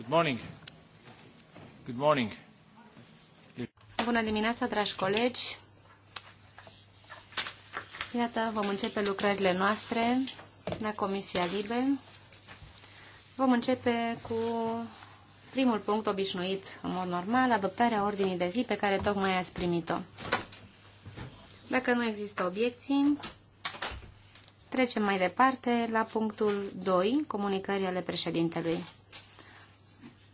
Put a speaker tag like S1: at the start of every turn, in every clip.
S1: Good morning. Good morning.
S2: Bună dimineața, dragi colegi. Iată, vom începe lucrările noastre la Comisia Libe. Vom începe cu primul punct obișnuit, în mod normal, adoptarea ordinii de zi pe care tocmai ați primit-o. Dacă nu există obiecții, trecem mai departe la punctul 2, comunicările președintelui.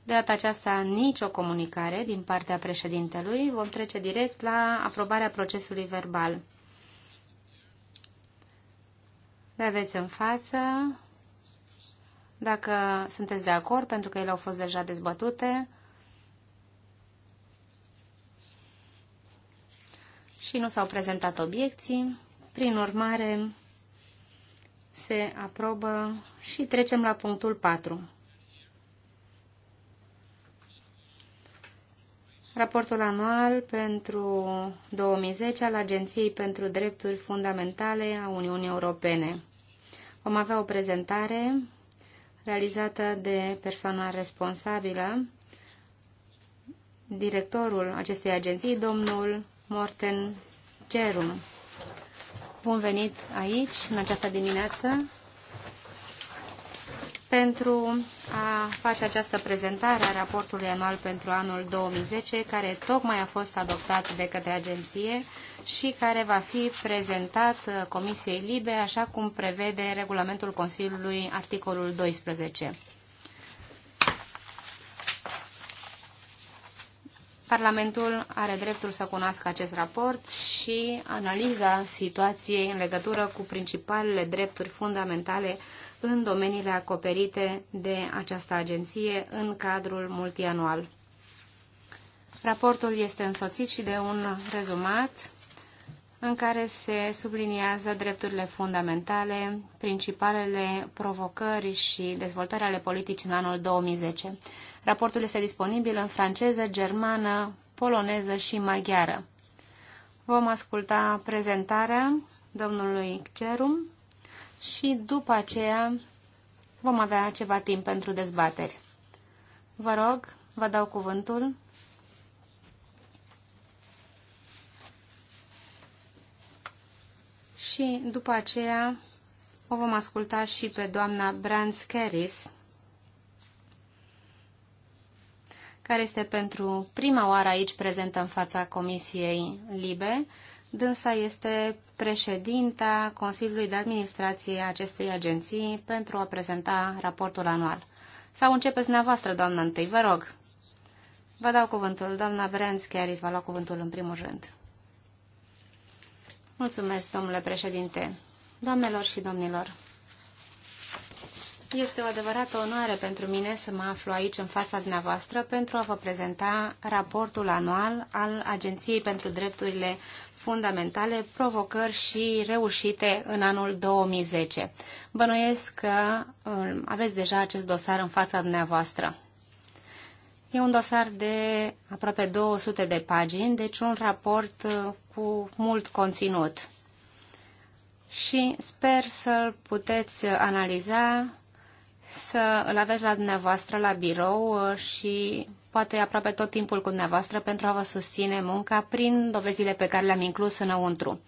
S2: De data aceasta, nicio comunicare din partea președintelui. Vom trece direct la aprobarea procesului verbal. Le aveți în față. Dacă sunteți de acord, pentru că ele au fost deja dezbătute, și nu s-au prezentat obiecții. Prin urmare, se aprobă și trecem la punctul 4. raportul anual pentru 2010 al Agenției pentru Drepturi Fundamentale a Uniunii Europene. Vom avea o prezentare realizată de persoana responsabilă, directorul acestei agenții, domnul Morten Cerum. Bun venit aici, în această dimineață pentru a face această prezentare a raportului anual pentru anul 2010, care tocmai a fost adoptat de către agenție și care va fi prezentat uh, Comisiei Libe, așa cum prevede regulamentul Consiliului, articolul 12. Parlamentul are dreptul să cunoască acest raport și analiza situației în legătură cu principalele drepturi fundamentale în domeniile acoperite de această agenție în cadrul multianual. Raportul este însoțit și de un rezumat în care se subliniază drepturile fundamentale, principalele provocări și dezvoltarea ale politici în anul 2010. Raportul este disponibil în franceză, germană, poloneză și maghiară. Vom asculta prezentarea domnului Cerum și după aceea vom avea ceva timp pentru dezbateri. Vă rog, vă dau cuvântul. Și după aceea o vom asculta și pe doamna Brands Keris, care este pentru prima oară aici prezentă în fața Comisiei Libe. Dânsa este președinta Consiliului de Administrație a acestei agenții pentru a prezenta raportul anual. Sau începeți dumneavoastră, doamnă, întâi, vă rog. Vă dau cuvântul. Doamna Vrenț, chiar îți va lua cuvântul în primul rând. Mulțumesc, domnule președinte. Doamnelor și domnilor, este o adevărată onoare pentru mine să mă aflu aici în fața dumneavoastră pentru a vă prezenta raportul anual al Agenției pentru Drepturile fundamentale, provocări și reușite în anul 2010. Bănuiesc că um, aveți deja acest dosar în fața dumneavoastră. E un dosar de aproape 200 de pagini, deci un raport uh, cu mult conținut. Și sper să-l puteți analiza, să l aveți la dumneavoastră la birou uh, și poate aproape tot timpul cu dumneavoastră pentru a vă susține munca prin dovezile pe care le-am inclus înăuntru.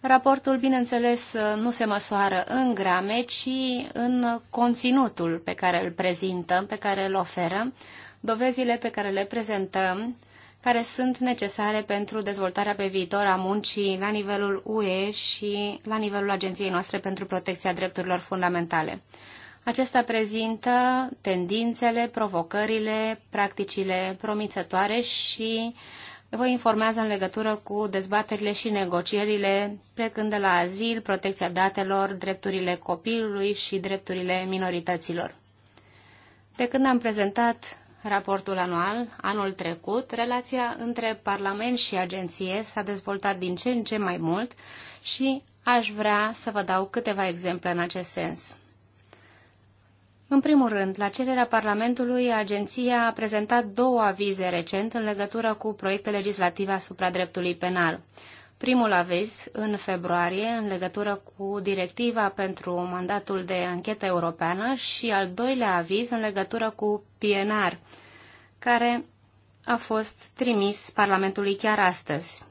S2: Raportul, bineînțeles, nu se măsoară în grame, ci în conținutul pe care îl prezentăm, pe care îl oferăm, dovezile pe care le prezentăm, care sunt necesare pentru dezvoltarea pe viitor a muncii la nivelul UE și la nivelul Agenției noastre pentru protecția drepturilor fundamentale. Acesta prezintă tendințele, provocările, practicile promițătoare și vă informează în legătură cu dezbaterile și negocierile plecând de la azil, protecția datelor, drepturile copilului și drepturile minorităților. De când am prezentat raportul anual, anul trecut, relația între Parlament și agenție s-a dezvoltat din ce în ce mai mult și aș vrea să vă dau câteva exemple în acest sens. În primul rând, la cererea Parlamentului, agenția a prezentat două avize recent în legătură cu proiecte legislative asupra dreptului penal. Primul aviz, în februarie, în legătură cu directiva pentru mandatul de anchetă europeană și al doilea aviz în legătură cu PNR, care a fost trimis Parlamentului chiar astăzi.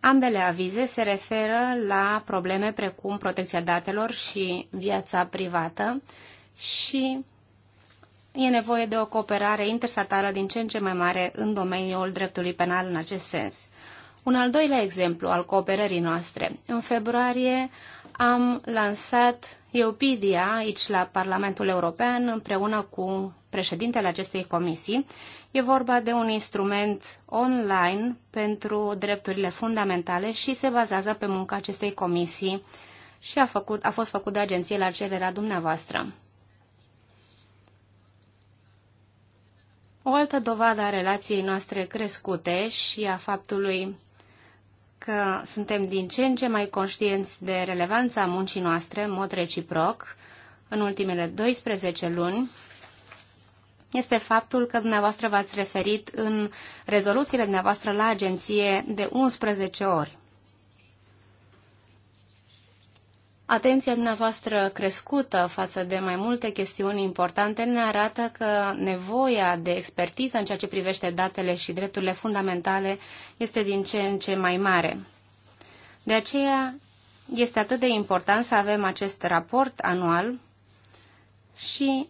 S2: Ambele avize se referă la probleme precum protecția datelor și viața privată și e nevoie de o cooperare interstatală din ce în ce mai mare în domeniul dreptului penal în acest sens. Un al doilea exemplu al cooperării noastre. În februarie am lansat Eupidia aici la Parlamentul European împreună cu președintele acestei comisii. E vorba de un instrument online pentru drepturile fundamentale și se bazează pe munca acestei comisii și a, făcut, a fost făcut de agenție la cererea dumneavoastră. O altă dovadă a relației noastre crescute și a faptului că suntem din ce în ce mai conștienți de relevanța muncii noastre în mod reciproc în ultimele 12 luni este faptul că dumneavoastră v-ați referit în rezoluțiile dumneavoastră la agenție de 11 ori. Atenția dumneavoastră crescută față de mai multe chestiuni importante ne arată că nevoia de expertiză în ceea ce privește datele și drepturile fundamentale este din ce în ce mai mare. De aceea este atât de important să avem acest raport anual și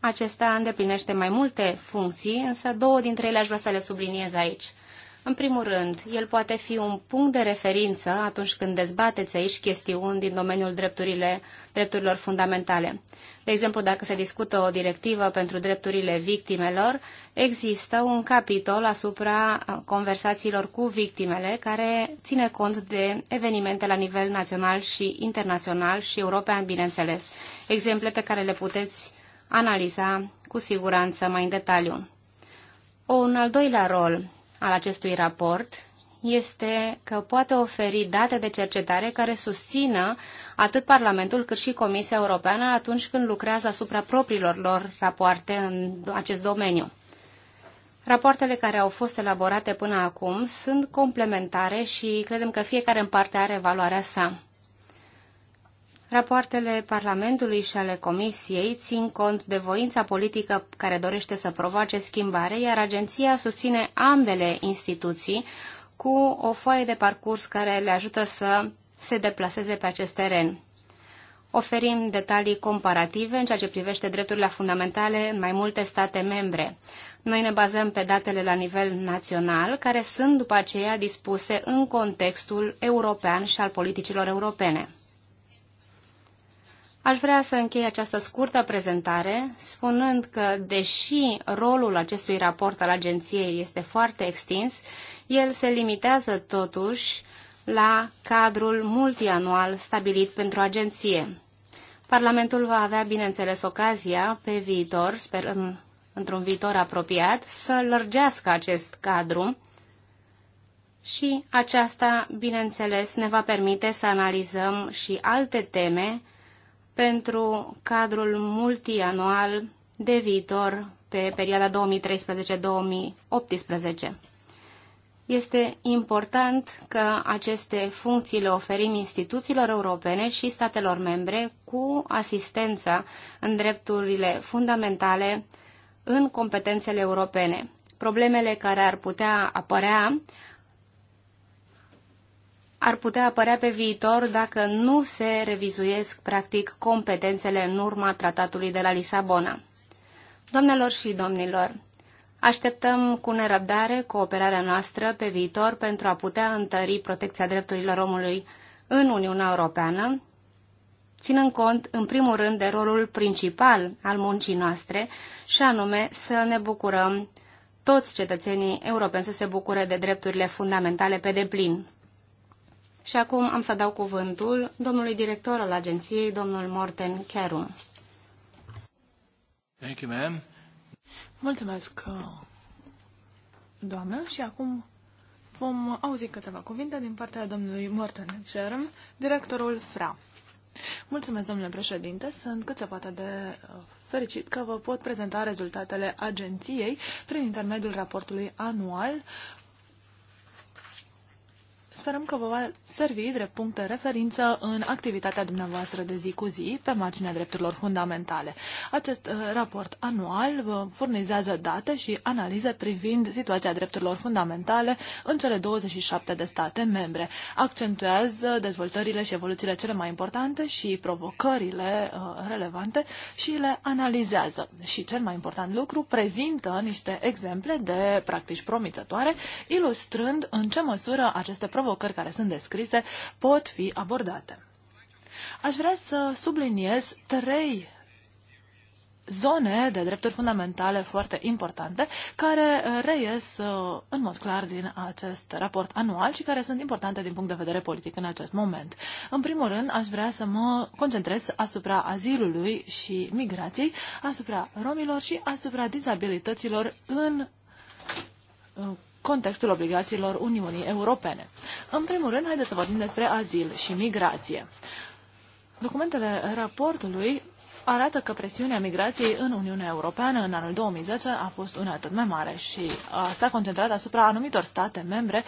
S2: acesta îndeplinește mai multe funcții, însă două dintre ele aș vrea să le subliniez aici. În primul rând, el poate fi un punct de referință atunci când dezbateți aici chestiuni din domeniul drepturile, drepturilor fundamentale. De exemplu, dacă se discută o directivă pentru drepturile victimelor, există un capitol asupra conversațiilor cu victimele care ține cont de evenimente la nivel național și internațional și european, bineînțeles. Exemple pe care le puteți analiza cu siguranță mai în detaliu. Un al doilea rol al acestui raport este că poate oferi date de cercetare care susțină atât Parlamentul cât și Comisia Europeană atunci când lucrează asupra propriilor lor rapoarte în acest domeniu. Rapoartele care au fost elaborate până acum sunt complementare și credem că fiecare în parte are valoarea sa. Rapoartele Parlamentului și ale Comisiei țin cont de voința politică care dorește să provoace schimbare, iar agenția susține ambele instituții cu o foaie de parcurs care le ajută să se deplaseze pe acest teren. Oferim detalii comparative în ceea ce privește drepturile fundamentale în mai multe state membre. Noi ne bazăm pe datele la nivel național, care sunt după aceea dispuse în contextul european și al politicilor europene. Aș vrea să închei această scurtă prezentare spunând că, deși rolul acestui raport al agenției este foarte extins, el se limitează totuși la cadrul multianual stabilit pentru agenție. Parlamentul va avea, bineînțeles, ocazia pe viitor, sperăm într-un viitor apropiat, să lărgească acest cadru și aceasta, bineînțeles, ne va permite să analizăm și alte teme pentru cadrul multianual de viitor pe perioada 2013-2018. Este important că aceste funcții le oferim instituțiilor europene și statelor membre cu asistența în drepturile fundamentale în competențele europene. Problemele care ar putea apărea ar putea apărea pe viitor dacă nu se revizuiesc, practic, competențele în urma tratatului de la Lisabona. Domnilor și domnilor, așteptăm cu nerăbdare cooperarea noastră pe viitor pentru a putea întări protecția drepturilor omului în Uniunea Europeană, ținând cont, în primul rând, de rolul principal al muncii noastre, și anume să ne bucurăm toți cetățenii europeni să se bucure de drepturile fundamentale pe deplin. Și acum am să dau cuvântul domnului director al agenției, domnul Morten Kerum.
S1: Thank you, ma'am.
S2: Mulțumesc,
S3: doamnă, și acum vom auzi câteva cuvinte din partea domnului Morten Kerum, directorul FRA. Mulțumesc, domnule președinte. Sunt cât se poate de uh, fericit că vă pot prezenta rezultatele agenției prin intermediul raportului anual Sperăm că vă va servi drept punct de referință în activitatea dumneavoastră de zi cu zi pe marginea drepturilor fundamentale. Acest uh, raport anual vă furnizează date și analize privind situația drepturilor fundamentale în cele 27 de state membre. Accentuează dezvoltările și evoluțiile cele mai importante și provocările uh, relevante și le analizează. Și cel mai important lucru, prezintă niște exemple de practici promițătoare, ilustrând în ce măsură aceste provocări provocări care sunt descrise pot fi abordate. Aș vrea să subliniez trei zone de drepturi fundamentale foarte importante care uh, reies uh, în mod clar din acest raport anual și care sunt importante din punct de vedere politic în acest moment. În primul rând, aș vrea să mă concentrez asupra azilului și migrației, asupra romilor și asupra dizabilităților în uh, contextul obligațiilor Uniunii Europene. În primul rând, haideți să vorbim despre azil și migrație. Documentele raportului arată că presiunea migrației în Uniunea Europeană în anul 2010 a fost una tot mai mare și s-a concentrat asupra anumitor state membre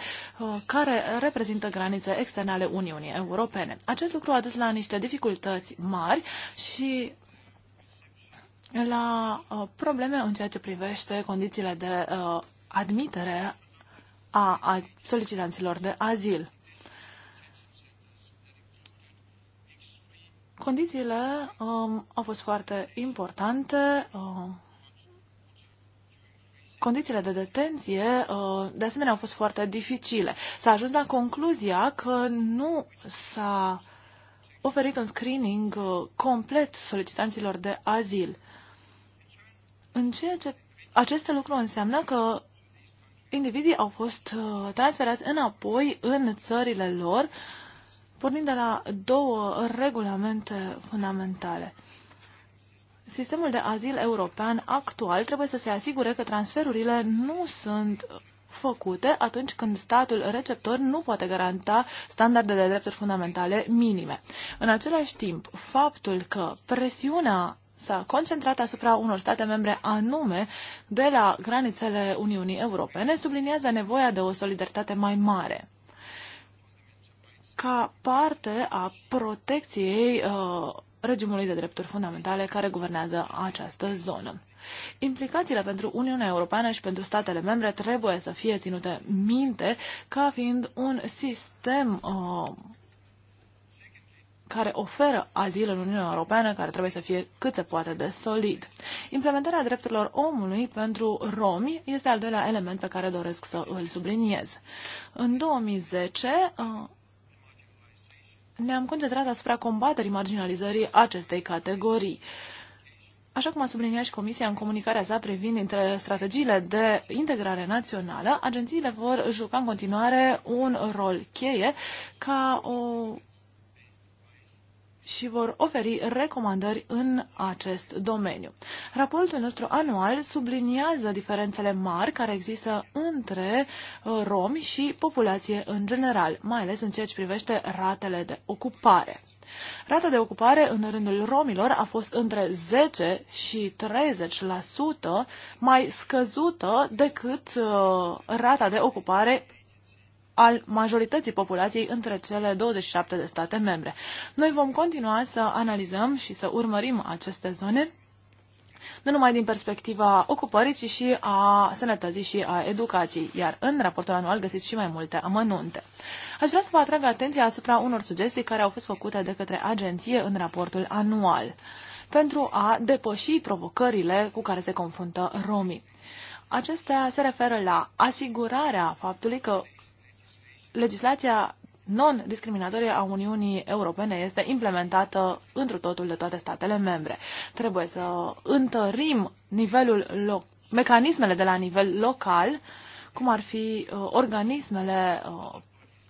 S3: care reprezintă granițe externe ale Uniunii Europene. Acest lucru a dus la niște dificultăți mari și la probleme în ceea ce privește condițiile de admitere a solicitanților de azil. Condițiile um, au fost foarte importante. Um, condițiile de detenție, uh, de asemenea, au fost foarte dificile. S-a ajuns la concluzia că nu s-a oferit un screening uh, complet solicitanților de azil. În ceea ce aceste lucruri înseamnă că indivizii au fost uh, transferați înapoi în țările lor, pornind de la două regulamente fundamentale. Sistemul de azil european actual trebuie să se asigure că transferurile nu sunt făcute atunci când statul receptor nu poate garanta standardele de drepturi fundamentale minime. În același timp, faptul că presiunea s-a concentrat asupra unor state membre anume de la granițele Uniunii Europene, subliniază nevoia de o solidaritate mai mare ca parte a protecției uh, regimului de drepturi fundamentale care guvernează această zonă. Implicațiile pentru Uniunea Europeană și pentru statele membre trebuie să fie ținute minte ca fiind un sistem uh, care oferă azil în Uniunea Europeană, care trebuie să fie cât se poate de solid. Implementarea drepturilor omului pentru romi este al doilea element pe care doresc să îl subliniez. În 2010 uh, ne-am concentrat asupra combaterii marginalizării acestei categorii. Așa cum a subliniat și Comisia în comunicarea sa privind între strategiile de integrare națională, agențiile vor juca în continuare un rol cheie ca o și vor oferi recomandări în acest domeniu. Raportul nostru anual subliniază diferențele mari care există între uh, romi și populație în general, mai ales în ceea ce privește ratele de ocupare. Rata de ocupare în rândul romilor a fost între 10 și 30% mai scăzută decât uh, rata de ocupare al majorității populației între cele 27 de state membre. Noi vom continua să analizăm și să urmărim aceste zone nu numai din perspectiva ocupării, ci și a sănătății și a educației, iar în raportul anual găsiți și mai multe amănunte. Aș vrea să vă atrag atenția asupra unor sugestii care au fost făcute de către agenție în raportul anual pentru a depăși provocările cu care se confruntă romii. Acestea se referă la asigurarea faptului că legislația non-discriminatorie a Uniunii Europene este implementată întru totul de toate statele membre. Trebuie să întărim nivelul loc- mecanismele de la nivel local, cum ar fi uh, organismele uh,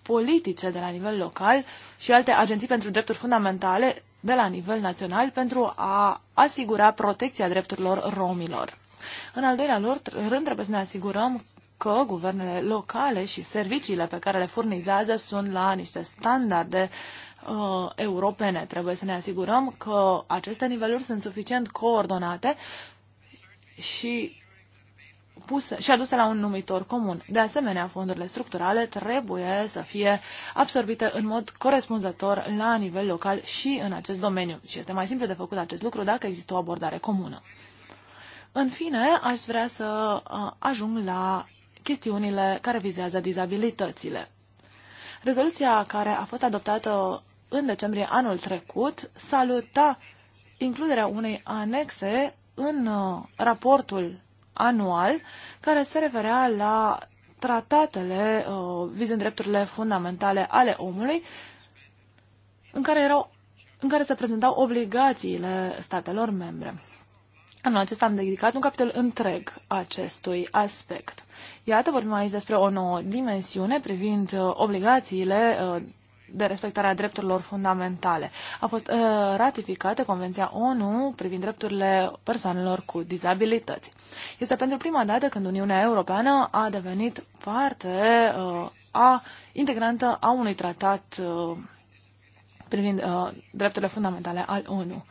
S3: politice de la nivel local și alte agenții pentru drepturi fundamentale de la nivel național pentru a asigura protecția drepturilor romilor. În al doilea lor, rând, trebuie să ne asigurăm că guvernele locale și serviciile pe care le furnizează sunt la niște standarde uh, europene. Trebuie să ne asigurăm că aceste niveluri sunt suficient coordonate și puse și aduse la un numitor comun. De asemenea, fondurile structurale trebuie să fie absorbite în mod corespunzător la nivel local și în acest domeniu. Și este mai simplu de făcut acest lucru dacă există o abordare comună. În fine, aș vrea să uh, ajung la chestiunile care vizează dizabilitățile. Rezoluția care a fost adoptată în decembrie anul trecut saluta includerea unei anexe în uh, raportul anual care se referea la tratatele uh, vizând drepturile fundamentale ale omului, în care, erau, în care se prezentau obligațiile statelor membre. Anul acesta am dedicat un capitol întreg acestui aspect. Iată, vorbim aici despre o nouă dimensiune privind uh, obligațiile uh, de respectarea drepturilor fundamentale. A fost uh, ratificată Convenția ONU privind drepturile persoanelor cu dizabilități. Este pentru prima dată când Uniunea Europeană a devenit parte a integrantă a unui tratat uh, privind uh, drepturile fundamentale al ONU.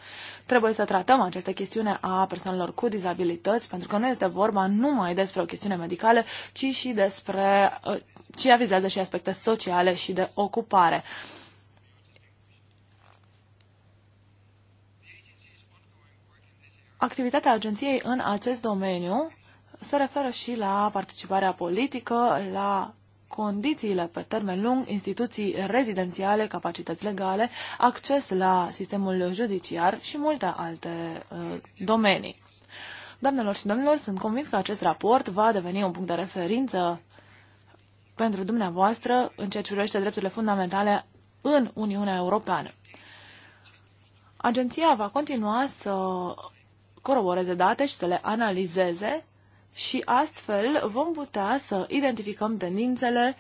S3: Trebuie să tratăm această chestiune a persoanelor cu dizabilități, pentru că nu este vorba numai despre o chestiune medicală, ci și despre, uh, ci avizează și aspecte sociale și de ocupare. Activitatea agenției în acest domeniu se referă și la participarea politică, la condițiile pe termen lung, instituții rezidențiale, capacități legale, acces la sistemul judiciar și multe alte uh, domenii. Doamnelor și domnilor, sunt convins că acest raport va deveni un punct de referință pentru dumneavoastră în ceea ce privește drepturile fundamentale în Uniunea Europeană. Agenția va continua să coroboreze date și să le analizeze și astfel vom putea să identificăm tendințele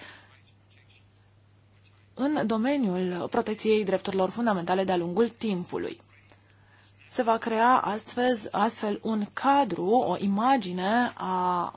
S3: în domeniul protecției drepturilor fundamentale de-a lungul timpului. Se va crea astfel, astfel un cadru, o imagine a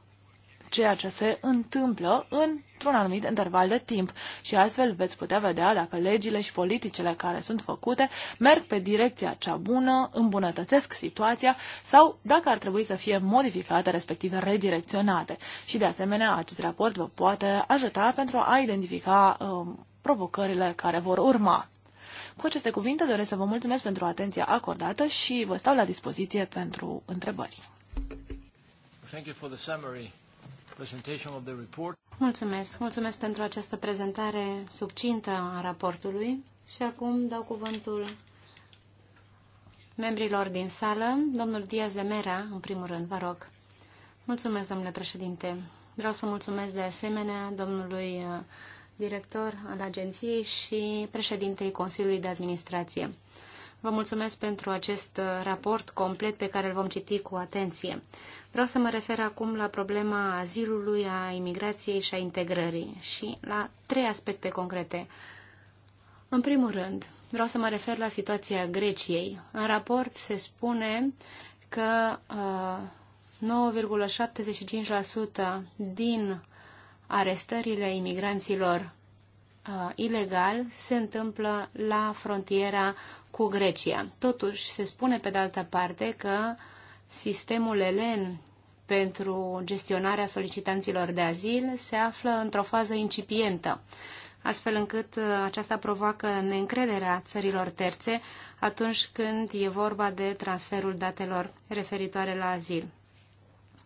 S3: ceea ce se întâmplă într-un anumit interval de timp și astfel veți putea vedea dacă legile și politicile care sunt făcute merg pe direcția cea bună, îmbunătățesc situația sau dacă ar trebui să fie modificate, respectiv redirecționate. Și de asemenea, acest raport vă poate ajuta pentru a identifica um, provocările care vor urma. Cu aceste cuvinte doresc să vă mulțumesc pentru atenția acordată și vă stau la dispoziție
S2: pentru întrebări.
S1: Thank you for the summary.
S2: Mulțumesc. Mulțumesc pentru această prezentare subcintă a raportului și acum dau cuvântul membrilor din sală. Domnul Diaz de Mera, în primul rând, vă rog. Mulțumesc, domnule președinte. Vreau să mulțumesc de asemenea domnului uh, director al agenției și președintei Consiliului de Administrație. Vă mulțumesc pentru acest uh, raport complet pe care îl vom citi cu atenție. Vreau să mă refer acum la problema azilului, a imigrației și a integrării și la trei aspecte concrete. În primul rând, vreau să mă refer la situația Greciei. În raport se spune că uh, 9,75% din arestările imigranților uh, ilegal se întâmplă la frontiera cu Grecia. Totuși, se spune pe de altă parte că uh, sistemul ELEN pentru gestionarea solicitanților de azil se află într-o fază incipientă, astfel încât uh, aceasta provoacă neîncrederea țărilor terțe atunci când e vorba de transferul datelor referitoare la azil.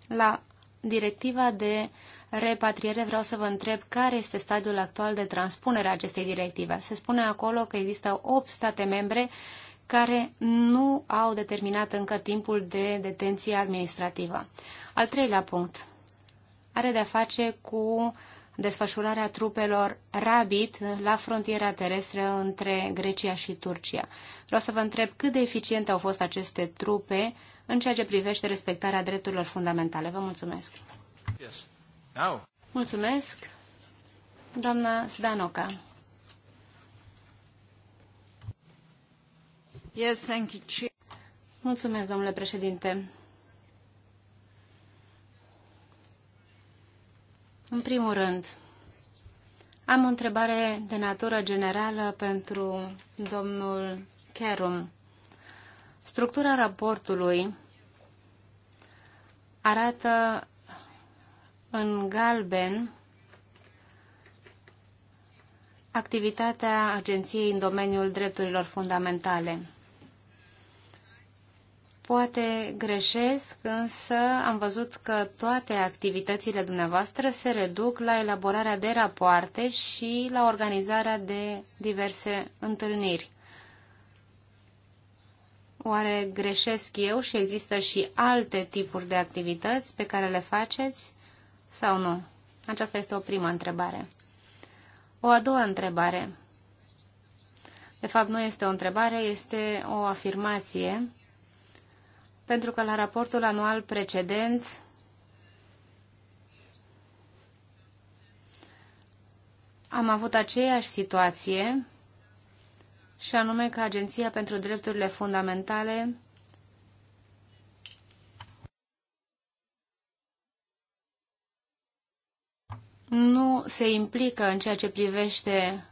S2: La directiva de repatriere vreau să vă întreb care este stadiul actual de transpunere a acestei directive. Se spune acolo că există 8 state membre care nu au determinat încă timpul de detenție administrativă. Al treilea punct are de-a face cu desfășurarea trupelor Rabit la frontiera terestră între Grecia și Turcia. Vreau să vă întreb cât de eficiente au fost aceste trupe în ceea ce privește respectarea drepturilor fundamentale. Vă mulțumesc.
S1: Yes. Now.
S2: Mulțumesc, doamna Sdanoca. domnule președinte. În primul rând, am o întrebare de natură generală pentru domnul Kerum. Structura raportului arată în galben activitatea agenției în domeniul drepturilor fundamentale. Poate greșesc, însă am văzut că toate activitățile dumneavoastră se reduc la elaborarea de rapoarte și la organizarea de diverse întâlniri. Oare greșesc eu și există și alte tipuri de activități pe care le faceți sau nu? Aceasta este o primă întrebare. O a doua întrebare. De fapt, nu este o întrebare, este o afirmație pentru că la raportul anual precedent am avut aceeași situație și anume că Agenția pentru Drepturile Fundamentale nu se implică în ceea ce privește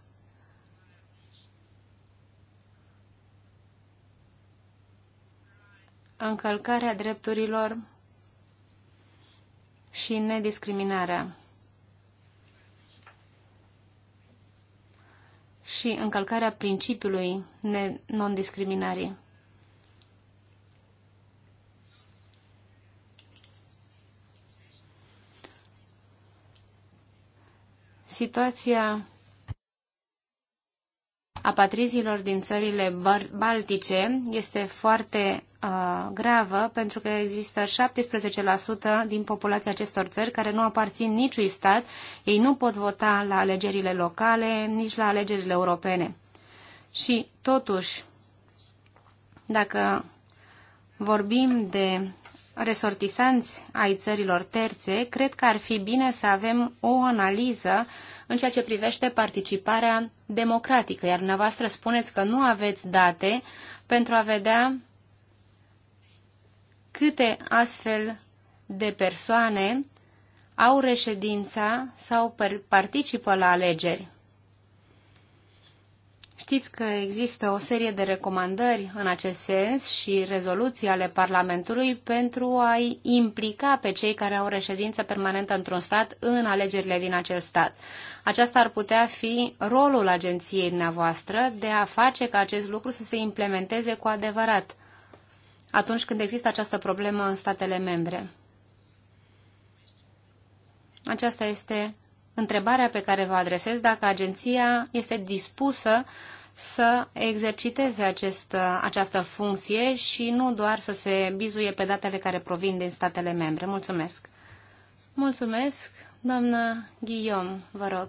S2: încălcarea drepturilor și nediscriminarea. și încălcarea principiului non-discriminării. Situația a patrizilor din țările baltice este foarte uh, gravă pentru că există 17% din populația acestor țări care nu aparțin niciui stat, ei nu pot vota la alegerile locale, nici la alegerile europene. Și totuși, dacă vorbim de resortisanți ai țărilor terțe, cred că ar fi bine să avem o analiză în ceea ce privește participarea democratică, iar dumneavoastră spuneți că nu aveți date pentru a vedea câte astfel de persoane au reședința sau participă la alegeri. Știți că există o serie de recomandări în acest sens și rezoluții ale Parlamentului pentru a-i implica pe cei care au reședință permanentă într-un stat în alegerile din acel stat. Aceasta ar putea fi rolul agenției dumneavoastră de a face ca acest lucru să se implementeze cu adevărat atunci când există această problemă în statele membre. Aceasta este întrebarea pe care vă adresez dacă agenția este dispusă să exerciteze acest, această funcție și nu doar să se bizuie pe datele care provin din statele membre. Mulțumesc. Mulțumesc, doamna Guillaume, vă rog.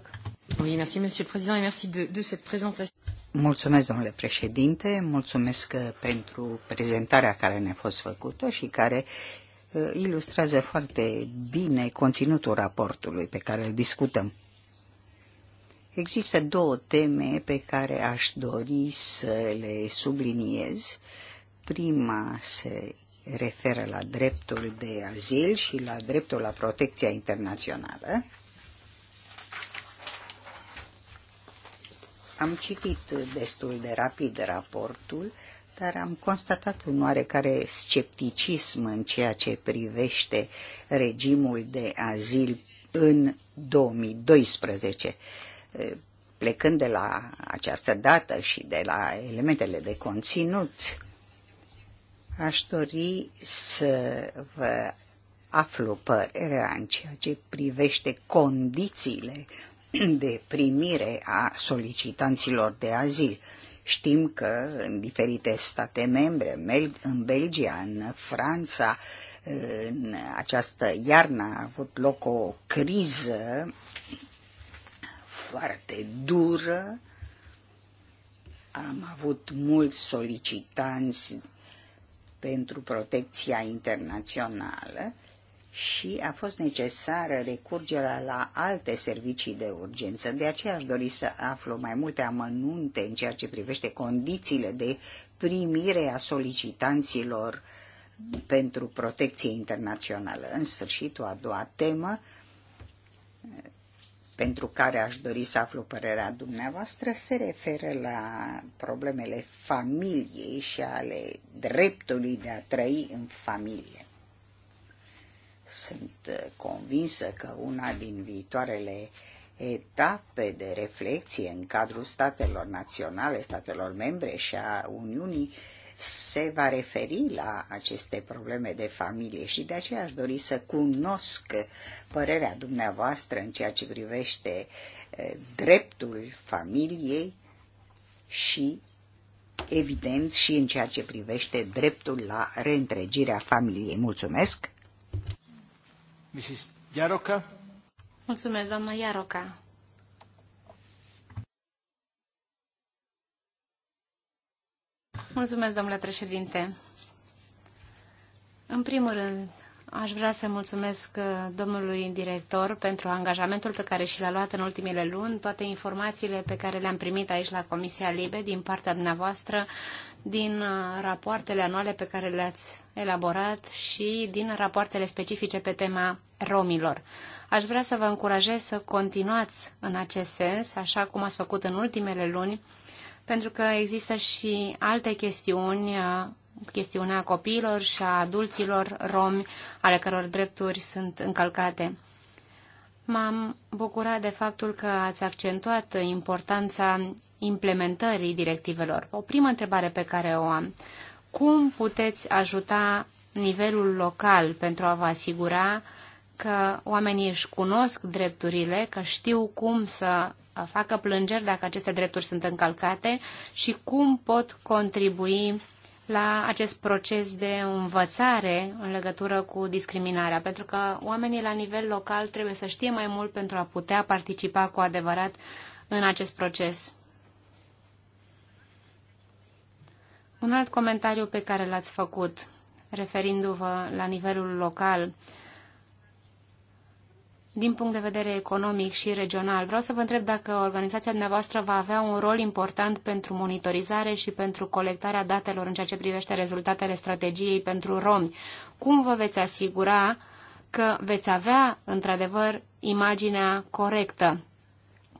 S4: Mulțumesc, domnule președinte, mulțumesc uh, pentru prezentarea care ne-a fost făcută și care ilustrează foarte bine conținutul raportului pe care îl discutăm. Există două teme pe care aș dori să le subliniez. Prima se referă la dreptul de azil și la dreptul la protecția internațională. Am citit destul de rapid raportul dar am constatat un oarecare scepticism în ceea ce privește regimul de azil în 2012. Plecând de la această dată și de la elementele de conținut, aș dori să vă aflu părerea în ceea ce privește condițiile de primire a solicitanților de azil Știm că în diferite state membre, în Belgia, în Franța, în această iarnă a avut loc o criză foarte dură. Am avut mulți solicitanți pentru protecția internațională și a fost necesară recurgerea la alte servicii de urgență. De aceea aș dori să aflu mai multe amănunte în ceea ce privește condițiile de primire a solicitanților pentru protecție internațională. În sfârșit, o a doua temă pentru care aș dori să aflu părerea dumneavoastră se referă la problemele familiei și ale dreptului de a trăi în familie. Sunt eh, convinsă că una din viitoarele etape de reflexie în cadrul statelor naționale, statelor membre și a Uniunii se va referi la aceste probleme de familie și de aceea aș dori să cunosc părerea dumneavoastră în ceea ce privește eh, dreptul familiei și, evident, și în ceea ce privește dreptul la reîntregirea familiei. Mulțumesc! Mrs. Iaroca.
S2: Mulțumesc, doamna Iaroca. Mulțumesc, domnule președinte. În primul rând, Aș vrea să mulțumesc uh, domnului director pentru angajamentul pe care și l-a luat în ultimele luni, toate informațiile pe care le-am primit aici la Comisia Libe din partea dumneavoastră, din uh, rapoartele anuale pe care le-ați elaborat și din rapoartele specifice pe tema romilor. Aș vrea să vă încurajez să continuați în acest sens, așa cum ați făcut în ultimele luni, pentru că există și alte chestiuni uh, chestiunea copiilor și a adulților romi, ale căror drepturi sunt încălcate. M-am bucurat de faptul că ați accentuat importanța implementării directivelor. O primă întrebare pe care o am. Cum puteți ajuta nivelul local pentru a vă asigura că oamenii își cunosc drepturile, că știu cum să facă plângeri dacă aceste drepturi sunt încălcate și cum pot contribui la acest proces de învățare în legătură cu discriminarea, pentru că oamenii la nivel local trebuie să știe mai mult pentru a putea participa cu adevărat în acest proces. Un alt comentariu pe care l-ați făcut, referindu-vă la nivelul local, uh, din punct de vedere economic și regional. Vreau să vă întreb dacă organizația dumneavoastră va avea un rol important pentru monitorizare și pentru colectarea datelor în ceea ce privește rezultatele strategiei pentru romi. Cum vă veți asigura că veți avea, într-adevăr, imaginea corectă?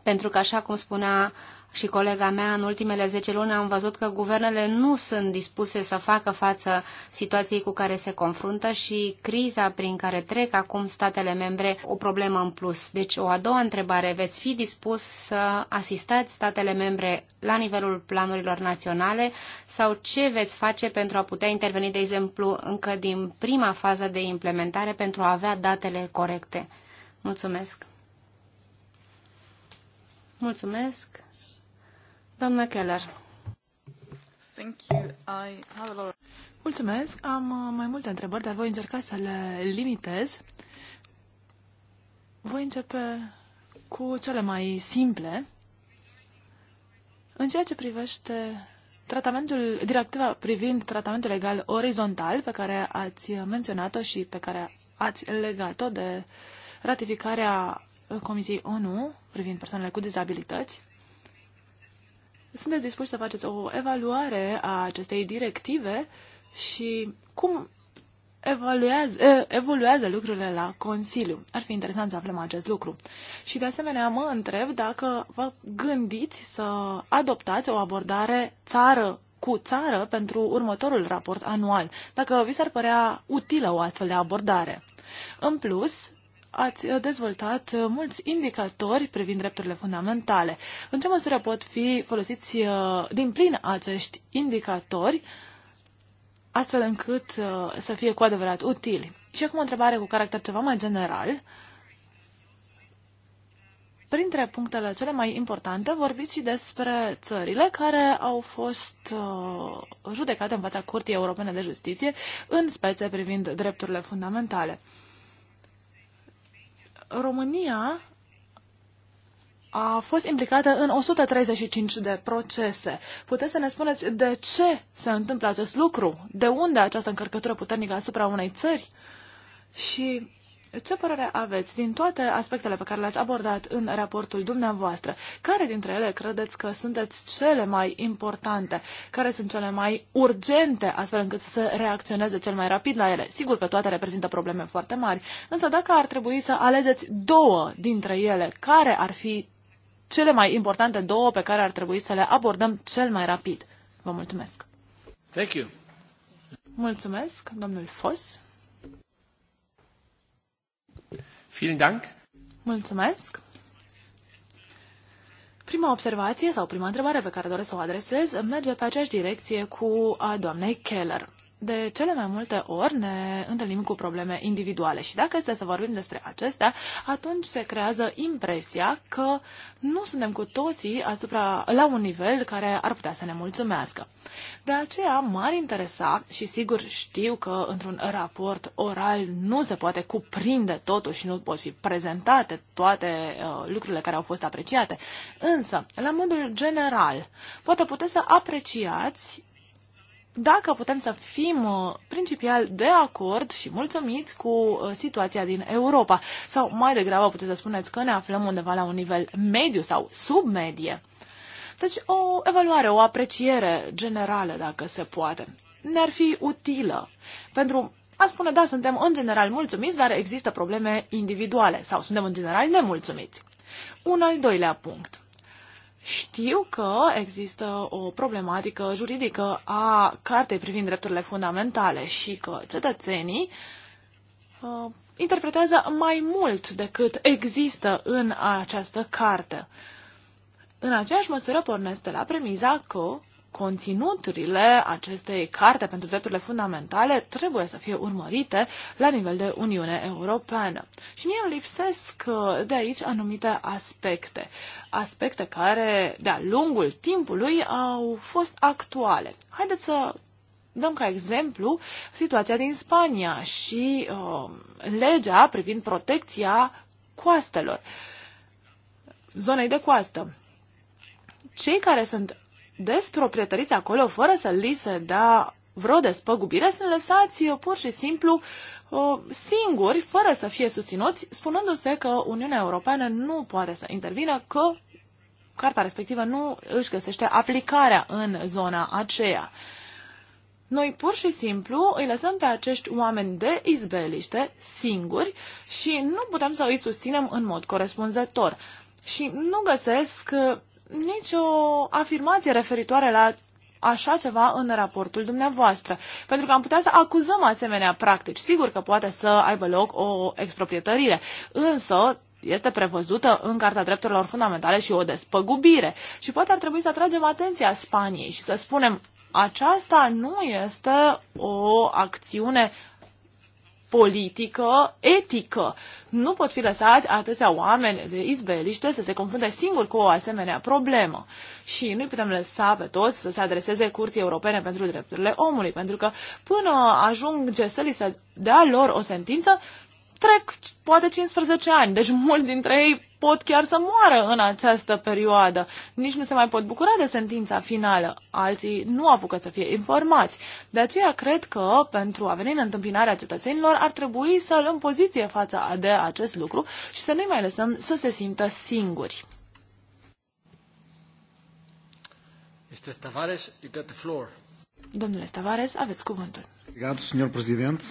S2: Pentru că, așa cum spunea și colega mea, în ultimele 10 luni am văzut că guvernele nu sunt dispuse să facă față situației cu care se confruntă și criza prin care trec acum statele membre o problemă în plus. Deci o a doua întrebare, veți fi dispus să asistați statele membre la nivelul planurilor naționale sau ce veți face pentru a putea interveni, de exemplu, încă din prima fază de implementare pentru a avea datele corecte? Mulțumesc! Mulțumesc! Keller.
S3: Mulțumesc. Am uh, mai multe întrebări, dar voi încerca să le limitez. Voi începe cu cele mai simple. În ceea ce privește tratamentul, directiva privind tratamentul legal orizontal, pe care ați menționat-o și pe care ați legat-o de ratificarea Comisiei ONU privind persoanele cu dizabilități, sunteți dispuși să faceți o evaluare a acestei directive și cum evoluează, evoluează lucrurile la Consiliu. Ar fi interesant să aflăm acest lucru. Și de asemenea mă întreb dacă vă gândiți să adoptați o abordare țară cu țară pentru următorul raport anual, dacă vi s-ar părea utilă o astfel de abordare. În plus, ați uh, dezvoltat uh, mulți indicatori privind drepturile fundamentale. În ce măsură pot fi folosiți uh, din plin acești indicatori astfel încât să fie cu adevărat utili? Și acum o întrebare cu caracter ceva mai general. Printre punctele cele mai importante vorbiți și despre țările care au fost uh, judecate în fața Curții Europene de Justiție în spețe privind drepturile fundamentale. Uh, România a fost implicată în 135 de procese. Puteți să ne spuneți de ce se întâmplă acest lucru? De unde această încărcătură puternică asupra unei țări? Și ce părere aveți din toate aspectele pe care le-ați abordat în raportul dumneavoastră? Care dintre ele credeți că sunteți cele mai importante? Care sunt cele mai urgente astfel încât să se reacționeze cel mai rapid la ele? Sigur că toate reprezintă probleme foarte mari, însă dacă ar trebui să alegeți două dintre ele, care ar fi cele mai importante două pe care ar trebui să le abordăm cel mai rapid? Vă mulțumesc! Thank you. Mulțumesc, domnul Foss. Vielen Dank. Mulțumesc. Prima observație sau prima întrebare pe care doresc să o adresez merge pe aceeași direcție cu a doamnei Keller de cele mai multe ori ne întâlnim cu probleme individuale și dacă este să vorbim despre acestea, atunci se creează impresia că nu suntem cu toții asupra, la un nivel care ar putea să ne mulțumească. De aceea m-ar interesa și sigur știu că într-un raport oral nu se poate cuprinde totul și nu pot fi prezentate toate uh, lucrurile care au fost apreciate, însă, la modul general, poate puteți să apreciați dacă putem să fim uh, principial de acord și mulțumiți cu uh, situația din Europa. Sau mai degrabă puteți să spuneți că ne aflăm undeva la un nivel mediu sau submedie. Deci o evaluare, o apreciere generală, dacă se poate, ne-ar fi utilă pentru a spune, da, suntem în general mulțumiți, dar există probleme individuale sau suntem în general nemulțumiți. Un al doilea punct. Știu că există o problematică juridică a cartei privind drepturile fundamentale și că cetățenii uh, interpretează mai mult decât există în această carte. În aceeași măsură pornesc de la premiza că conținuturile acestei carte pentru drepturile fundamentale trebuie să fie urmărite la nivel de Uniune Europeană. Și mie îmi lipsesc uh, de aici anumite aspecte, aspecte care de-a lungul timpului au fost actuale. Haideți să dăm ca exemplu situația din Spania și uh, legea privind protecția coastelor, zonei de coastă. Cei care sunt desproprietăriți acolo fără să li se dea vreo despăgubire, sunt lăsați uh, pur și simplu uh, singuri, fără să fie susținuți, spunându-se că Uniunea Europeană nu poate să intervină, că carta respectivă nu își găsește aplicarea în zona aceea. Noi pur și simplu îi lăsăm pe acești oameni de izbeliște singuri și nu putem să îi susținem în mod corespunzător. Și nu găsesc uh, nicio afirmație referitoare la așa ceva în raportul dumneavoastră, pentru că am putea să acuzăm asemenea practici. Sigur că poate să aibă loc o exproprietărire, însă este prevăzută în Carta Drepturilor Fundamentale și o despăgubire. Și poate ar trebui să atragem atenția Spaniei și să spunem aceasta nu este o acțiune politică, etică. Nu pot fi lăsați atâția oameni de izbeliște să se confrunte singuri cu o asemenea problemă. Și nu putem lăsa pe toți să se adreseze Curții Europene pentru Drepturile Omului, pentru că până ajunge să li se dea lor o sentință, trec poate 15 ani, deci mulți dintre ei pot chiar să moară în această perioadă. Nici nu se mai pot bucura de sentința finală. Alții nu apucă să fie informați. De aceea cred că, pentru a veni în întâmpinarea cetățenilor, ar trebui să luăm poziție față de acest lucru și să nu-i mai lăsăm să se simtă singuri.
S1: Tavares, you got the floor. Domnule Tavares, aveți cuvântul. Obrigado, senhor presidente.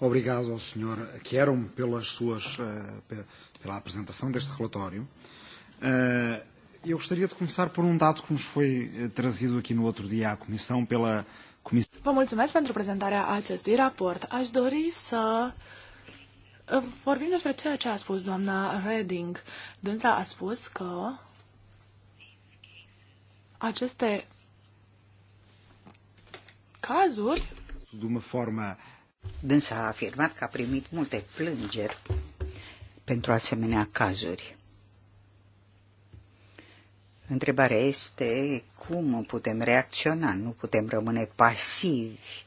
S1: Obrigado ao Sr. Kerum pelas suas, eh, pela apresentação deste relatório. Eh, eu gostaria de começar por um dado que nos foi eh, trazido aqui no outro dia à Comissão pela Comissão.
S3: Vă mulțumesc pentru prezentarea acestui raport. Aș dori să vorbim despre ceea ce a spus doamna Reding. Dânsa a spus că aceste cazuri
S4: de uma forma uh, Dânsa a afirmat că a primit multe plângeri pentru asemenea cazuri. Întrebarea este cum putem reacționa, nu putem rămâne pasivi.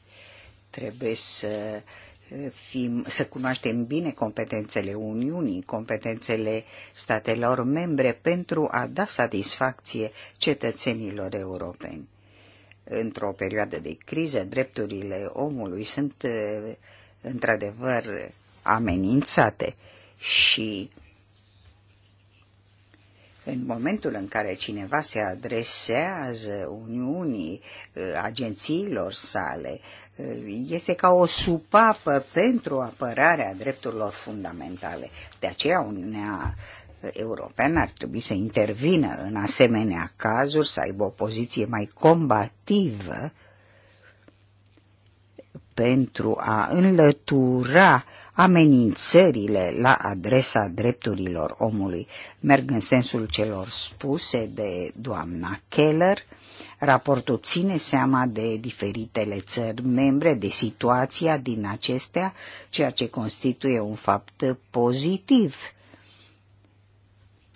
S4: Trebuie să, fim, să cunoaștem bine competențele Uniunii, competențele statelor membre pentru a da satisfacție cetățenilor europeni într-o perioadă de criză, drepturile omului sunt într-adevăr amenințate și în momentul în care cineva se adresează Uniunii, agențiilor sale, este ca o supapă pentru apărarea drepturilor fundamentale. De aceea Uniunea european ar trebui să intervină în asemenea cazuri, să aibă o poziție mai combativă pentru a înlătura amenințările la adresa drepturilor omului. Merg în sensul celor spuse de doamna Keller. Raportul ține seama de diferitele țări membre, de situația din acestea, ceea ce constituie un fapt pozitiv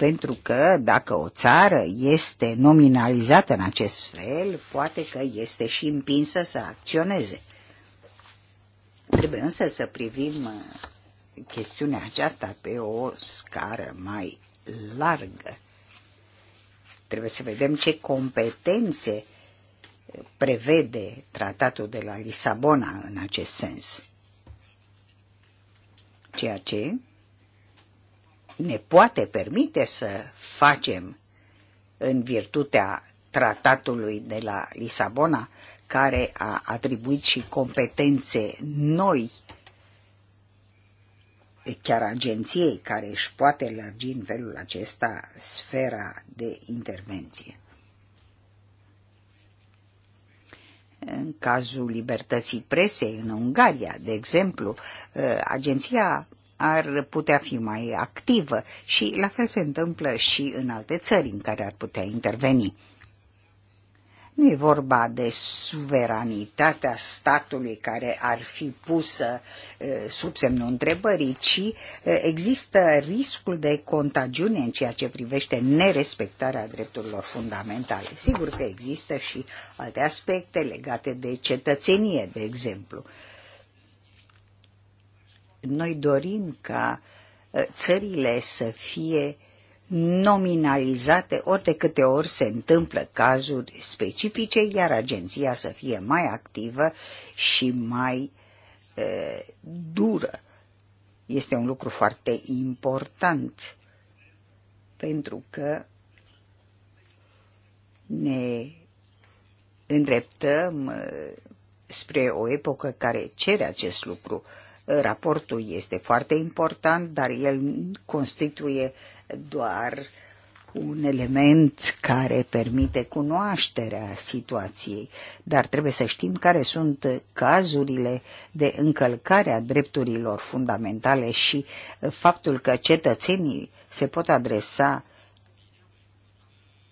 S4: pentru că dacă o țară este nominalizată în acest fel, poate că este și împinsă să acționeze. Trebuie însă să privim uh, chestiunea aceasta pe o scară mai largă. Trebuie să vedem ce competențe prevede tratatul de la Lisabona în acest sens. Ceea ce ne poate permite să facem în virtutea tratatului de la Lisabona, care a atribuit și competențe noi chiar agenției care își poate lărgi în felul acesta sfera de intervenție. În cazul libertății presei în Ungaria, de exemplu, agenția ar putea fi mai activă și la fel se întâmplă și în alte țări în care ar putea interveni. Nu e vorba de suveranitatea statului care ar fi pusă sub semnul întrebării, ci există riscul de contagiune în ceea ce privește nerespectarea drepturilor fundamentale. Sigur că există și alte aspecte legate de cetățenie, de exemplu noi dorim ca ă, țările să fie nominalizate ori de câte ori se întâmplă cazuri specifice, iar agenția să fie mai activă și mai e, ă, dură. Este un lucru foarte important pentru că ne îndreptăm ă, spre o epocă care cere acest lucru. Raportul este foarte important, dar el constituie doar un element care permite cunoașterea situației, dar trebuie să știm care sunt cazurile de încălcare a drepturilor fundamentale și faptul că cetățenii se pot adresa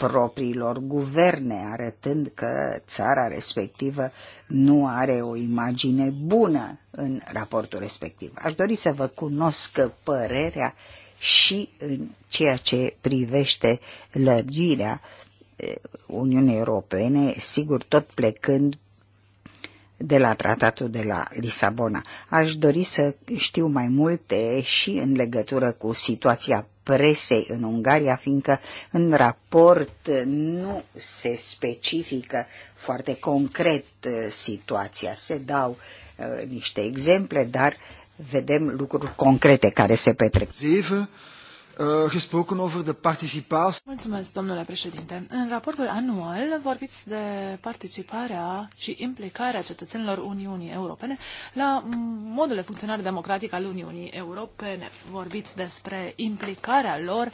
S4: propriilor guverne, arătând că țara respectivă nu are o imagine bună în raportul respectiv. Aș dori să vă cunosc părerea și în ceea ce privește lărgirea Uniunii Europene, sigur tot plecând de la tratatul de la Lisabona. Aș dori să știu mai multe și în legătură cu situația presei în Ungaria, fiindcă în raport nu se specifică foarte concret uh, situația. Se dau uh, niște exemple, dar vedem lucruri concrete care se petrec. 7. Eh, gesproken over
S3: de
S1: participatie.
S3: Mulțumesc, domnule președinte. În raportul anual vorbiți de participarea și implicarea cetățenilor Uniunii Europene la modul de funcționare democratic al Uniunii Europene. Vorbiți despre implicarea lor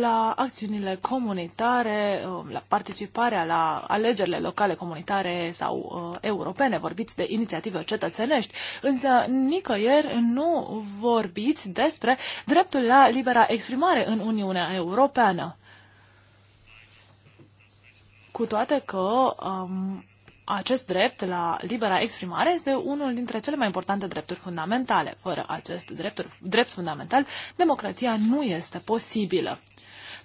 S3: la acțiunile comunitare, eh, la participarea la alegerile locale comunitare sau uh, europene. Vorbiți de inițiative cetățenești, însă nicăieri nu vorbiți despre dreptul la libera exprimare mare în Uniunea Europeană. Cu toate că um, acest drept la libera exprimare este unul dintre cele mai importante drepturi fundamentale. Fără acest drept, drept fundamental, democrația nu este posibilă.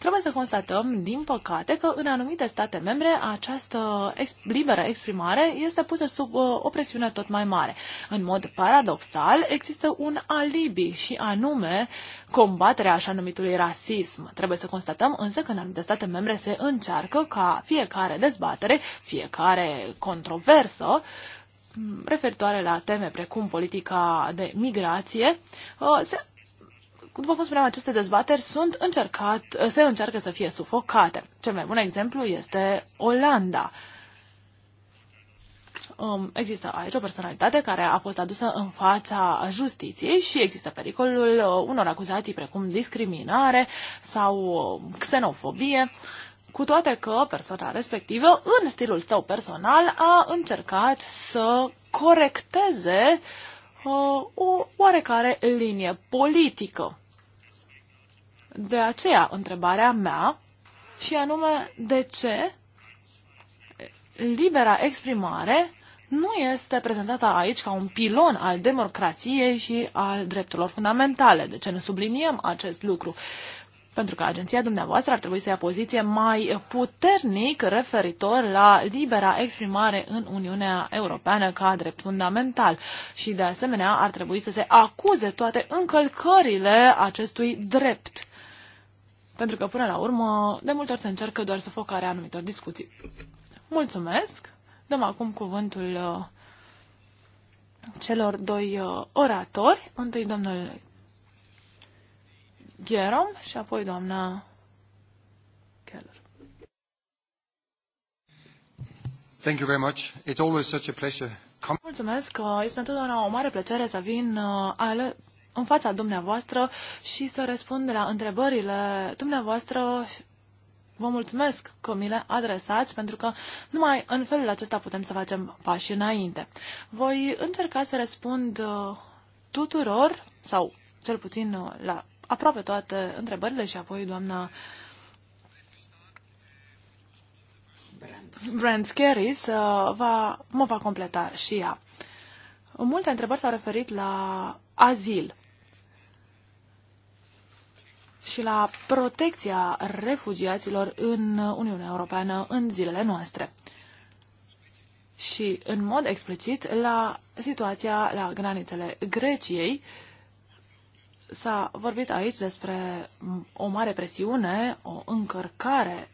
S3: Trebuie să constatăm, din păcate, că în anumite state membre această ex- liberă exprimare este pusă sub uh, o presiune tot mai mare. În mod paradoxal, există un alibi și anume combaterea așa numitului rasism. Trebuie să constatăm însă că în anumite state membre se încearcă ca fiecare dezbatere, fiecare controversă mm, referitoare la teme precum politica de migrație, uh, se după cum spuneam, aceste dezbateri sunt încercat, se încearcă să fie sufocate. Cel mai bun exemplu este Olanda. Um, există aici o personalitate care a fost adusă în fața justiției și există pericolul uh, unor acuzații precum discriminare sau uh, xenofobie, cu toate că persoana respectivă, în stilul său personal, a încercat să corecteze uh, o oarecare linie politică. De aceea, întrebarea mea, și anume, de ce libera exprimare nu este prezentată aici ca un pilon al democrației și al drepturilor fundamentale. De ce nu subliniem acest lucru? Pentru că agenția dumneavoastră ar trebui să ia poziție mai puternic referitor la libera exprimare în Uniunea Europeană ca drept fundamental. Și de asemenea ar trebui să se acuze toate încălcările acestui drept pentru că, până la urmă, de multe ori se încearcă doar sufocarea anumitor discuții. Mulțumesc! Dăm acum cuvântul uh, celor doi uh, oratori. Întâi domnul Gherom și apoi doamna Keller. Thank you very much. It's always such a pleasure Mulțumesc, este întotdeauna o mare plăcere să vin uh, ale, în fața dumneavoastră și să răspund la întrebările dumneavoastră. Vă mulțumesc că mi le adresați, pentru că numai în felul acesta putem să facem pași înainte. Voi încerca să răspund uh, tuturor, sau cel puțin uh, la aproape toate întrebările și apoi doamna Brand Scary uh, va, mă va completa și ea. Multe întrebări s-au referit la azil și la protecția refugiaților în Uniunea Europeană în zilele noastre. Și, în mod explicit, la situația la granițele Greciei, s-a vorbit aici despre o mare presiune, o încărcare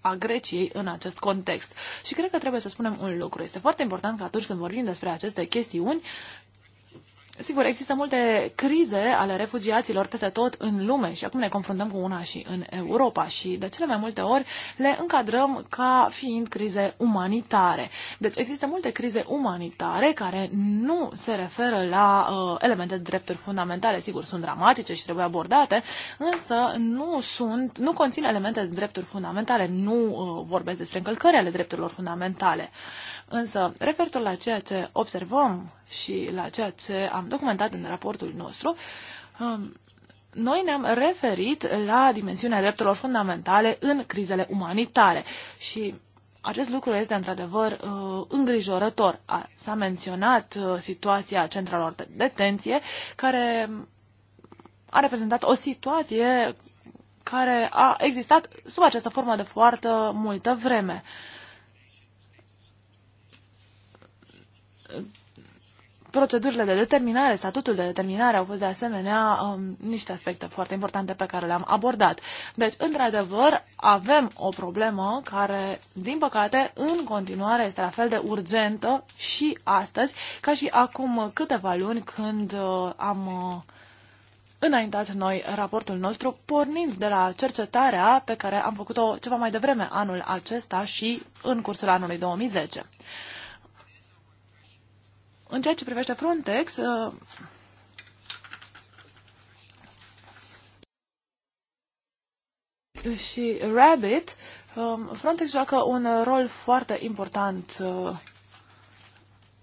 S3: a Greciei în acest context. Și cred că trebuie să spunem un lucru. Este foarte important că atunci când vorbim despre aceste chestiuni, Sigur, există multe crize ale refugiaților peste tot în lume și acum ne confruntăm cu una și în Europa și de cele mai multe ori le încadrăm ca fiind crize umanitare. Deci există multe crize umanitare care nu se referă la uh, elemente de drepturi fundamentale. Sigur, sunt dramatice și trebuie abordate, însă nu sunt, nu conțin elemente de drepturi fundamentale, nu uh, vorbesc despre încălcări ale drepturilor fundamentale. Uh, Însă, referitor la ceea ce observăm și la ceea ce am documentat în raportul nostru, um, noi ne-am referit la dimensiunea drepturilor fundamentale în crizele umanitare și acest lucru este într-adevăr uh, îngrijorător. S-a menționat uh, situația centralor de detenție, care a reprezentat o situație care a existat sub această formă de foarte multă vreme. Uh, procedurile de determinare, statutul de determinare au fost de asemenea um, niște aspecte foarte importante pe care le-am abordat. Deci, într-adevăr, avem o problemă care, din păcate, în continuare este la fel de urgentă și astăzi, ca și acum câteva luni când uh, am uh, înaintat noi raportul nostru, pornind de la cercetarea pe care am făcut-o ceva mai devreme anul acesta și în cursul anului 2010. În ceea ce privește Frontex, uh, și Rabbit, um, Frontex joacă un rol foarte important uh,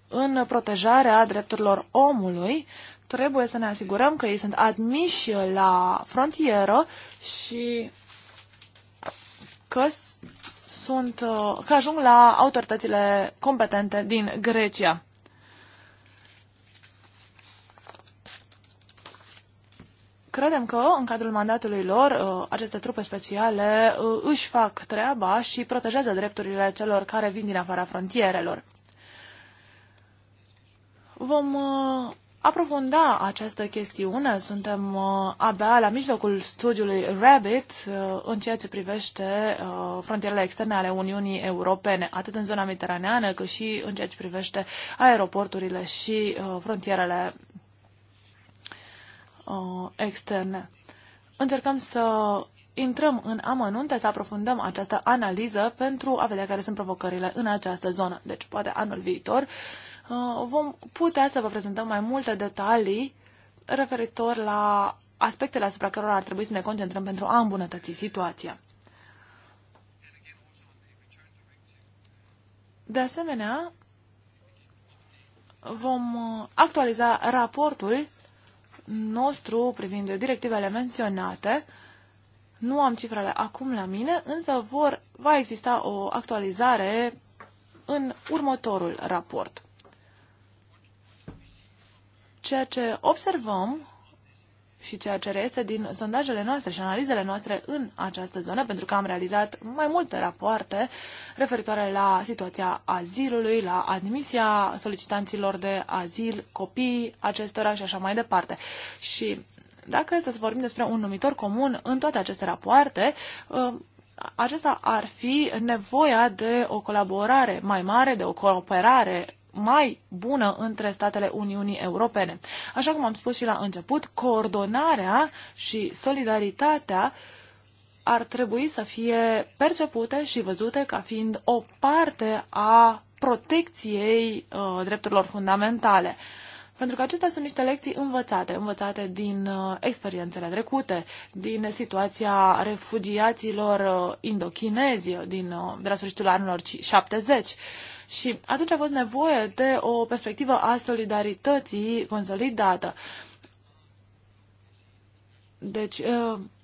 S3: în protejarea drepturilor omului. Trebuie să ne asigurăm că ei sunt admiși la frontieră și că sunt, uh, că ajung la autoritățile competente din Grecia. Credem că, în cadrul mandatului lor, uh, aceste trupe speciale uh, își fac treaba și protejează drepturile celor care vin din afara frontierelor. Vom uh, aprofunda această chestiune. Suntem abia la mijlocul studiului RABBIT în ceea ce privește frontierele externe ale Uniunii Europene, atât în zona mediteraneană cât și în ceea ce privește aeroporturile și frontierele uh, externe. Încercăm să intrăm în amănunte, să aprofundăm această analiză pentru a vedea care sunt provocările în această zonă. Deci, poate anul viitor uh, vom putea să vă prezentăm mai multe detalii referitor la aspectele asupra cărora ar trebui să ne concentrăm pentru a îmbunătăți situația. De asemenea, vom uh, actualiza raportul nostru privind directivele menționate. Nu am cifrele acum la mine, însă vor, va exista o actualizare în următorul raport. Ceea ce observăm și ceea ce reiese din sondajele noastre și analizele noastre în această zonă, pentru că am realizat mai multe rapoarte referitoare la situația azilului, la admisia solicitanților de azil, copii acestora și așa mai departe. Și dacă este să vorbim despre un numitor comun în toate aceste rapoarte, uh, acesta ar fi nevoia de o colaborare mai mare, de o cooperare mai bună între statele Uniunii Europene. Așa cum am spus și la început, coordonarea și solidaritatea ar trebui să fie percepute și văzute ca fiind o parte a protecției uh, drepturilor fundamentale. Uh, pentru că acestea sunt niște lecții învățate, învățate din uh, experiențele trecute, din situația refugiaților uh, indochinezi uh, din, de la sfârșitul anilor 70. Și atunci a fost nevoie de o perspectivă a solidarității consolidată. Deci,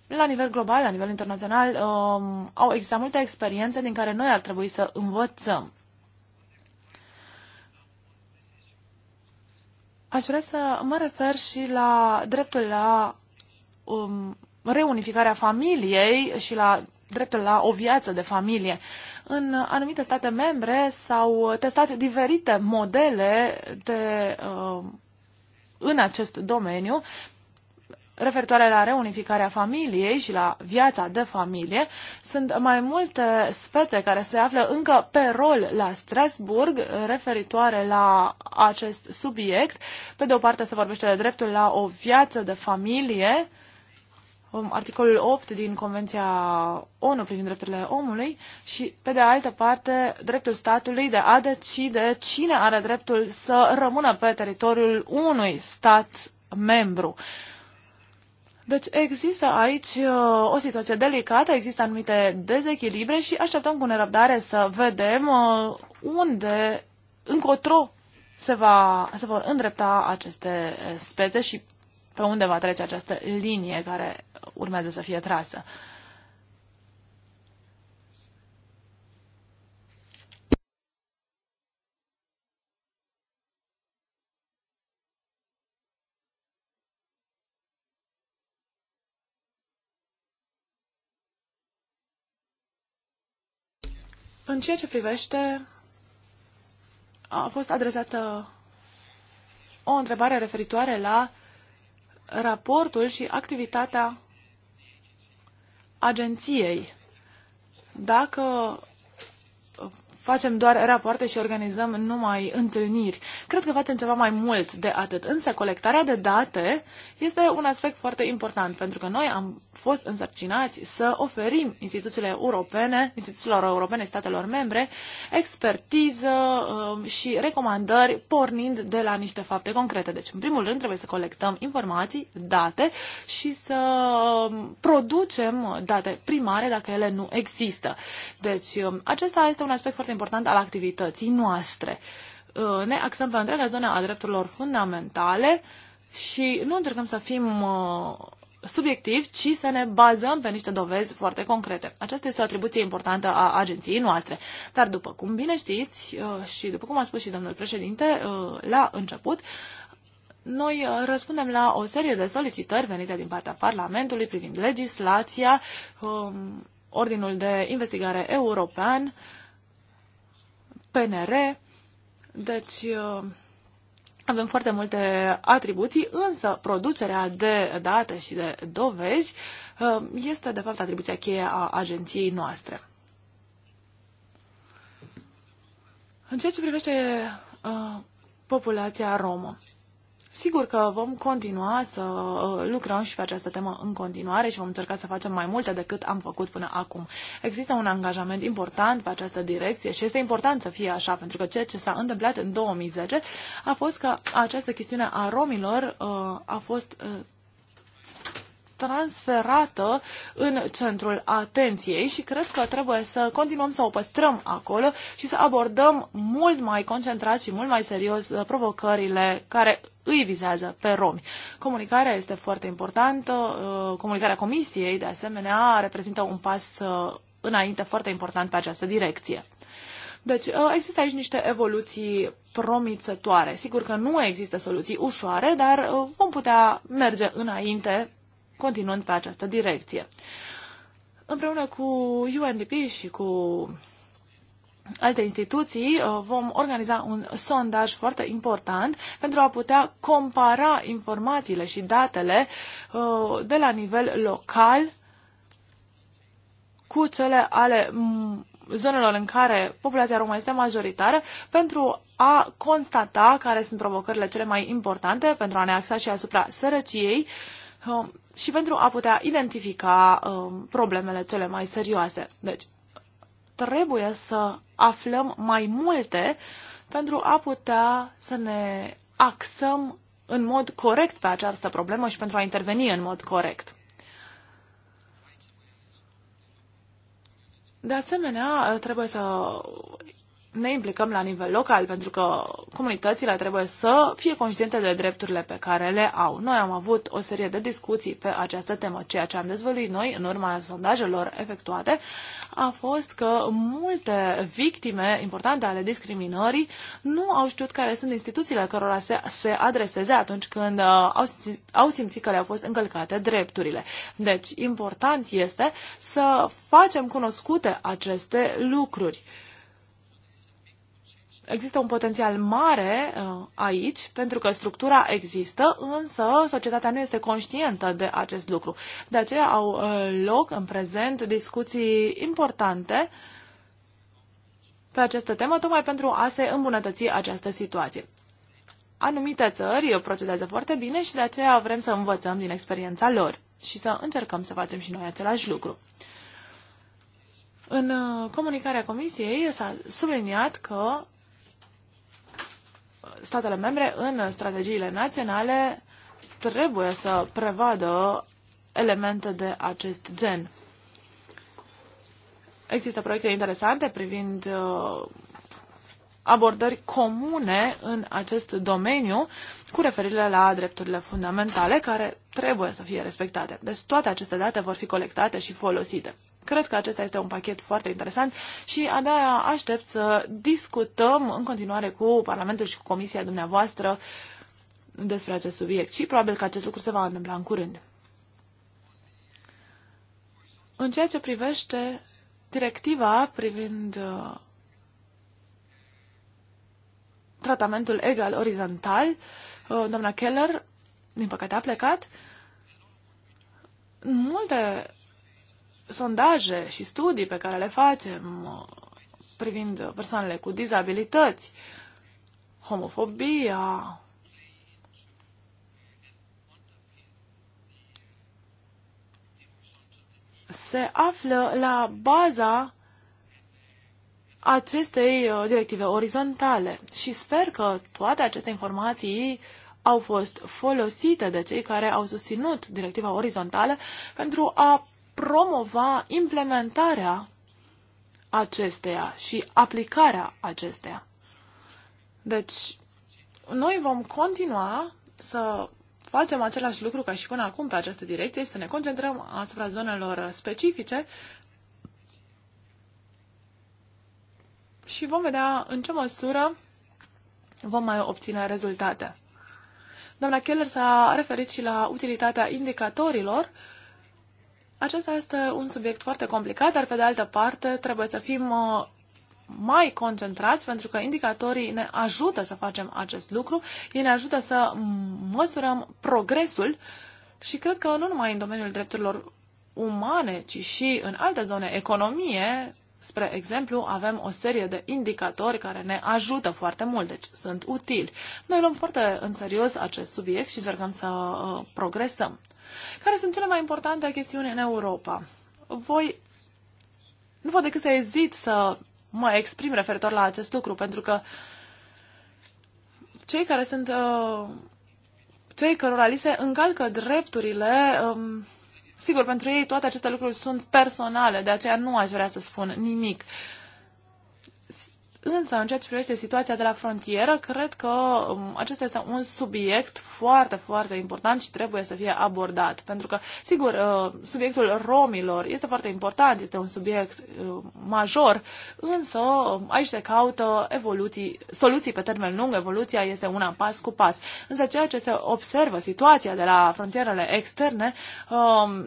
S3: la nivel global, la nivel internațional, um, au existat multe experiențe din care noi ar trebui să învățăm. Aș vrea să mă refer și la dreptul la um, reunificarea familiei și la dreptul la o viață de familie. În anumite state membre s-au testat diferite modele de, uh, în acest domeniu referitoare la reunificarea familiei și la viața de familie. Sunt mai multe spețe care se află încă pe rol la Strasburg referitoare la acest subiect. Pe de o parte se vorbește de dreptul la o viață de familie, um, articolul 8 din Convenția ONU privind drepturile omului și, pe de altă parte, dreptul statului de a decide cine are dreptul să rămână pe teritoriul unui stat membru. Uh, deci există aici uh, o situație delicată, există anumite dezechilibre și așteptăm cu nerăbdare să vedem uh, unde, încotro se, va, se vor îndrepta aceste uh, spețe și pe unde va trece această linie care urmează să fie trasă. În ceea ce privește, a fost adresată o întrebare referitoare la raportul și activitatea agenției. Dacă facem doar rapoarte și organizăm numai întâlniri. Cred că facem ceva mai mult de atât. Însă colectarea de date este un aspect foarte important, pentru că noi am fost însărcinați să oferim instituțiile europene, instituțiilor europene, statelor membre, expertiză um, și recomandări pornind de la niște fapte concrete. Deci, în primul rând, trebuie să colectăm informații, date și să um, producem date primare dacă ele nu există. Deci, um, acesta este un aspect foarte important al activității noastre. Uh, ne axăm pe întreaga zonă a drepturilor fundamentale și nu încercăm să fim uh, subiectivi, ci să ne bazăm pe niște dovezi foarte concrete. Aceasta este o atribuție importantă a agenției noastre. Dar după cum bine știți uh, și după cum a spus și domnul președinte la început, noi răspundem la o serie de solicitări venite din partea Parlamentului privind legislația, um, ordinul de investigare european, PNR. Deci uh, avem foarte multe atribuții, însă producerea de date și de dovezi uh, este de fapt atribuția cheie a agenției noastre. În ceea ce privește uh, populația romă. Sigur că vom continua să uh, lucrăm și pe această temă în continuare și vom încerca să facem mai multe decât am făcut până acum. Există un angajament important pe această direcție și este important să fie așa, pentru că ceea ce s-a întâmplat în 2010 a fost că această chestiune a romilor uh, a fost uh, transferată în centrul atenției și cred că trebuie să continuăm să o păstrăm acolo și să abordăm mult mai concentrat și mult mai serios provocările care îi vizează pe romi. Comunicarea este foarte importantă, uh, comunicarea comisiei, de asemenea, reprezintă un pas uh, înainte foarte important pe această direcție. Deci uh, există aici niște evoluții promițătoare. Sigur că nu există soluții ușoare, dar vom putea merge înainte continuând pe această direcție. Împreună cu UNDP și cu alte instituții, uh, vom organiza un sondaj foarte important pentru a putea compara informațiile și datele uh, de la nivel local cu cele ale mm, zonelor în care populația romă este majoritară pentru a constata care sunt provocările cele mai importante, pentru a ne axa și asupra sărăciei uh, și pentru a putea identifica problemele cele mai serioase. Deci, trebuie să aflăm mai multe pentru a putea să ne axăm în mod corect pe această problemă și pentru a interveni în mod corect. De asemenea, trebuie să ne implicăm la nivel local, pentru că comunitățile trebuie să fie conștiente de drepturile pe care le au. Noi am avut o serie de discuții pe această temă. Ceea ce am dezvăluit noi în urma sondajelor efectuate a fost că multe victime importante ale discriminării nu au știut care sunt instituțiile cărora se, se adreseze atunci când uh, au, simțit, au simțit că le-au fost încălcate drepturile. Deci, important este să facem cunoscute aceste lucruri. Există un potențial mare uh, aici, pentru că structura există, însă societatea nu este conștientă de acest lucru. De aceea au uh, loc în prezent discuții importante pe această temă, tocmai pentru a se îmbunătăți această situație. Anumite țări procedează foarte bine și de aceea vrem să învățăm din experiența lor și să încercăm să facem și noi același lucru. În uh, comunicarea Comisiei s-a subliniat că statele membre în strategiile naționale trebuie să prevadă elemente de acest gen. Există proiecte interesante privind uh, abordări comune în acest domeniu cu referire la drepturile fundamentale care trebuie să fie respectate. Deci toate aceste date vor fi colectate și folosite. Cred că acesta este un pachet foarte interesant și abia aștept să discutăm în continuare cu Parlamentul și cu Comisia dumneavoastră despre acest subiect și probabil că acest lucru se va întâmpla în curând. În ceea ce privește directiva privind uh, tratamentul egal orizontal, uh, doamna Keller, din păcate, a plecat. Multe sondaje și studii pe care le facem uh, privind persoanele cu dizabilități, homofobia, se află la baza acestei uh, directive orizontale și sper că toate aceste informații au fost folosite de cei care au susținut directiva orizontală pentru a promova implementarea acesteia și aplicarea acesteia. Deci, noi vom continua să facem același lucru ca și până acum pe această direcție și să ne concentrăm asupra zonelor specifice și vom vedea în ce măsură vom mai obține rezultate. Doamna Keller s-a referit și la utilitatea indicatorilor acesta este un subiect foarte complicat, dar pe de altă parte trebuie să fim uh, mai concentrați pentru că indicatorii ne ajută să facem acest lucru, ei ne ajută să măsurăm progresul și cred că nu numai în domeniul drepturilor umane, ci și în alte zone, economie, Spre exemplu, avem o serie de indicatori care ne ajută foarte mult, deci sunt utili. Noi luăm foarte în serios acest subiect și încercăm să uh, progresăm. Care sunt cele mai importante chestiuni în Europa? Voi nu pot decât să ezit să mă exprim referitor la acest lucru, pentru că cei care sunt uh, cei cărora li se încalcă drepturile um, Sigur, pentru ei toate aceste lucruri sunt personale, de aceea nu aș vrea să spun nimic. Uh, Însă, în ceea ce privește situația de la frontieră, cred că um, acesta este un subiect foarte, foarte important și trebuie să fie abordat. Pentru că, sigur, uh, subiectul romilor este foarte important, este un subiect uh, major, însă um, aici se caută evoluții, soluții pe termen lung, evoluția este una pas cu pas. Însă ceea ce se observă, situația de la frontierele externe, um,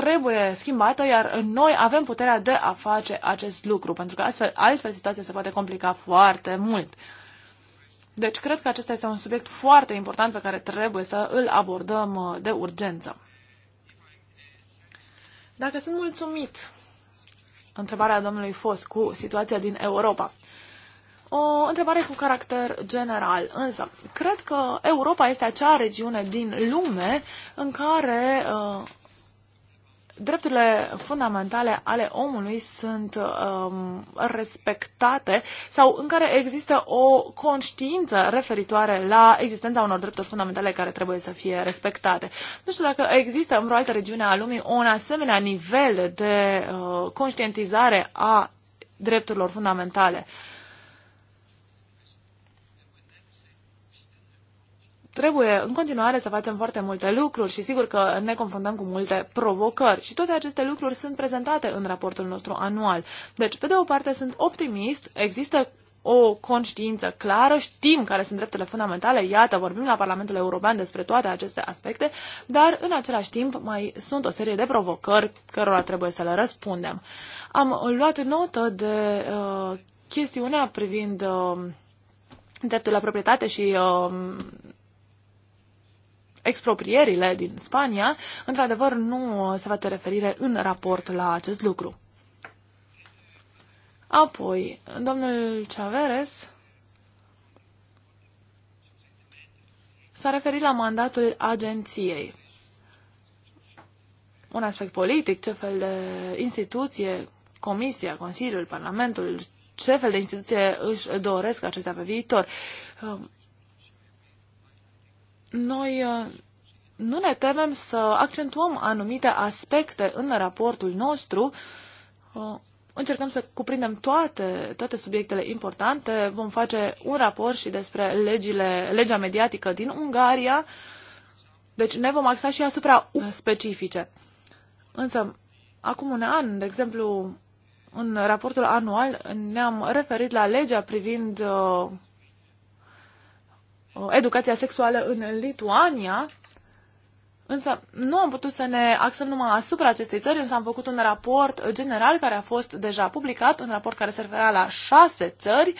S3: trebuie schimbată, iar noi avem puterea de a face acest lucru, pentru că astfel, altfel situația se poate complica foarte mult. Deci cred că acesta este un subiect foarte important pe care trebuie să îl abordăm uh, de urgență. Dacă sunt mulțumit, întrebarea domnului Fos cu situația din Europa. O întrebare cu caracter general, însă, cred că Europa este acea regiune din lume în care uh, drepturile fundamentale ale omului sunt um, respectate sau în care există o conștiință referitoare la existența unor drepturi fundamentale care trebuie să fie respectate. Nu știu dacă există în vreo altă regiune a lumii un asemenea nivel de uh, conștientizare a drepturilor fundamentale. Uh, trebuie în continuare să facem foarte multe lucruri și sigur că ne confruntăm cu multe provocări și toate aceste lucruri sunt prezentate în raportul nostru anual. Deci, pe de o parte, sunt optimist, există o conștiință clară, știm care sunt drepturile fundamentale, iată, vorbim la Parlamentul European despre toate aceste aspecte, dar în același timp mai sunt o serie de provocări cărora trebuie să le răspundem. Am luat notă de uh, chestiunea privind uh, dreptul la proprietate și uh, exproprierile din Spania, într-adevăr nu se face referire în raport la acest lucru. Apoi, domnul Chaveres s-a referit la mandatul agenției. Un aspect politic, ce fel de instituție, Comisia, Consiliul, Parlamentul, ce fel de instituție își doresc acestea pe viitor. Um, noi uh, nu ne temem să accentuăm anumite aspecte în raportul nostru. Uh, încercăm să cuprindem toate, toate subiectele importante. Vom face un raport și despre legile, legea mediatică din Ungaria. Deci ne vom axa și asupra specifice. Însă, acum un an, de exemplu, în raportul anual ne-am referit la legea privind uh, educația sexuală în Lituania, însă nu am putut să ne axăm numai asupra acestei țări, însă am făcut un raport general care a fost deja publicat, un raport care se referea la șase țări,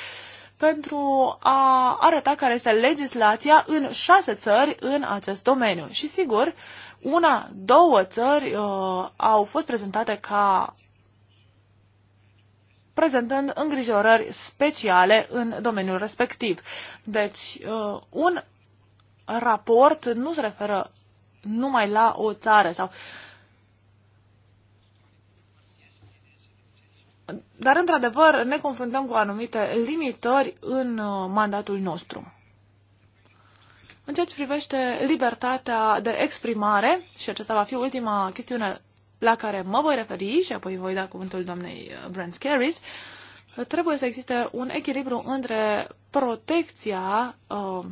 S3: pentru a arăta care este legislația în șase țări în acest domeniu. Și sigur, una, două țări uh, au fost prezentate ca prezentând îngrijorări speciale în domeniul respectiv. Deci, uh, un raport nu se referă numai la o țară sau Dar, într-adevăr, ne confruntăm cu anumite limitări în uh, mandatul nostru. În ceea ce privește libertatea de exprimare, și aceasta va fi ultima chestiune la care mă voi referi și apoi voi da cuvântul doamnei uh, Brent Scaris, trebuie să existe un echilibru între protecția uh,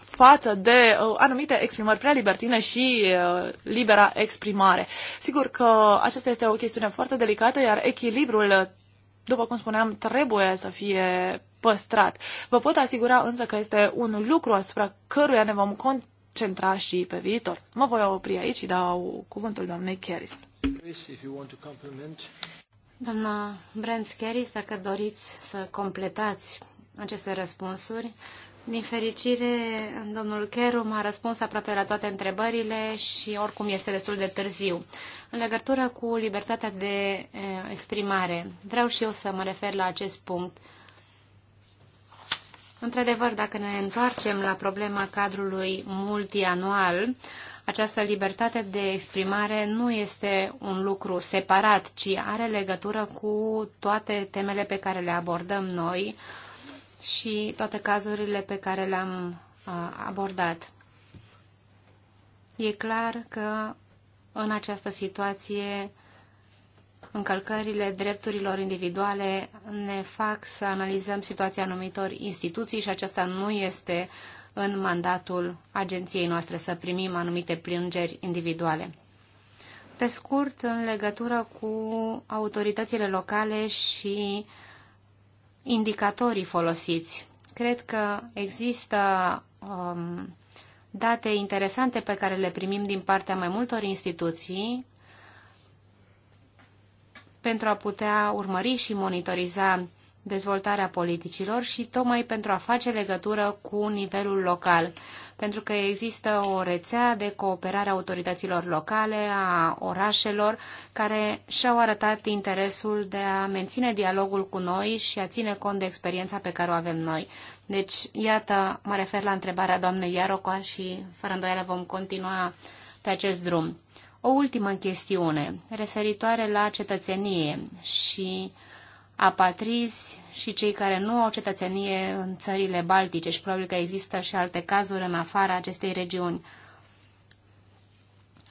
S3: față de uh, anumite exprimări prea libertine și uh, libera exprimare. Sigur că aceasta este o chestiune foarte delicată, iar echilibrul, uh, după cum spuneam, trebuie să fie păstrat. Vă pot asigura însă că este un lucru asupra căruia ne vom con- centra și pe viitor. Mă voi opri aici și dau cuvântul doamnei Keris.
S2: Doamna Brent Keris, dacă doriți să completați aceste răspunsuri, din fericire, domnul Kerum m-a răspuns aproape la toate întrebările și oricum este destul de târziu. În legătură cu libertatea de eh, exprimare, vreau și eu să mă refer la acest punct Într-adevăr, dacă ne întoarcem la problema cadrului multianual, această libertate de exprimare nu este un lucru separat, ci are legătură cu toate temele pe care le abordăm noi și toate cazurile pe care le-am abordat. E clar că în această situație încălcările drepturilor individuale ne fac să analizăm situația anumitor instituții și aceasta nu este în mandatul agenției noastre să primim anumite plângeri individuale. Pe scurt, în legătură cu autoritățile locale și indicatorii folosiți, cred că există um, date interesante pe care le primim din partea mai multor instituții pentru a putea urmări și monitoriza dezvoltarea politicilor și tocmai pentru a face legătură cu nivelul local, pentru că există o rețea de cooperare a autorităților locale, a orașelor, care și-au arătat interesul de a menține dialogul cu noi și a ține cont de experiența pe care o avem noi. Deci, iată, mă refer la întrebarea doamnei Iarocoa și, fără îndoială, vom continua pe acest drum. O ultimă chestiune, referitoare la cetățenie și apatrizi și cei care nu au cetățenie în țările baltice și probabil că există și alte cazuri în afara acestei regiuni.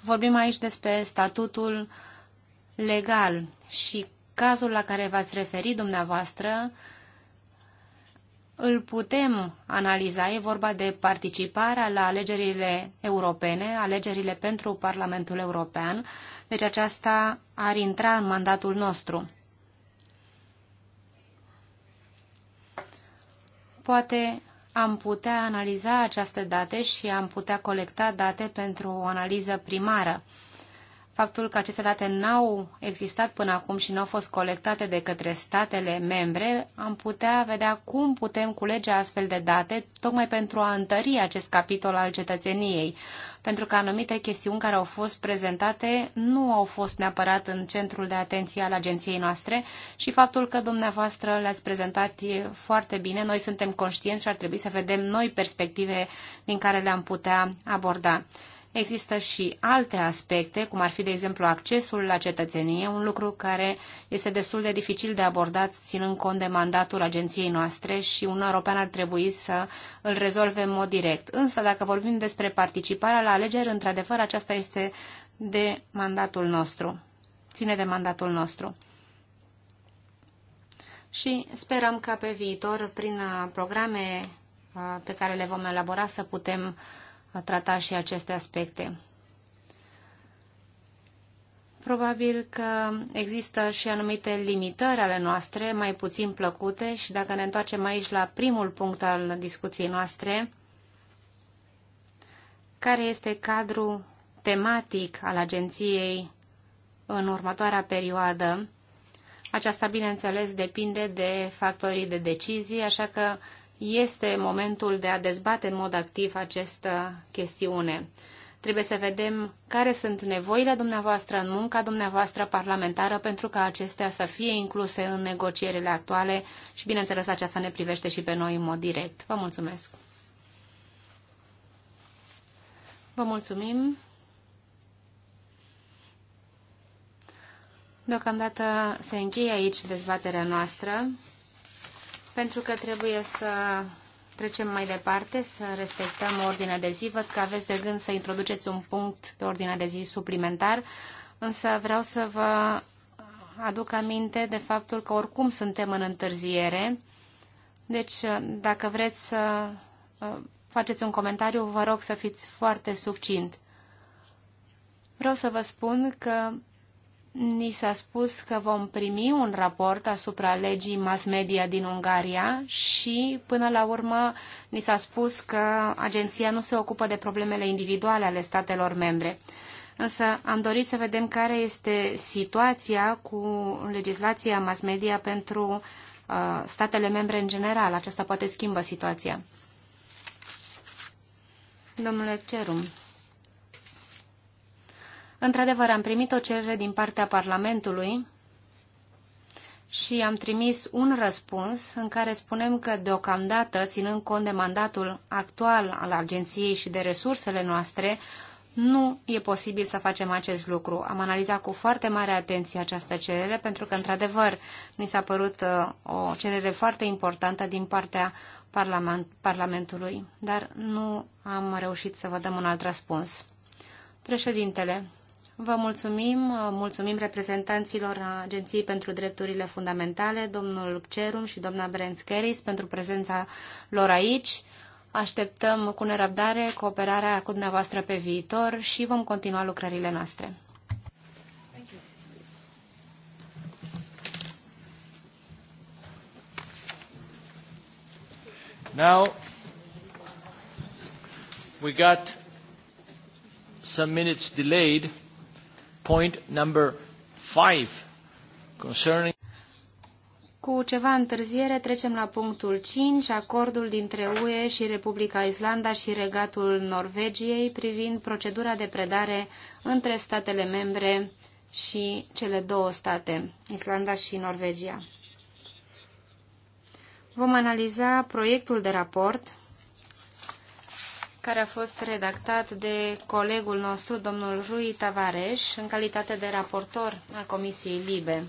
S2: Vorbim aici despre statutul legal și cazul la care v-ați referit dumneavoastră îl putem analiza. E vorba de participarea la alegerile europene, alegerile pentru Parlamentul European. Deci aceasta ar intra în mandatul nostru. Poate am putea analiza aceste date și am putea colecta date pentru o analiză primară faptul că aceste date n-au existat până acum și nu au fost colectate de către statele membre, am putea vedea cum putem culege astfel de date, tocmai pentru a întări acest capitol al cetățeniei, pentru că anumite chestiuni care au fost prezentate nu au fost neapărat în centrul de atenție al agenției noastre și faptul că dumneavoastră le-ați prezentat e foarte bine, noi suntem conștienți și ar trebui să vedem noi perspective din care le-am putea aborda. Există și alte aspecte, cum ar fi, de exemplu, accesul la cetățenie, un lucru care este destul de dificil de abordat, ținând cont de mandatul agenției noastre și Uniunea Europeană ar trebui să îl rezolve în mod direct. Însă, dacă vorbim despre participarea la alegeri, într-adevăr, aceasta este de mandatul nostru. Ține de mandatul nostru și sperăm ca pe viitor, prin programe uh, pe care le vom elabora, să putem trata și aceste aspecte. Probabil că există și anumite limitări ale noastre, mai puțin plăcute, și dacă ne întoarcem aici la primul punct al discuției noastre, care este cadrul tematic al agenției în următoarea perioadă. Aceasta, bineînțeles, depinde de factorii de decizie, așa că este momentul de a dezbate în mod activ această chestiune. Trebuie să vedem care sunt nevoile dumneavoastră în munca dumneavoastră parlamentară pentru ca acestea să fie incluse în negocierile actuale și, bineînțeles, aceasta ne privește și pe noi în mod direct. Vă mulțumesc! Vă mulțumim! Deocamdată se încheie aici dezbaterea noastră pentru că trebuie să trecem mai departe, să respectăm ordinea de zi. Văd că aveți de gând să introduceți un punct pe ordinea de zi suplimentar, însă vreau să vă aduc aminte de faptul că oricum suntem în întârziere. Deci, dacă vreți să uh, faceți un comentariu, vă rog să fiți foarte succint. Vreau să vă spun că ni s-a spus că vom primi un raport asupra legii mass media din Ungaria și, până la urmă, ni s-a spus că agenția nu se ocupă de problemele individuale ale statelor membre. Însă am dorit să vedem care este situația cu legislația mass media pentru uh, statele membre în general. Aceasta poate schimbă situația. Domnule Cerum. Într-adevăr, am primit o cerere din partea Parlamentului și am trimis un răspuns în care spunem că deocamdată, ținând cont de mandatul actual al agenției și de resursele noastre, nu e posibil să facem acest lucru. Am analizat cu foarte mare atenție această cerere pentru că, într-adevăr, ni s-a părut uh, o cerere foarte importantă din partea parlament Parlamentului, dar nu am reușit să vă dăm un alt răspuns. Președintele, Vă mulțumim, mulțumim reprezentanților Agenției pentru Drepturile Fundamentale, domnul Cerum și doamna Brent Scheris, pentru prezența lor aici. Așteptăm cu nerăbdare cooperarea cu dumneavoastră pe viitor și vom continua lucrările noastre.
S1: Now, we got some minutes delayed point number five concerning
S2: cu ceva întârziere trecem la punctul 5, acordul dintre UE și Republica Islanda și Regatul Norvegiei privind procedura de predare între statele membre și cele două state, Islanda și Norvegia. Vom analiza proiectul de raport care a fost redactat de colegul nostru, domnul Rui Tavares, în calitate de raportor al Comisiei Libe.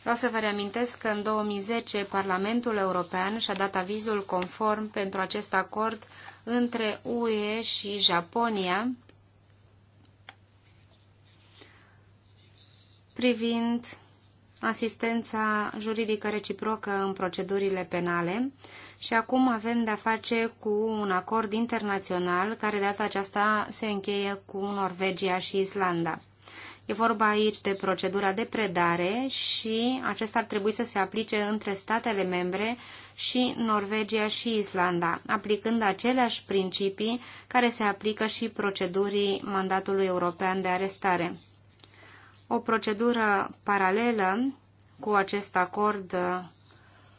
S2: Vreau să vă reamintesc că în 2010 Parlamentul European și-a dat avizul conform pentru acest acord între UE și Japonia privind asistența juridică reciprocă în procedurile penale și acum avem de-a face cu un acord internațional care data aceasta se încheie cu Norvegia și Islanda. E vorba aici de procedura de predare și acesta ar trebui să se aplice între statele membre și Norvegia și Islanda, aplicând aceleași principii care se aplică și procedurii mandatului european de arestare. O procedură paralelă cu acest acord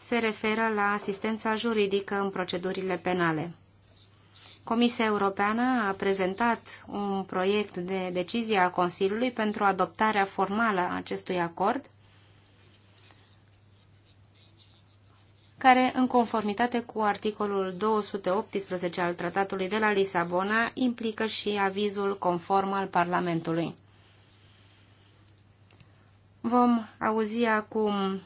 S2: se referă la asistența juridică în procedurile penale. Comisia Europeană a prezentat un proiect de decizie a Consiliului pentru adoptarea formală a acestui acord, care, în conformitate cu articolul 218 al Tratatului de la Lisabona, implică și avizul conform al Parlamentului. Vom auzi acum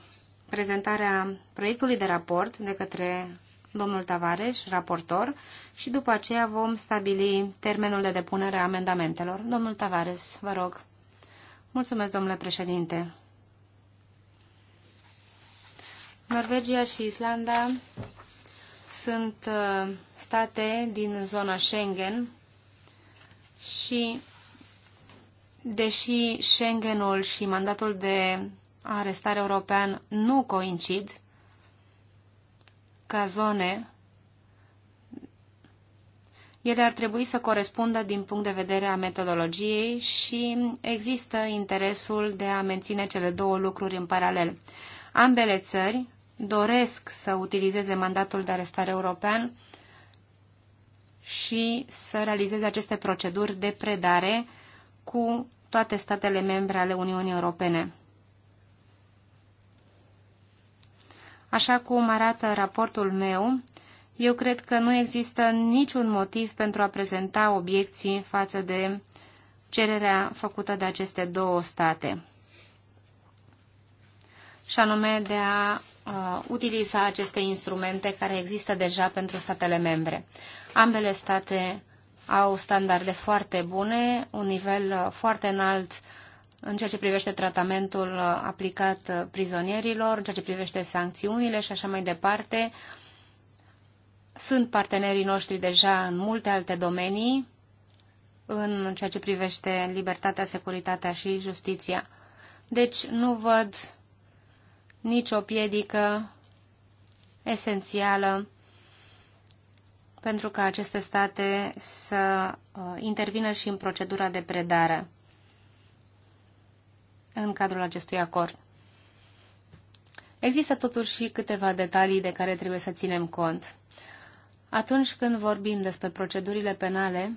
S2: prezentarea proiectului de raport de către domnul Tavares, raportor, și după aceea vom stabili termenul de depunere a amendamentelor. Domnul Tavares, vă rog. Mulțumesc, domnule președinte. Norvegia și Islanda sunt uh, state din zona Schengen și deși Schengenul și mandatul de arestare european nu coincid, cazone, ele ar trebui să corespundă din punct de vedere a metodologiei și există interesul de a menține cele două lucruri în paralel. Ambele țări doresc să utilizeze mandatul de arestare european și să realizeze aceste proceduri de predare cu toate statele membre ale Uniunii Europene. Așa cum arată raportul meu, eu cred că nu există niciun motiv pentru a prezenta obiecții față de cererea făcută de aceste două state, și anume de a uh, utiliza aceste instrumente care există deja pentru statele membre. Ambele state au standarde foarte bune, un nivel uh, foarte înalt uh, în ceea ce privește tratamentul uh, aplicat uh, prizonierilor, în ceea ce privește sancțiunile și așa mai departe. Sunt partenerii noștri deja în multe alte domenii, în ceea ce privește libertatea, securitatea și justiția. Deci nu văd nicio piedică esențială pentru ca aceste state să uh, intervină și în procedura de predare în cadrul acestui acord. Există totuși câteva detalii de care trebuie să ținem cont. Atunci când vorbim despre procedurile penale,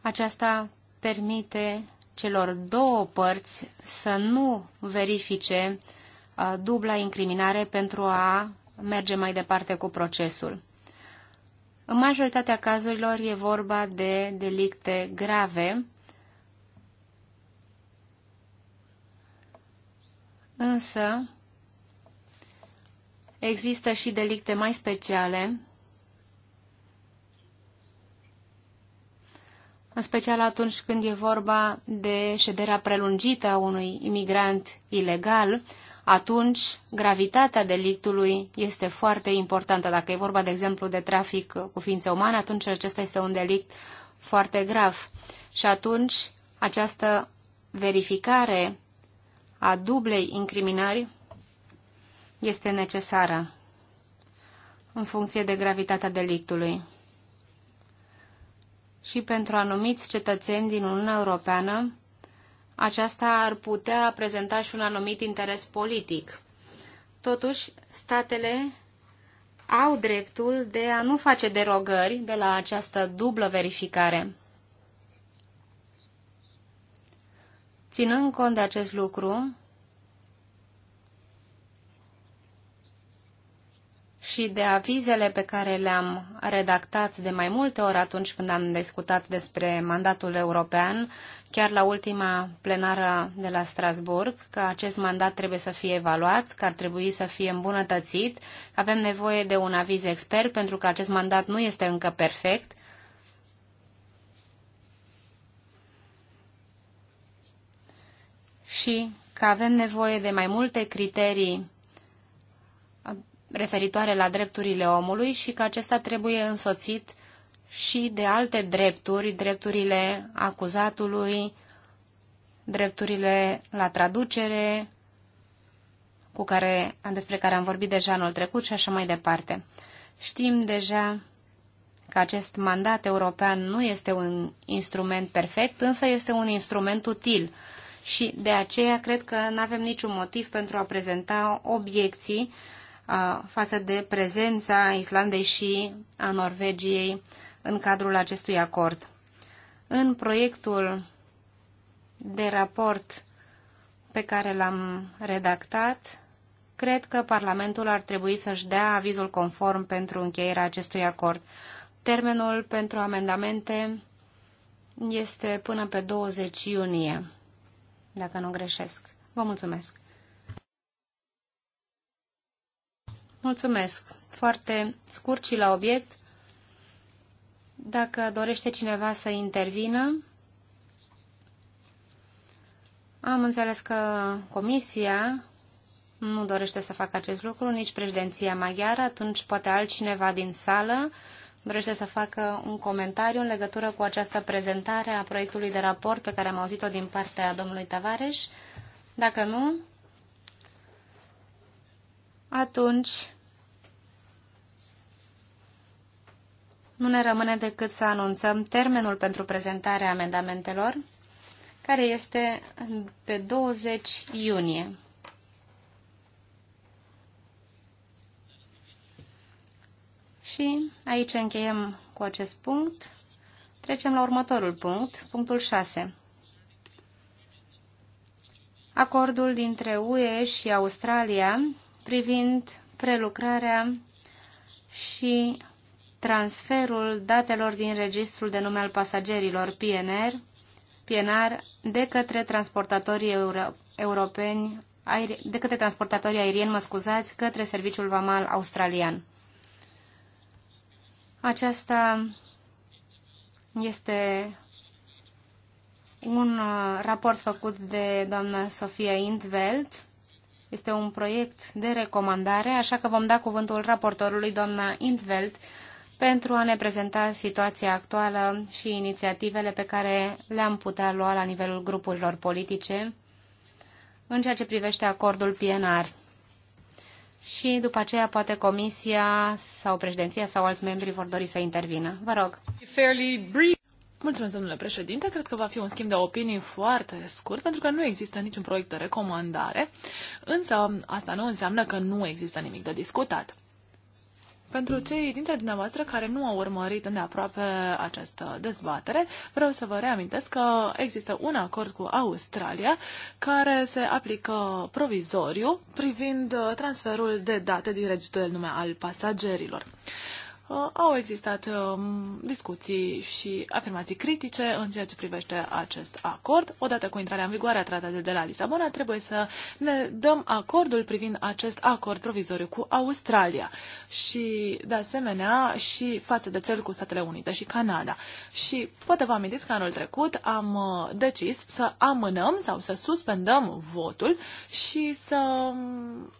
S2: aceasta permite celor două părți să nu verifice uh, dubla incriminare pentru a merge mai departe cu procesul. În majoritatea cazurilor e vorba de delicte grave însă există și delicte mai speciale, în special atunci când e vorba de șederea prelungită a unui imigrant ilegal, atunci gravitatea delictului este foarte importantă. Dacă e vorba, de exemplu, de trafic cu ființe umane, atunci acesta este un delict foarte grav. Și atunci această verificare a dublei incriminări este necesară în funcție de gravitatea delictului. Și pentru anumiți cetățeni din Uniunea Europeană, aceasta ar putea prezenta și un anumit interes politic. Totuși, statele au dreptul de a nu face derogări de la această dublă verificare. Ținând cont de acest lucru și de avizele pe care le-am redactat de mai multe ori atunci când am discutat despre mandatul european, chiar la ultima plenară de la Strasburg, că acest mandat trebuie să fie evaluat, că ar trebui să fie îmbunătățit, că avem nevoie de un aviz expert pentru că acest mandat nu este încă perfect, și că avem nevoie de mai multe criterii referitoare la drepturile omului și că acesta trebuie însoțit și de alte drepturi, drepturile acuzatului, drepturile la traducere, cu care, despre care am vorbit deja anul trecut și așa mai departe. Știm deja că acest mandat european nu este un instrument perfect, însă este un instrument util și de aceea cred că nu avem niciun motiv pentru a prezenta obiecții față de prezența Islandei și a Norvegiei în cadrul acestui acord. În proiectul de raport pe care l-am redactat, cred că Parlamentul ar trebui să-și dea avizul conform pentru încheierea acestui acord. Termenul pentru amendamente este până pe 20 iunie dacă nu greșesc. Vă mulțumesc! Mulțumesc! Foarte scurt și la obiect. Dacă dorește cineva să intervină, am înțeles că comisia nu dorește să facă acest lucru, nici președinția maghiară, atunci poate altcineva din sală dorește să facă un comentariu în legătură cu această prezentare a proiectului de raport pe care am auzit-o din partea domnului Tavares. Dacă nu, atunci nu ne rămâne decât să anunțăm termenul pentru prezentarea amendamentelor, care este pe 20 iunie. Și aici încheiem cu acest punct. Trecem la următorul punct, punctul 6. Acordul dintre UE și Australia privind prelucrarea și transferul datelor din registrul de nume al pasagerilor PNR, PNR de către transportatorii euro europeni, aer, de către transportatorii aerieni, mă scuzați, către Serviciul Vamal Australian. Aceasta este un uh, raport făcut de doamna Sofia Intveld. Este un proiect de recomandare, așa că vom da cuvântul raportorului doamna Intveld pentru a ne prezenta situația actuală și inițiativele pe care le-am putea lua la nivelul grupurilor politice în ceea ce privește acordul PNR și după aceea poate Comisia sau președinția sau alți membri vor dori să intervină. Vă rog.
S3: Mulțumesc, domnule președinte. Cred că va fi un schimb de opinii foarte scurt, pentru că nu există niciun proiect de recomandare, însă asta nu înseamnă că nu există nimic de discutat. Pentru cei dintre dumneavoastră care nu au urmărit îndeaproape această dezbatere, vreau să vă reamintesc că există un acord cu Australia care se aplică provizoriu privind transferul de date din registrul nume al pasagerilor. Uh, au existat uh, discuții și afirmații critice în ceea ce privește acest acord. Odată cu intrarea în vigoare a tratatului de la Lisabona, trebuie să ne dăm acordul privind acest acord provizoriu cu Australia și, de asemenea, și față de cel cu Statele Unite și Canada. Și poate vă amintiți că anul trecut am uh, decis să amânăm sau să suspendăm votul și să um,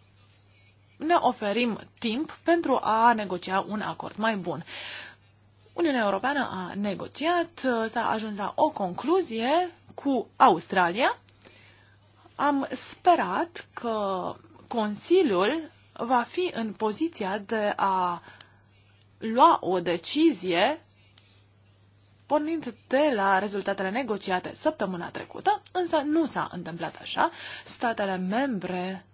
S3: ne oferim timp pentru a negocia un acord mai bun. Uniunea Europeană a negociat, s-a ajuns la o concluzie cu Australia. Am sperat că Consiliul va fi în poziția de a lua o decizie pornind de la rezultatele negociate săptămâna trecută, însă nu s-a întâmplat așa. Statele membre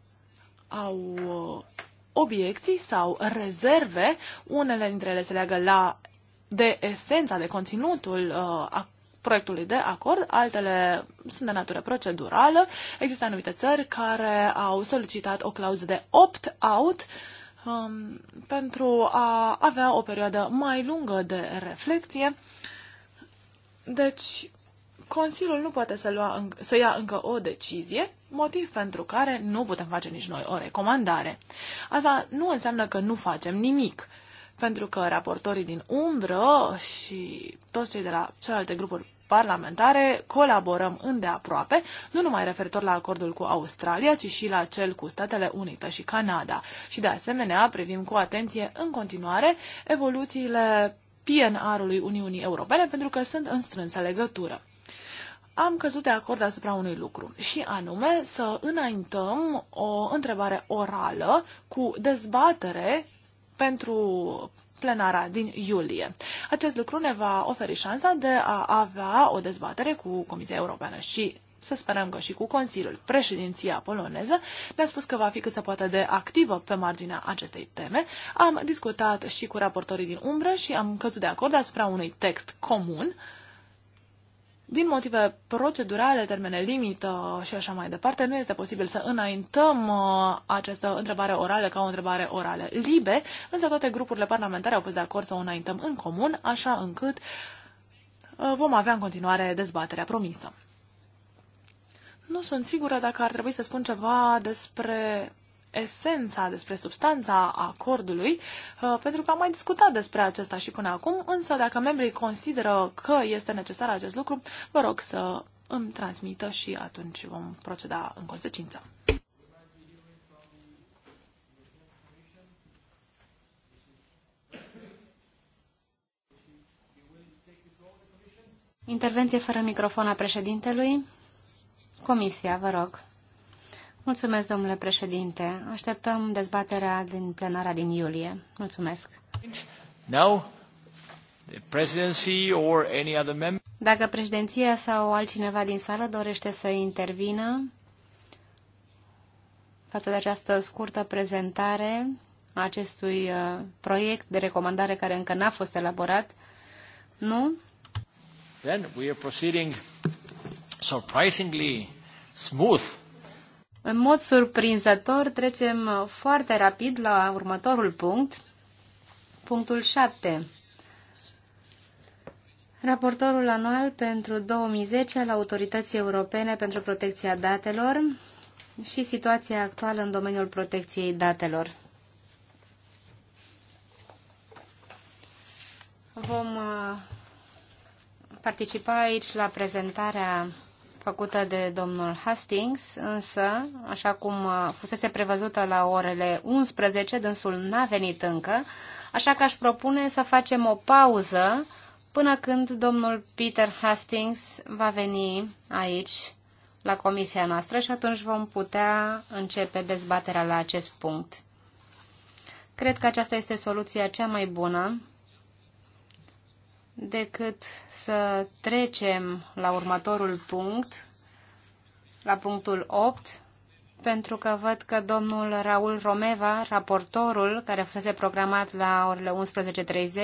S3: au uh, obiecții sau rezerve. Unele dintre ele se leagă la de esența, de conținutul uh, proiectului de acord, altele sunt de natură procedurală. Există anumite țări care au solicitat o clauză de opt-out um, pentru a avea o perioadă mai lungă de reflexie. Deci, Consiliul nu poate să, lua, să ia încă o decizie motiv pentru care nu putem face nici noi o recomandare. Asta nu înseamnă că nu facem nimic, pentru că raportorii din umbră și toți cei de la celelalte grupuri parlamentare colaborăm îndeaproape, nu numai referitor la acordul cu Australia, ci și la cel cu Statele Unite și Canada. Și de asemenea, privim cu atenție în continuare evoluțiile PNR-ului Uniunii Europene, pentru că sunt în strânsă legătură am căzut de acord asupra unui lucru și anume să înaintăm o întrebare orală cu dezbatere pentru plenara din iulie. Acest lucru ne va oferi șansa de a avea o dezbatere cu Comisia Europeană și să sperăm că și cu Consiliul. Președinția poloneză ne-a spus că va fi cât se poate de activă pe marginea acestei teme. Am discutat și cu raportorii din umbră și am căzut de acord asupra unui text comun uh, din motive procedurale, termene limită și așa mai departe, nu este posibil să înaintăm uh, această întrebare orală ca o întrebare orală libe, însă toate grupurile parlamentare au fost de acord să o înaintăm în comun, așa încât uh, vom avea în continuare dezbaterea promisă. Nu sunt sigură dacă ar trebui să spun ceva despre esența, despre substanța acordului, uh, pentru că am mai discutat despre acesta și până acum, însă dacă membrii consideră că este necesar acest lucru, vă rog să îmi transmită și atunci vom proceda în consecință.
S2: Intervenție fără microfon a președintelui. Comisia, vă rog. Mulțumesc, domnule președinte. Așteptăm dezbaterea din plenara din iulie. Mulțumesc.
S1: Now, the presidency or any other member...
S2: Dacă președinția sau altcineva din sală dorește să intervină față de această scurtă prezentare a acestui uh, proiect de recomandare care încă n-a fost elaborat, nu?
S1: Then we are proceeding surprisingly smooth
S2: în mod surprinzător, trecem uh, foarte rapid la următorul punct, punctul 7. Raportorul anual pentru 2010 al Autorității Europene pentru Protecția Datelor și situația actuală în domeniul protecției datelor. Vom uh, participa aici la prezentarea făcută de domnul Hastings, însă, așa cum uh, fusese prevăzută la orele 11, dânsul n-a venit încă, așa că aș propune să facem o pauză până când domnul Peter Hastings va veni aici la comisia noastră și atunci vom putea începe dezbaterea la acest punct. Cred că aceasta este soluția cea mai bună decât să trecem la următorul punct, la punctul 8, pentru că văd că domnul Raul Romeva, raportorul, care fusese programat la orele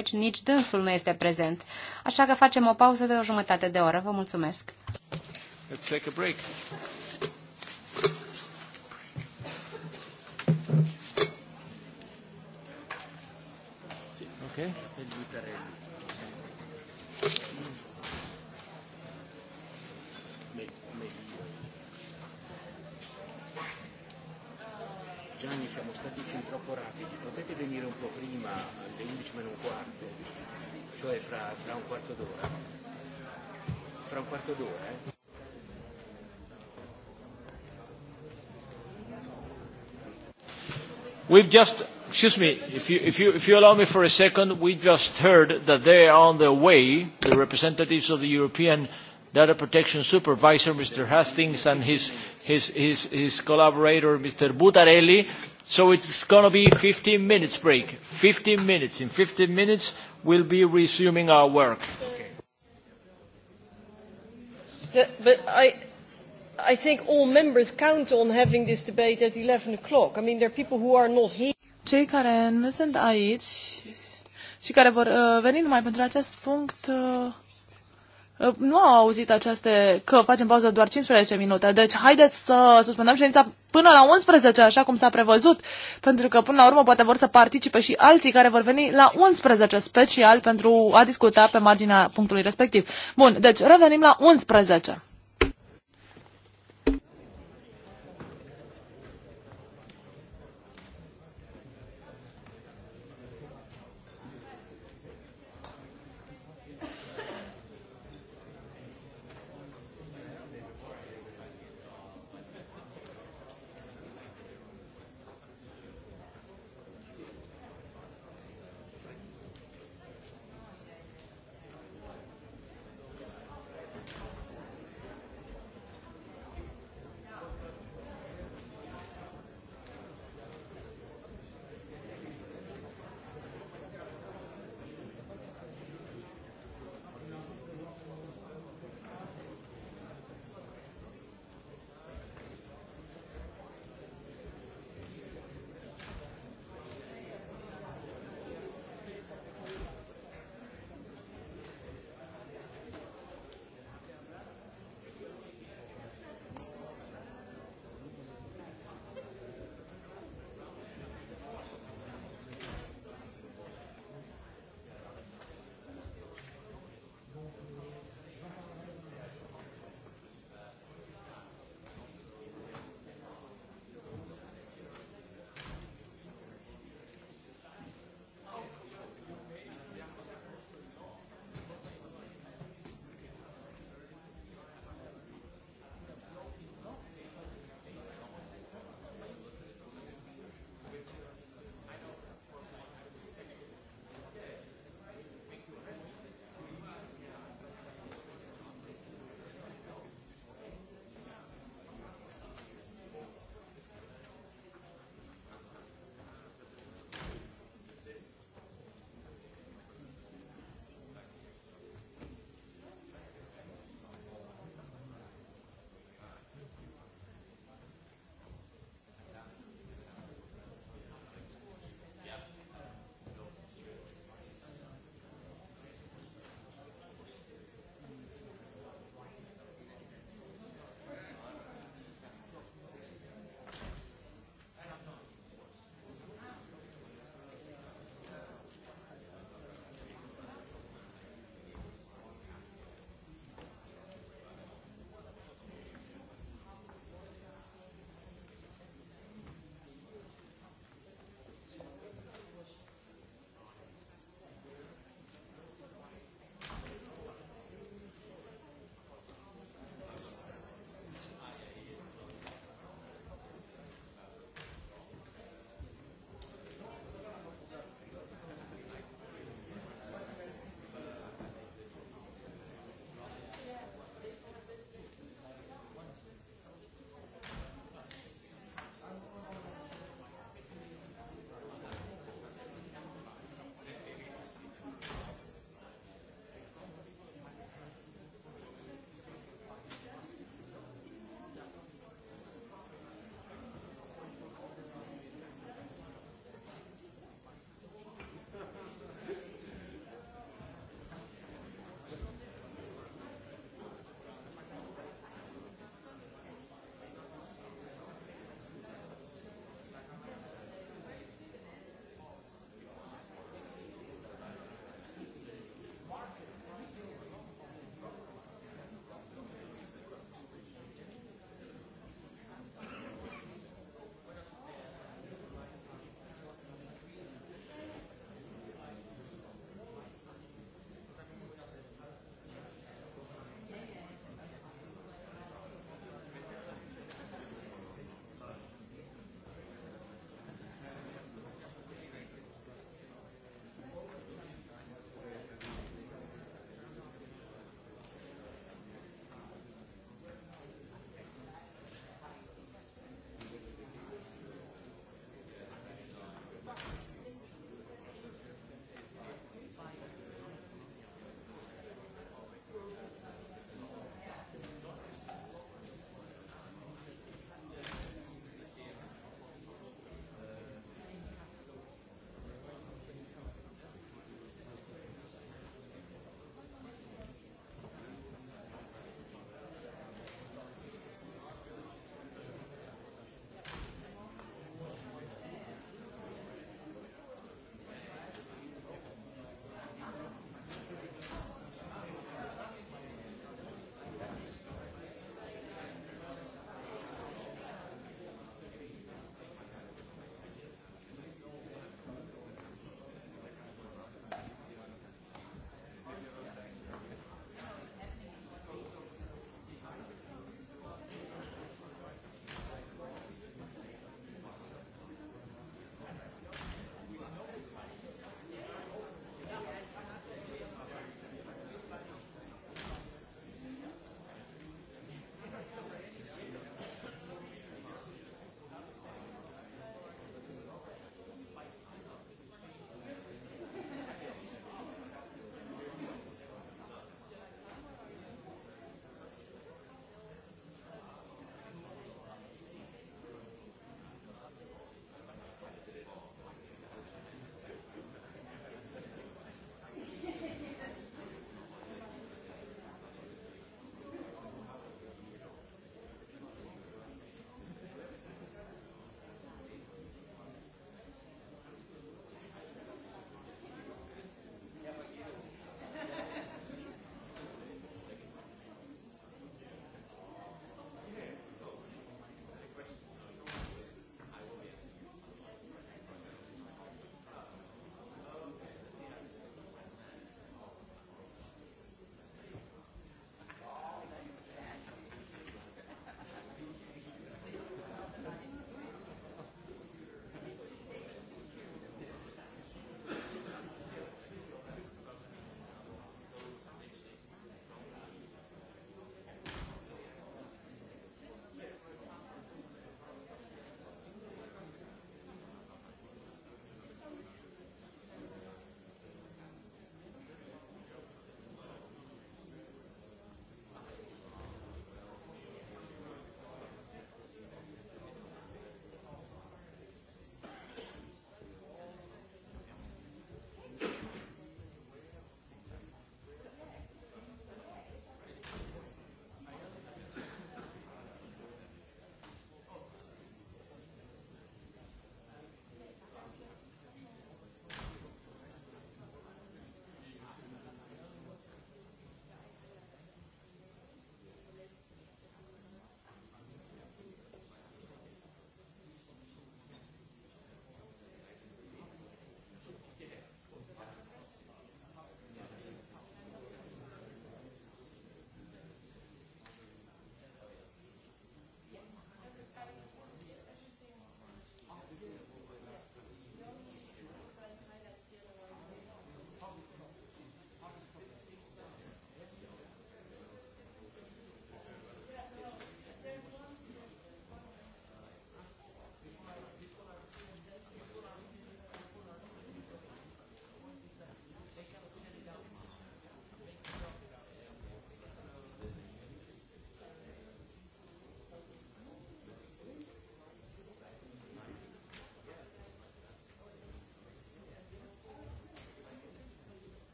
S2: 11.30, nici dânsul nu este prezent. Așa că facem o pauză de o jumătate de oră. Vă mulțumesc!
S1: Let's take a break. Okay. Gianni siamo stati fin troppo rapidi, potete venire un po' prima, alle 11 meno un quarto, cioè fra, fra un quarto d'ora? Fra un quarto d'ora, eh? We've just, excuse me, if you, if, you, if you allow me for a second, we just heard that they are on their way, the representatives of the European Union data protection supervisor, Mr. Hastings, and his, his, his, his collaborator, Mr. Butarelli. So it's going to be 15 minutes break. 15 minutes. In 15 minutes, we'll be resuming our work. The, but I, I think all members count on having this
S3: debate at 11 o'clock. I mean, there are people who are not here. Cei care nu sunt aici și care vor uh, veni numai pentru acest punct uh, Ă, nu au auzit aceste că facem pauză doar 15 minute. Deci haideți să suspendăm ședința până la 11, așa cum s-a prevăzut, pentru că până la urmă poate vor să participe și alții care vor veni la 11 special pentru a discuta pe marginea punctului respectiv. Bun, deci revenim la 11.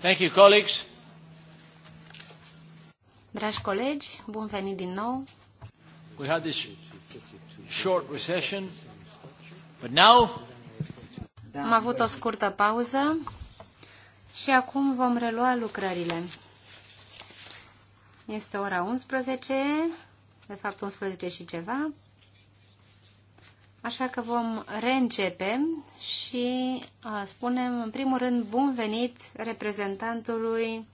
S1: Thank you, colleagues.
S2: Dragi colegi, bun venit din nou.
S1: We had this short recession, but now...
S2: Da. Am avut o scurtă pauză și acum vom relua lucrările. Este ora 11, de fapt 11 și ceva. Așa că vom reîncepe și uh, spunem în primul rând bun venit reprezentantului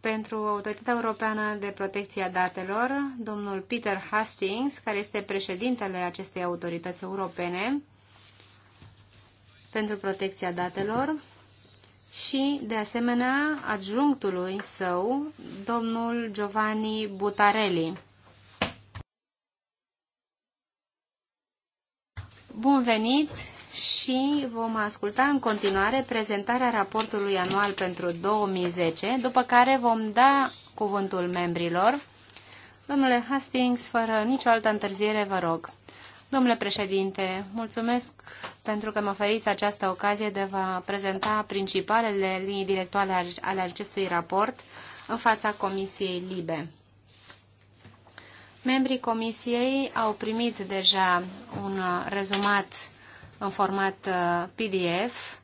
S2: pentru Autoritatea Europeană de Protecție a Datelor, domnul Peter Hastings, care este președintele acestei autorități europene pentru protecția datelor și, de asemenea, adjunctului său, domnul Giovanni Butarelli Bun venit și vom asculta în continuare prezentarea raportului anual pentru 2010, după care vom da cuvântul membrilor. Domnule Hastings, fără nicio altă întârziere, vă rog. Domnule președinte, mulțumesc pentru că mă oferiți această ocazie de a prezenta principalele linii directoare ale acestui raport în fața Comisiei Libe. Membrii comisiei au primit deja un uh, rezumat în format uh, PDF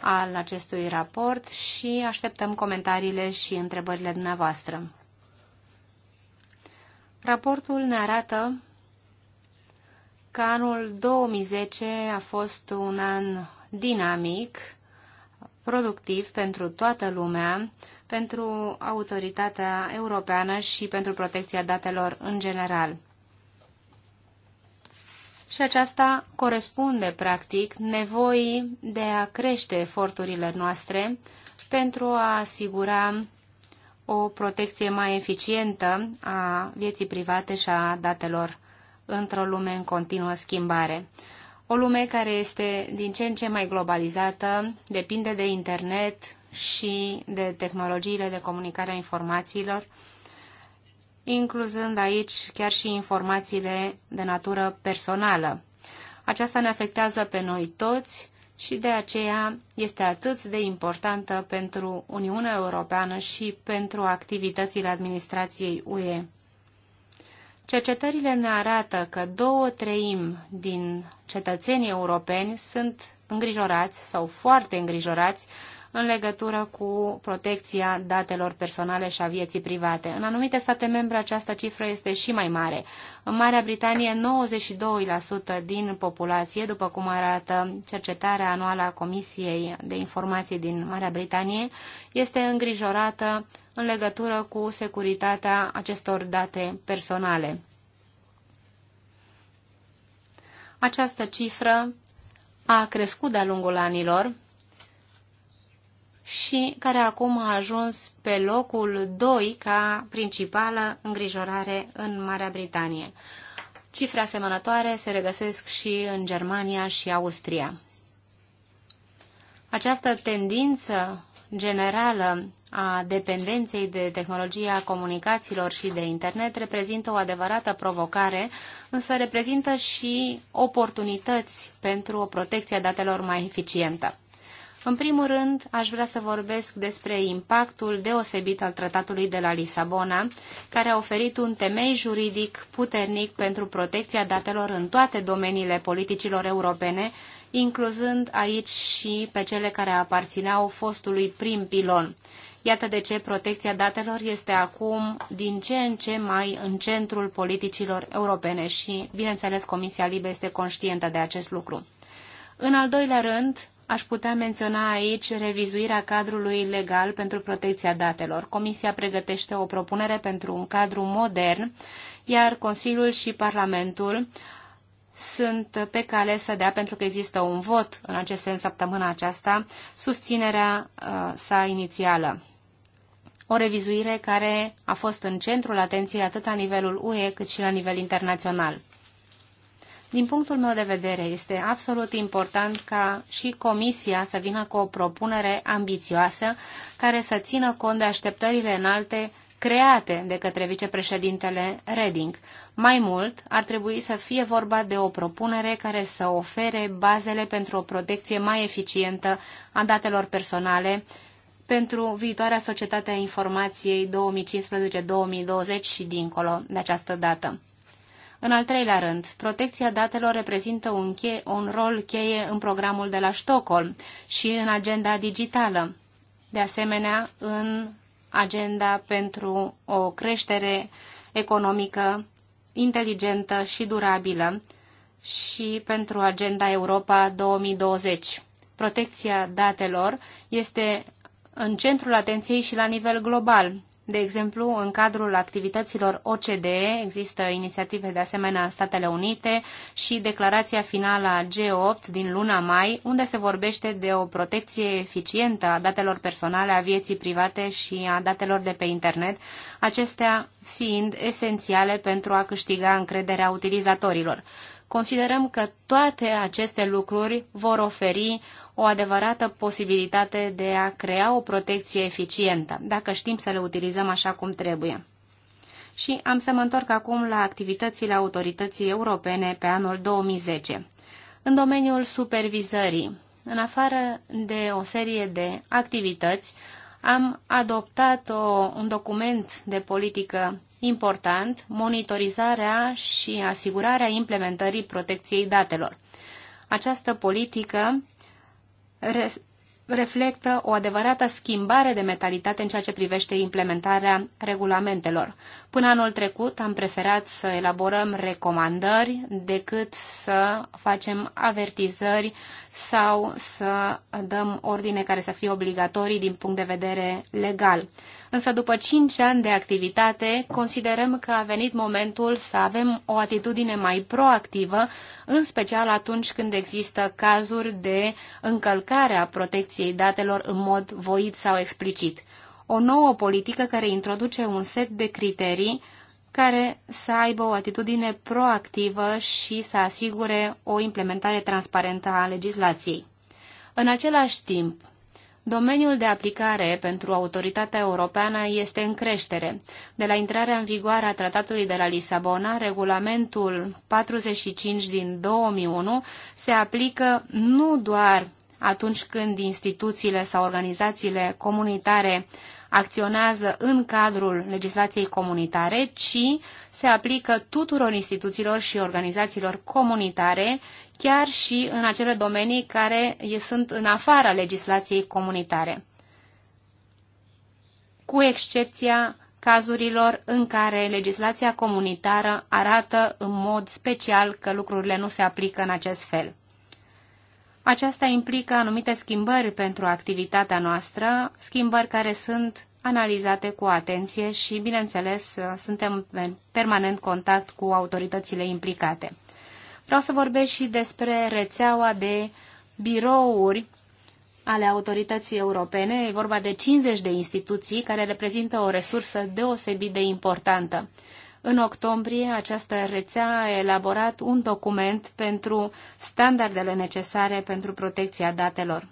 S2: al acestui raport și așteptăm comentariile și întrebările dumneavoastră. Raportul ne arată că anul 2010 a fost un an dinamic, productiv pentru toată lumea, pentru autoritatea europeană și pentru protecția datelor în general. Și aceasta corespunde, practic, nevoii de a crește eforturile noastre pentru a asigura o protecție mai eficientă a vieții private și a datelor într-o lume în continuă schimbare. O lume care este din ce în ce mai globalizată, depinde de internet, și de tehnologiile de comunicare a informațiilor, incluzând aici chiar și informațiile de natură personală. Aceasta ne afectează pe noi toți și de aceea este atât de importantă pentru Uniunea Europeană și pentru activitățile administrației UE. Cercetările ne arată că două treimi din cetățenii europeni sunt îngrijorați sau foarte îngrijorați în legătură cu protecția datelor personale și a vieții private. În anumite state membre această cifră este și mai mare. În Marea Britanie, 92% din populație, după cum arată cercetarea anuală a Comisiei de Informații din Marea Britanie, este îngrijorată în legătură cu securitatea acestor date personale. Această cifră a crescut de-a lungul anilor și care acum a ajuns pe locul 2 ca principală îngrijorare în Marea Britanie. Cifre asemănătoare se regăsesc și în Germania și Austria. Această tendință generală a dependenței de tehnologia comunicațiilor și de internet reprezintă o adevărată provocare, însă reprezintă și oportunități pentru o protecție a datelor mai eficientă. În primul rând, aș vrea să vorbesc despre impactul deosebit al Tratatului de la Lisabona, care a oferit un temei juridic puternic pentru protecția datelor în toate domeniile politicilor europene, incluzând aici și pe cele care aparțineau fostului prim pilon. Iată de ce protecția datelor este acum din ce în ce mai în centrul politicilor europene și, bineînțeles, Comisia Libe este conștientă de acest lucru. În al doilea rând, Aș putea menționa aici revizuirea cadrului legal pentru protecția datelor. Comisia pregătește o propunere pentru un cadru modern, iar Consiliul și Parlamentul sunt pe cale să dea, pentru că există un vot în acest sens săptămâna aceasta, susținerea uh, sa inițială. O revizuire care a fost în centrul atenției atât la nivelul UE cât și la nivel internațional. Din punctul meu de vedere, este absolut important ca și Comisia să vină cu o propunere ambițioasă care să țină cont de așteptările înalte create de către vicepreședintele Reding. Mai mult, ar trebui să fie vorba de o propunere care să ofere bazele pentru o protecție mai eficientă a datelor personale pentru viitoarea societate a informației 2015-2020 și dincolo de această dată. În al treilea rând, protecția datelor reprezintă un, che- un rol cheie în programul de la Stockholm și în agenda digitală. De asemenea, în agenda pentru o creștere economică inteligentă și durabilă și pentru agenda Europa 2020. Protecția datelor este în centrul atenției și la nivel global de exemplu, în cadrul activităților OCDE există inițiative de asemenea în Statele Unite și declarația finală a G8 din luna mai, unde se vorbește de o protecție eficientă a datelor personale, a vieții private și a datelor de pe internet, acestea fiind esențiale pentru a câștiga încrederea utilizatorilor. Considerăm că toate aceste lucruri vor oferi o adevărată posibilitate de a crea o protecție eficientă, dacă știm să le utilizăm așa cum trebuie. Și am să mă întorc acum la activitățile autorității europene pe anul 2010. În domeniul supervizării, în afară de o serie de activități, am adoptat o, un document de politică important, monitorizarea și asigurarea implementării protecției datelor. Această politică re, reflectă o adevărată schimbare de mentalitate în ceea ce privește implementarea regulamentelor. Până anul trecut am preferat să elaborăm recomandări decât să facem avertizări sau să dăm ordine care să fie obligatorii din punct de vedere legal. Însă după 5 ani de activitate, considerăm că a venit momentul să avem o atitudine mai proactivă, în special atunci când există cazuri de încălcare a protecției datelor în mod voit sau explicit. O nouă politică care introduce un set de criterii care să aibă o atitudine proactivă și să asigure o implementare transparentă a legislației. În același timp, Domeniul de aplicare pentru autoritatea europeană este în creștere. De la intrarea în vigoare a tratatului de la Lisabona, regulamentul 45 din 2001 se aplică nu doar atunci când instituțiile sau organizațiile comunitare acționează în cadrul legislației comunitare, ci se aplică tuturor instituțiilor și organizațiilor comunitare, chiar și în acele domenii care sunt în afara legislației comunitare, cu excepția cazurilor în care legislația comunitară arată în mod special că lucrurile nu se aplică în acest fel. Aceasta implică anumite schimbări pentru activitatea noastră, schimbări care sunt analizate cu atenție și, bineînțeles, suntem în permanent contact cu autoritățile implicate. Vreau să vorbesc și despre rețeaua de birouri ale autorității europene. E vorba de 50 de instituții care reprezintă o resursă deosebit de importantă. În octombrie, această rețea a elaborat un document pentru standardele necesare pentru protecția datelor.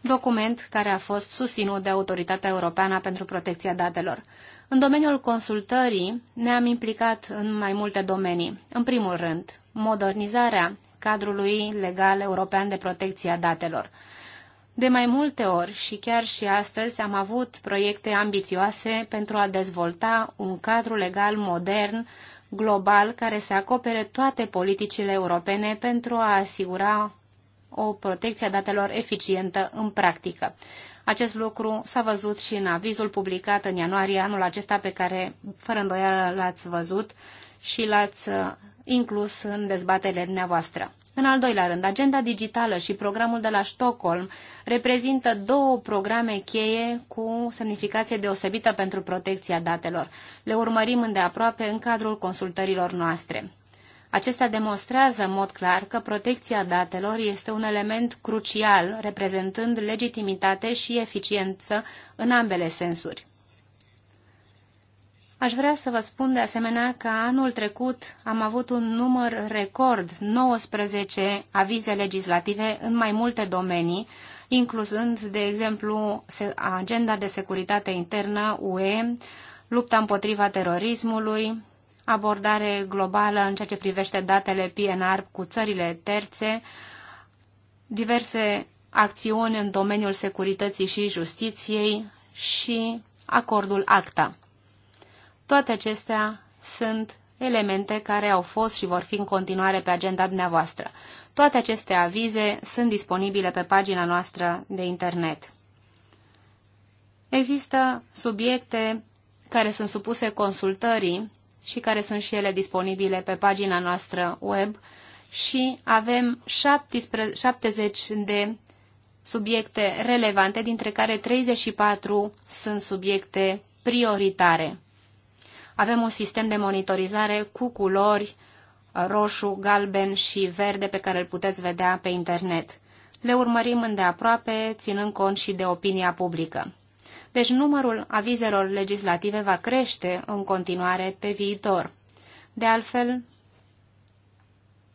S2: Document care a fost susținut de Autoritatea Europeană pentru Protecția Datelor. În domeniul consultării ne-am implicat în mai multe domenii. În primul rând, modernizarea cadrului legal european de protecție a datelor. De mai multe ori și chiar și astăzi am avut proiecte ambițioase pentru a dezvolta un cadru legal modern, global, care să acopere toate politicile europene pentru a asigura o protecție a datelor eficientă în practică. Acest lucru s-a văzut și în avizul publicat în ianuarie anul acesta pe care, fără îndoială, l-ați văzut și l-ați uh, inclus în dezbaterile dumneavoastră. În al doilea rând, agenda digitală și programul de la Stockholm reprezintă două programe cheie cu semnificație deosebită pentru protecția datelor. Le urmărim îndeaproape în cadrul consultărilor noastre. Acestea demonstrează în mod clar că protecția datelor este un element crucial, reprezentând legitimitate și eficiență în ambele sensuri. Aș vrea să vă spun de asemenea că anul trecut am avut un număr record, 19 avize legislative în mai multe domenii, incluzând, de exemplu, agenda de securitate internă UE, lupta împotriva terorismului, abordare globală în ceea ce privește datele PNR cu țările terțe, diverse acțiuni în domeniul securității și justiției și acordul ACTA. Toate acestea sunt elemente care au fost și vor fi în continuare pe agenda dumneavoastră. Toate aceste avize sunt disponibile pe pagina noastră de internet. Există subiecte care sunt supuse consultării și care sunt și ele disponibile pe pagina noastră web și avem 70 de subiecte relevante, dintre care 34 sunt subiecte prioritare. Avem un sistem de monitorizare cu culori uh, roșu, galben și verde pe care îl puteți vedea pe internet. Le urmărim îndeaproape, ținând cont și de opinia publică. Deci numărul avizelor legislative va crește în continuare pe viitor. De altfel,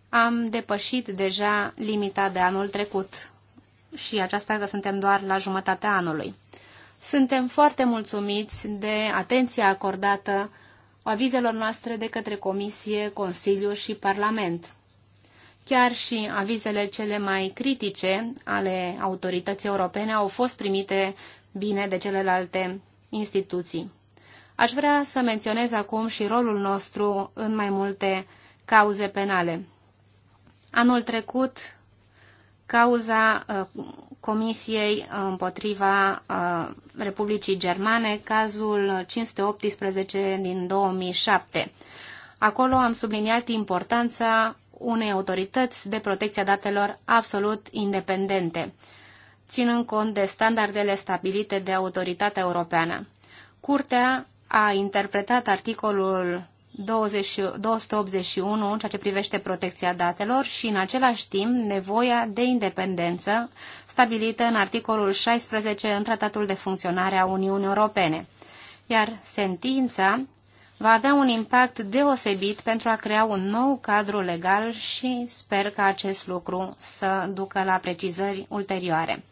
S2: am depășit deja limita de anul trecut și aceasta că suntem doar la jumătatea anului. Suntem foarte mulțumiți de atenția acordată avizelor noastre de către Comisie, Consiliu și Parlament. Chiar și avizele cele mai critice ale autorității europene au fost primite bine de celelalte instituții. Aș vrea să menționez acum și rolul nostru în mai multe cauze penale. Anul trecut, cauza uh, Comisiei împotriva uh, Republicii Germane, cazul 518 din 2007. Acolo am subliniat importanța unei autorități de protecție a datelor absolut independente, ținând cont de standardele stabilite de autoritatea europeană. Curtea a interpretat articolul 20, 281 în ceea ce privește protecția datelor și în același timp nevoia de independență stabilită în articolul 16 în Tratatul de Funcționare a Uniunii Europene. Iar sentința va avea un impact deosebit pentru a crea un nou cadru legal și sper că acest lucru să ducă la precizări ulterioare.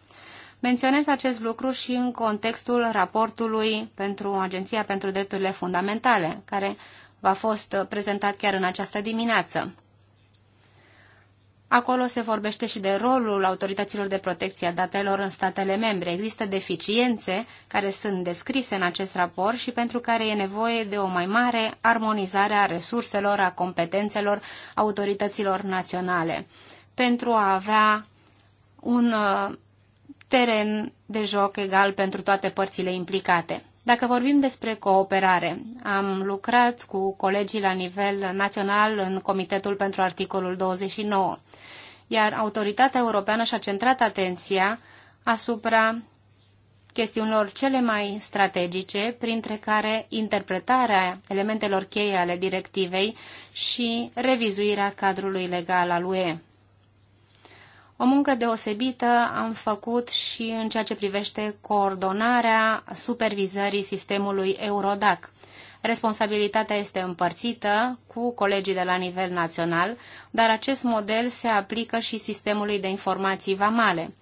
S2: Menționez acest lucru și în contextul raportului pentru Agenția pentru Drepturile Fundamentale, care v-a fost uh, prezentat chiar în această dimineață. Acolo se vorbește și de rolul autorităților de protecție a datelor în statele membre. Există deficiențe care sunt descrise în acest raport și pentru care e nevoie de o mai mare armonizare a resurselor, a competențelor autorităților naționale, pentru a avea un uh, teren de joc egal pentru toate părțile implicate. Dacă vorbim despre cooperare, am lucrat cu colegii la nivel național în Comitetul pentru Articolul 29, iar autoritatea europeană și-a centrat atenția asupra chestiunilor cele mai strategice, printre care interpretarea elementelor cheie ale directivei și revizuirea cadrului legal al UE. O muncă deosebită am făcut și în ceea ce privește coordonarea supervizării sistemului Eurodac. Responsabilitatea este împărțită cu colegii de la nivel național, dar acest model se aplică și sistemului de informații vamale.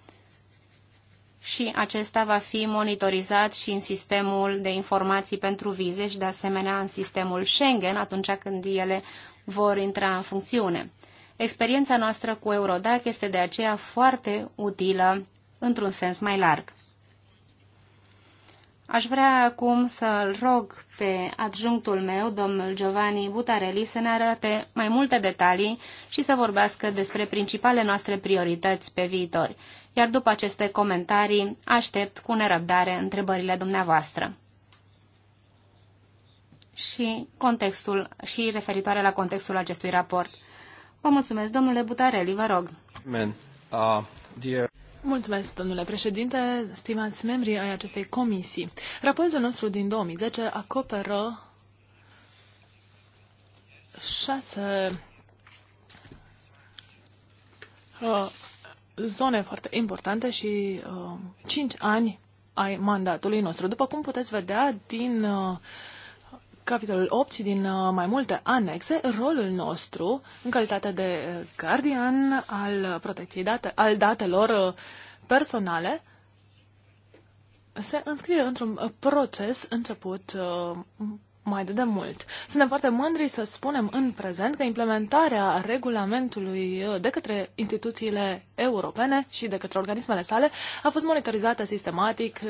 S2: Și acesta va fi monitorizat și în sistemul de informații pentru vize și de asemenea în sistemul Schengen atunci când ele vor intra în funcțiune. Experiența noastră cu Eurodac este de aceea foarte utilă într-un sens mai larg. Aș vrea acum să-l rog pe adjunctul meu, domnul Giovanni Butarelli, să ne arate mai multe detalii și să vorbească despre principalele noastre priorități pe viitor. Iar după aceste comentarii, aștept cu nerăbdare întrebările dumneavoastră și contextul și referitoare la contextul acestui raport. Vă mulțumesc, domnule Butareli, vă rog.
S1: Man, uh, dear...
S2: Mulțumesc, domnule președinte, stimați membri ai acestei
S3: comisii. Raportul nostru din 2010 acoperă șase uh, zone foarte importante și uh, cinci ani ai mandatului nostru. După cum puteți vedea din uh, capitolul 8 din uh, mai multe anexe, rolul nostru în calitate de uh, gardian al protecției date, al datelor uh, personale se înscrie într-un proces început mai de demult. Suntem foarte mândri să spunem în prezent că implementarea regulamentului de către instituțiile europene și de către organismele sale a fost monitorizată sistematic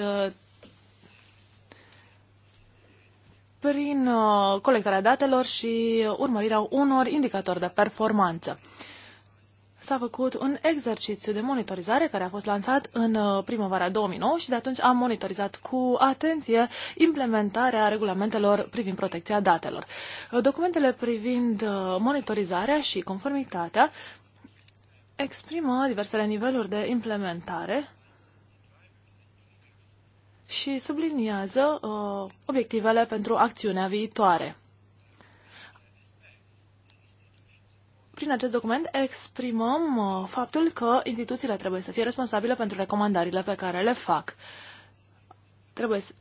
S3: prin uh, colectarea datelor și urmărirea unor indicatori de performanță. S-a făcut un exercițiu de monitorizare care a fost lansat în uh, primăvara 2009 și de atunci am monitorizat cu atenție implementarea regulamentelor privind protecția datelor. Uh, documentele privind monitorizarea și conformitatea exprimă diversele niveluri de implementare și subliniază uh, obiectivele pentru acțiunea viitoare. Prin acest document exprimăm uh, faptul că instituțiile trebuie să fie responsabile pentru recomandările pe care le fac. Trebuie să,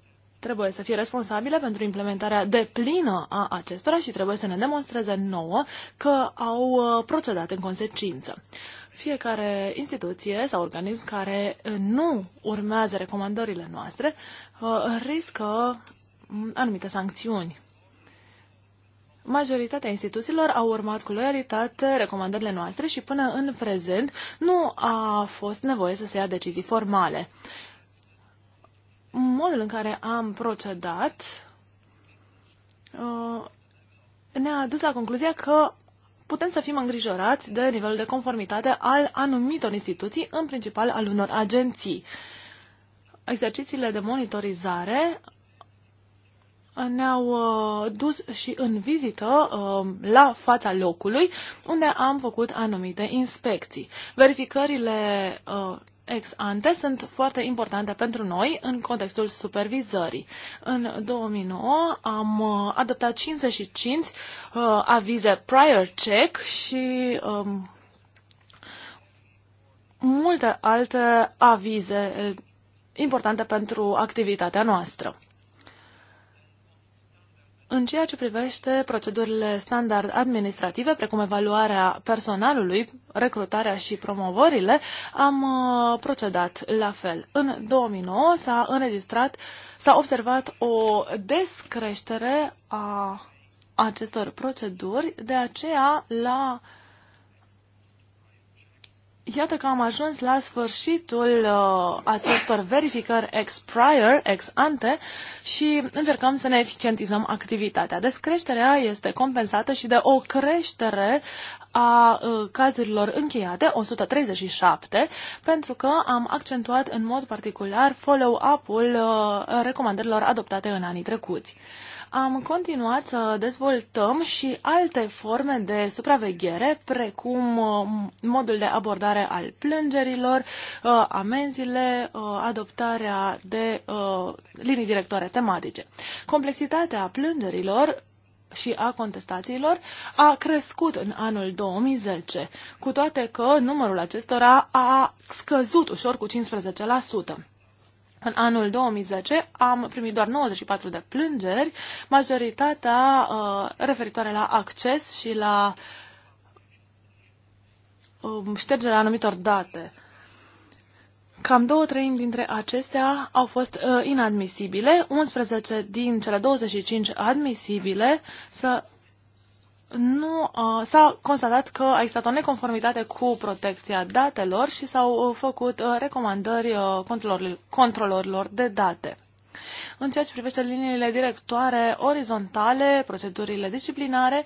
S3: trebuie să fie responsabile pentru implementarea deplină a acestora și trebuie să ne demonstreze nouă că au uh, procedat în consecință. Fiecare instituție sau organism care nu urmează recomandările noastre uh, riscă mm, anumite sancțiuni. Majoritatea instituțiilor au urmat cu loialitate recomandările noastre și până în prezent nu a fost nevoie să se ia decizii formale modul în care am procedat uh, ne-a dus la concluzia că putem să fim îngrijorați de nivelul de conformitate al anumitor instituții, în principal al unor agenții. Exercițiile de monitorizare ne-au uh, dus și în vizită uh, la fața locului, unde am făcut anumite inspecții. Verificările ex ante sunt foarte importante pentru noi în contextul supervizării. În 2009 am uh, adoptat 55 uh, avize prior check și um, multe alte avize eh, importante pentru activitatea noastră. În ceea ce privește procedurile standard administrative, precum evaluarea personalului, recrutarea și promovările, am uh, procedat la fel. În 2009 s-a înregistrat, s-a observat o descreștere a acestor proceduri, de aceea la Iată că am ajuns la sfârșitul uh, acestor verificări ex prior, ex ante și încercăm să ne eficientizăm activitatea. Descreșterea este compensată și de o creștere a uh, cazurilor încheiate, 137, pentru că am accentuat în mod particular follow-up-ul uh, recomandărilor adoptate în anii trecuți am continuat să dezvoltăm și alte forme de supraveghere, precum uh, modul de abordare al plângerilor, uh, amenziile, uh, adoptarea de linii directoare tematice. Complexitatea plângerilor și a contestațiilor a crescut în anul 2010, cu toate că numărul acestora a scăzut ușor cu 15%. În anul 2010 am primit doar 94 de plângeri, majoritatea uh, referitoare la acces și la uh, ștergerea anumitor date. Cam două treimi dintre acestea au fost uh, inadmisibile, 11 din cele 25 admisibile să nu uh, s-a constatat că a existat o neconformitate cu protecția datelor și s-au uh, făcut uh, recomandări uh, controlorilor, controlorilor de date. În ceea ce privește liniile directoare orizontale, procedurile disciplinare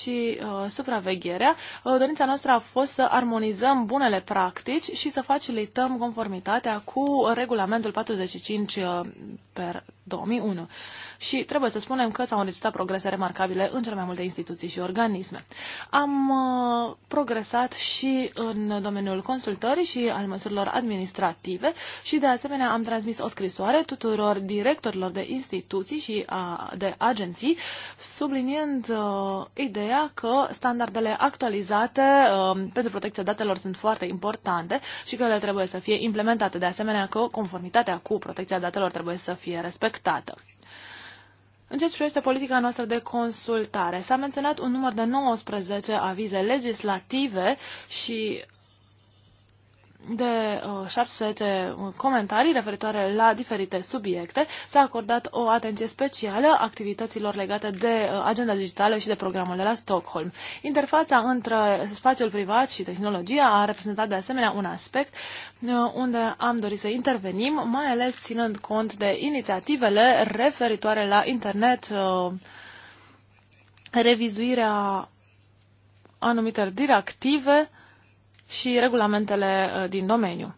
S3: și uh, supravegherea, uh, dorința noastră a fost să armonizăm bunele practici și să facilităm conformitatea cu regulamentul 45 uh, per 2001. Și trebuie să spunem că s-au înregistrat progrese remarcabile în cele mai multe instituții și organisme. Am uh, progresat și în domeniul consultării și al măsurilor administrative și de asemenea am transmis o scrisoare tuturor directorilor de instituții și a, de agenții, subliniind uh, ideea că standardele actualizate uh, pentru protecția datelor sunt foarte importante și că ele trebuie să fie implementate. De asemenea că conformitatea cu protecția datelor trebuie să fie respectată respectată. În ceea ce privește politica noastră de consultare, s-a menționat un număr de 19 avize legislative și de 17 uh, uh, comentarii referitoare la diferite subiecte. S-a acordat o atenție specială activităților legate de uh, agenda digitală și de programul de la Stockholm. Interfața între spațiul privat și tehnologia a reprezentat de asemenea un aspect unde am dorit să intervenim, mai ales ținând cont de inițiativele referitoare la internet, revizuirea anumitor directive, și regulamentele uh, din domeniu.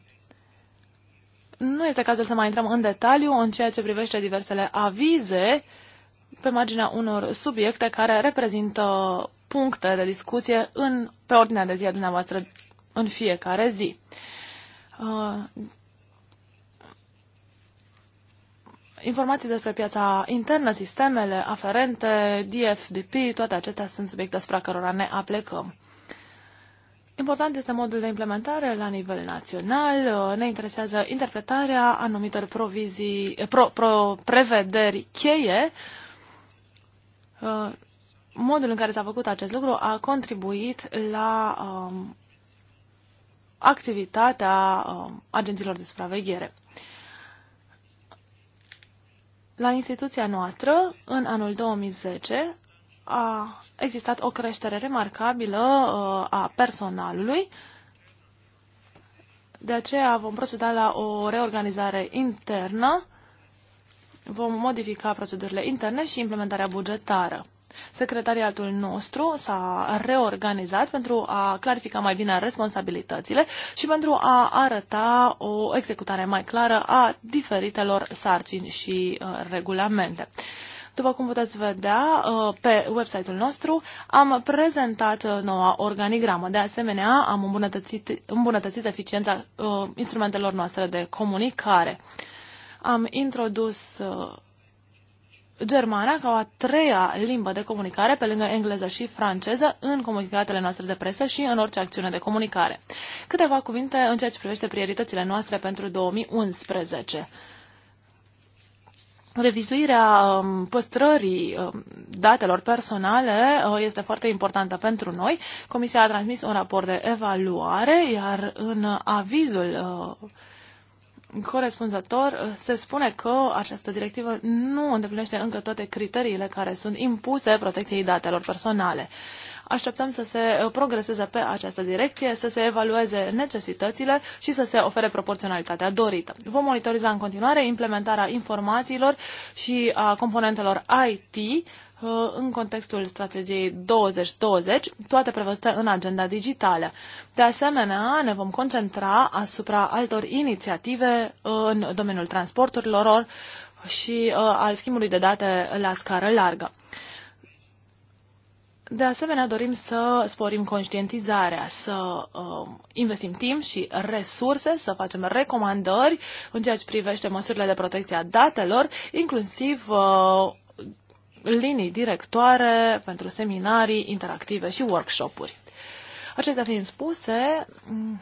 S3: Nu este cazul să mai intrăm în detaliu în ceea ce privește diversele avize pe marginea unor subiecte care reprezintă puncte de discuție în, pe ordinea de zi a dumneavoastră în fiecare zi. Uh, informații despre piața internă, sistemele aferente, DFDP, toate acestea sunt subiecte asupra cărora ne aplecăm. Important este modul de implementare la nivel național. Ne interesează interpretarea anumitor provizii, pro, pro, prevederi cheie. Uh, modul în care s-a făcut acest lucru a contribuit la um, activitatea um, agenților de supraveghere. La instituția noastră, în anul 2010, a existat o creștere remarcabilă uh, a personalului. De aceea vom proceda la o reorganizare internă, vom modifica procedurile interne și implementarea bugetară. Secretariatul nostru s-a reorganizat pentru a clarifica mai bine responsabilitățile și pentru a arăta o executare mai clară a diferitelor sarcini și uh, regulamente. Uh, după cum puteți vedea, uh, pe website-ul nostru am prezentat uh, noua organigramă. De asemenea, am îmbunătățit, îmbunătățit eficiența uh, instrumentelor noastre de comunicare. Am introdus germana ca o a treia limbă de comunicare, pe lângă engleză și franceză, în comunicatele noastre de presă și în orice acțiune de comunicare. Câteva cuvinte în ceea ce privește prioritățile noastre pentru 2011 revizuirea um, păstrării um, datelor personale uh, este foarte importantă pentru noi. Comisia a transmis un raport de evaluare, iar în avizul uh, corespunzător uh, se spune că această directivă nu îndeplinește încă toate criteriile care sunt impuse protecției datelor personale. Așteptăm să se uh, progreseze pe această direcție, să se evalueze necesitățile și să se ofere proporționalitatea dorită. Vom monitoriza în continuare implementarea informațiilor și a componentelor IT uh, în contextul strategiei 2020, toate prevăzute în agenda digitală. De asemenea, ne vom concentra asupra altor inițiative uh, în domeniul transporturilor și al schimbului de date la scară largă. De asemenea, dorim să sporim conștientizarea, să uh, investim timp și resurse, să facem recomandări în ceea ce privește măsurile de protecție a datelor, inclusiv uh, linii directoare pentru seminarii interactive și workshopuri. Acestea fiind spuse, mm,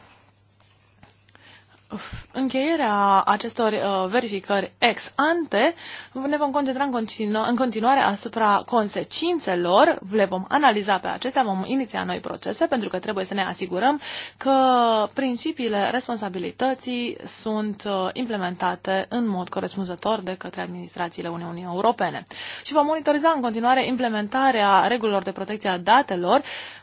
S3: încheierea acestor uh, verificări ex ante, ne vom concentra în, continu- în continuare asupra consecințelor, le vom analiza pe acestea, vom iniția noi procese, pentru că trebuie să ne asigurăm că principiile responsabilității sunt uh, implementate în mod corespunzător de către administrațiile Uniunii Europene. Și vom monitoriza în continuare implementarea regulilor de protecție a datelor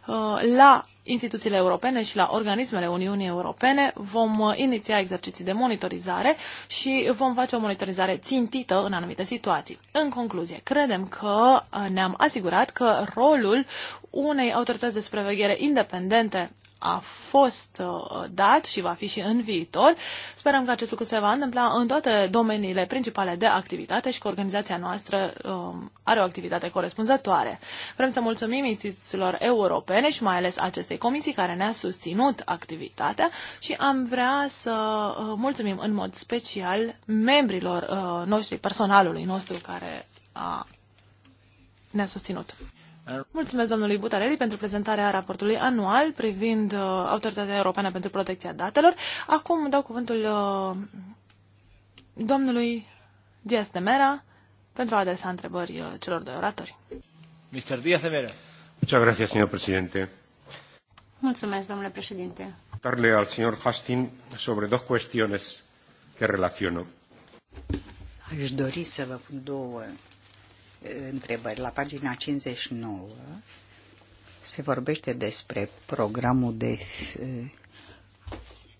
S3: uh, la instituțiile europene și la organismele Uniunii Europene. Vom uh, iniția exerciții de monitorizare și vom face o monitorizare țintită în anumite situații. În concluzie, credem că uh, ne-am asigurat că rolul unei autorități de supraveghere independente a fost uh, dat și va fi și în viitor. Sperăm că acest lucru se va întâmpla în toate domeniile principale de activitate și că organizația noastră um, are o activitate corespunzătoare. Vrem să mulțumim instituțiilor europene și mai ales acestei comisii care ne-a susținut activitatea și am vrea să uh, mulțumim în mod special membrilor uh, noștri, personalului nostru care a ne-a susținut. Mulțumesc domnului Butareli pentru prezentarea raportului anual privind uh, Autoritatea Europeană pentru Protecția Datelor. Acum dau cuvântul uh, domnului Diaz de Mera pentru a adresa întrebări uh, celor doi oratori.
S1: Mr. Diaz de Mera. Muchas gracias, señor presidente.
S2: Mulțumesc, domnule președinte.
S1: Darle al señor Hastin sobre dos cuestiones que relaciono.
S4: Aș dori să vă pun două întrebări. La pagina 59 se vorbește despre programul de eh,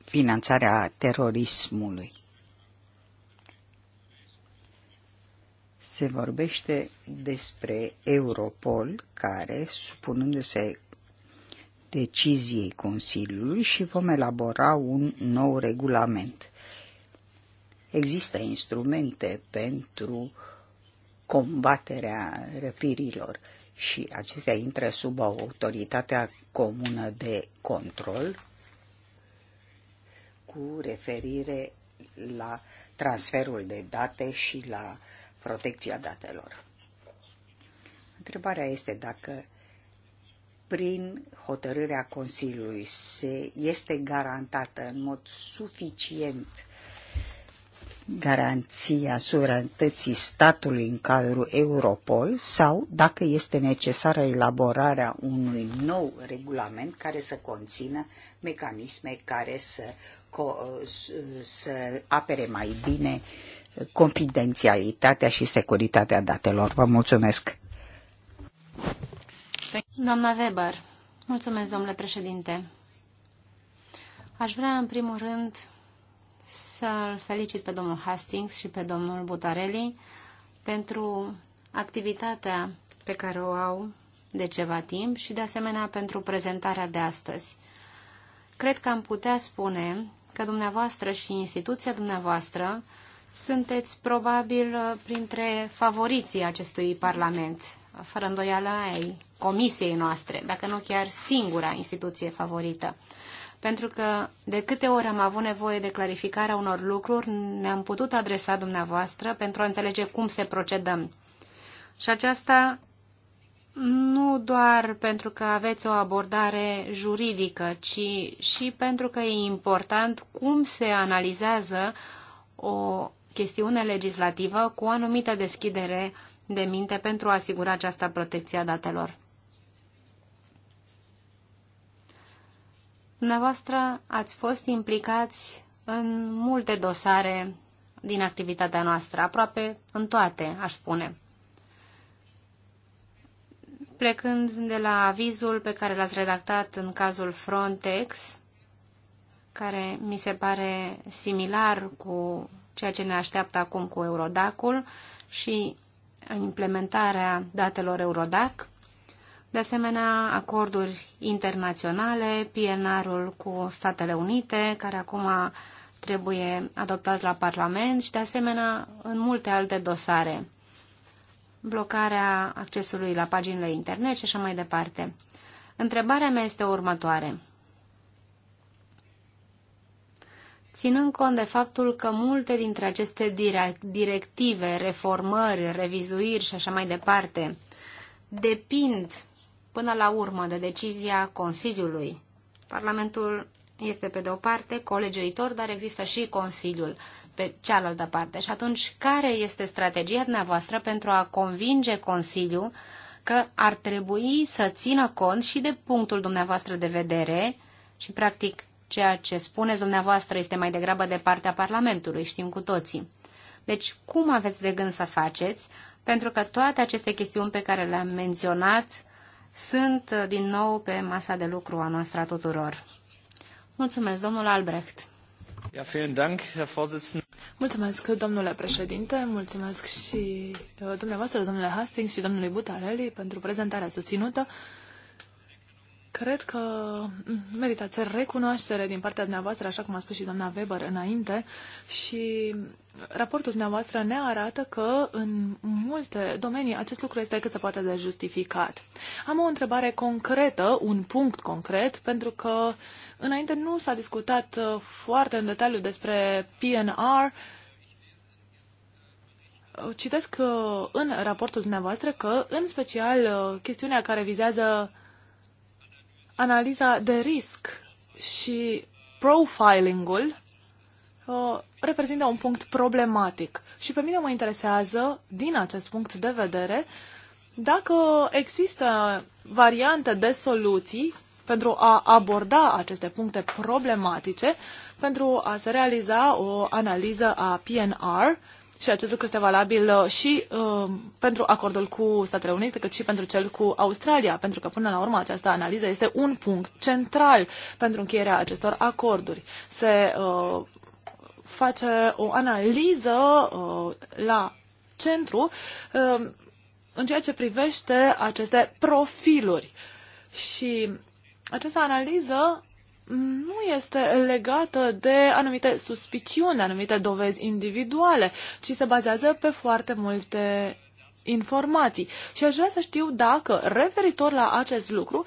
S4: finanțare a terorismului. Se vorbește despre Europol, care, supunându-se deciziei Consiliului și vom elabora un nou regulament. Există instrumente pentru uh, combaterea răpirilor și acestea intră sub autoritatea comună de control cu referire la transferul de date și la protecția datelor. Întrebarea este dacă prin hotărârea Consiliului se este garantată în mod suficient garanția suverenității statului în cadrul Europol sau dacă este necesară elaborarea unui nou regulament care să conțină mecanisme care să, co- să apere mai bine confidențialitatea și securitatea datelor. Vă mulțumesc!
S2: Doamna Weber, mulțumesc, domnule președinte. Aș vrea, în primul rând, să-l felicit pe domnul Hastings și pe domnul Butarelli pentru activitatea pe care o au de ceva timp și, de asemenea, pentru prezentarea de astăzi. Cred că am putea spune că dumneavoastră și instituția dumneavoastră sunteți probabil printre favoriții acestui Parlament, fără îndoială ai comisiei noastre, dacă nu chiar singura instituție favorită pentru că de câte ori am avut nevoie de clarificarea unor lucruri, ne-am putut adresa dumneavoastră pentru a înțelege cum se procedăm. Și aceasta nu doar pentru că aveți o abordare juridică, ci și pentru că e important cum se analizează o chestiune legislativă cu o anumită deschidere de minte pentru a asigura această protecție a datelor. Dumneavoastră ați fost implicați în multe dosare din activitatea noastră, aproape în toate, aș spune. Plecând de la avizul pe care l-ați redactat în cazul Frontex, care mi se pare similar cu ceea ce ne așteaptă acum cu Eurodacul și implementarea datelor Eurodac, de asemenea, acorduri internaționale, PNR-ul cu Statele Unite, care acum trebuie adoptat la Parlament și, de asemenea, în multe alte dosare, blocarea accesului la paginile internet și așa mai departe. Întrebarea mea este următoare. Ținând cont de faptul că multe dintre aceste directive, reformări, revizuiri și așa mai departe depind până la urmă de decizia Consiliului. Parlamentul este pe de o parte colegiuitor, dar există și Consiliul pe cealaltă parte. Și atunci, care este strategia dumneavoastră pentru a convinge Consiliul că ar trebui să țină cont și de punctul dumneavoastră de vedere și, practic, ceea ce spuneți dumneavoastră este mai degrabă de partea Parlamentului, știm cu toții. Deci, cum aveți de gând să faceți? Pentru că toate aceste chestiuni pe care le-am menționat sunt uh, din nou pe masa de lucru a noastră a tuturor. Mulțumesc, domnul Albrecht.
S1: Ja, Dank, Herr
S2: Mulțumesc, domnule președinte, mulțumesc
S3: și uh, dumneavoastră, domnule Hastings și domnului Butarelli pentru prezentarea susținută Cred că mm, meritați recunoaștere din partea dumneavoastră, așa cum a spus și doamna Weber înainte, și raportul dumneavoastră ne arată că în multe domenii acest lucru este cât se poate de justificat. Am o întrebare concretă, un punct concret, pentru că înainte nu s-a discutat uh, foarte în detaliu despre PNR, Citesc uh, în raportul dumneavoastră că, în special, uh, chestiunea care vizează analiza de risc și profilingul uh, reprezintă un punct problematic. Și pe mine mă interesează, din acest punct de vedere, dacă există variante de soluții pentru a aborda aceste puncte problematice, pentru a se realiza o analiză a PNR și acest lucru este valabil uh, și uh, pentru acordul cu Statele Unite, cât și pentru cel cu Australia, pentru că până la urmă această analiză este un punct central pentru încheierea acestor acorduri. Se uh, face o analiză uh, la centru uh, în ceea ce privește aceste profiluri. Și această analiză nu este legată de anumite suspiciuni, de anumite dovezi individuale, ci se bazează pe foarte multe informații. Și aș vrea să știu dacă, referitor la acest lucru,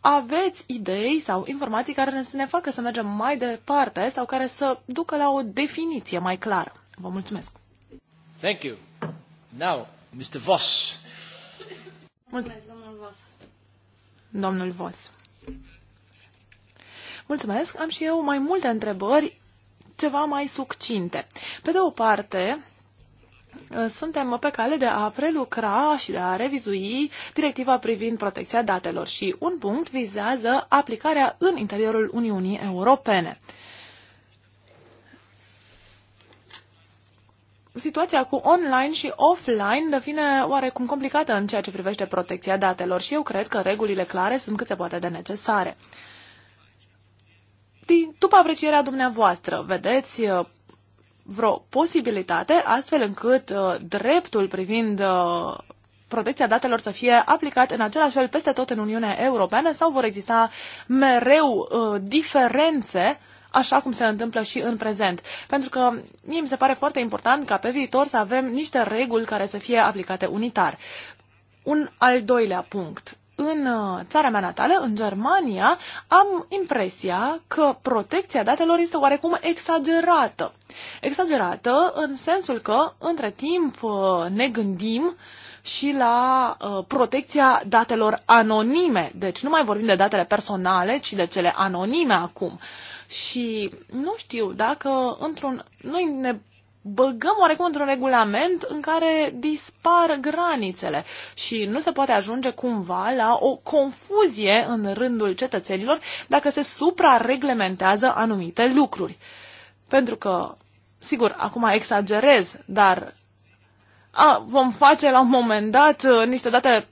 S3: aveți idei sau informații care să ne facă să mergem mai departe sau care să ducă la o definiție mai clară. Vă mulțumesc.
S1: Thank you. Now, Mr. Voss.
S2: Mulțumesc, domnul Voss.
S3: Domnul Voss. Mulțumesc, am și eu mai multe întrebări, ceva mai succinte. Pe de o parte, uh, suntem pe cale de a prelucra și de a revizui directiva privind protecția datelor și un punct vizează aplicarea în interiorul Uniunii Europene. situația cu online și offline devine oarecum complicată în ceea ce privește protecția datelor și eu cred că regulile clare sunt cât se poate de necesare din, după aprecierea dumneavoastră, vedeți uh, vreo posibilitate astfel încât uh, dreptul privind uh, protecția datelor să fie aplicat în același fel peste tot în Uniunea Europeană sau vor exista mereu diferențe așa cum se întâmplă și în prezent. Pentru că mie mi se pare foarte important ca pe viitor să avem niște reguli care să fie aplicate unitar. Un al doilea punct în uh, țara mea natală, în Germania, am impresia că protecția datelor este oarecum exagerată. Exagerată în sensul că, între timp, uh, ne gândim și la uh, protecția datelor anonime. Deci nu mai vorbim de datele personale, ci de cele anonime acum. Și nu știu dacă într-un... Noi ne băgăm oarecum într-un regulament în care dispar granițele și nu se poate ajunge cumva la o confuzie în rândul cetățenilor dacă se suprareglementează anumite lucruri. Pentru că, sigur, acum exagerez, dar a, vom face la un moment dat uh, niște date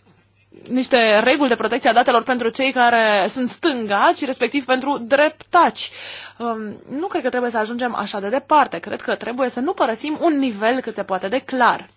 S3: niște reguli de protecție a datelor pentru cei care sunt stângaci, respectiv pentru dreptaci. Um, nu cred că trebuie să ajungem așa de departe. Cred că trebuie să nu părăsim un nivel cât se poate de clar.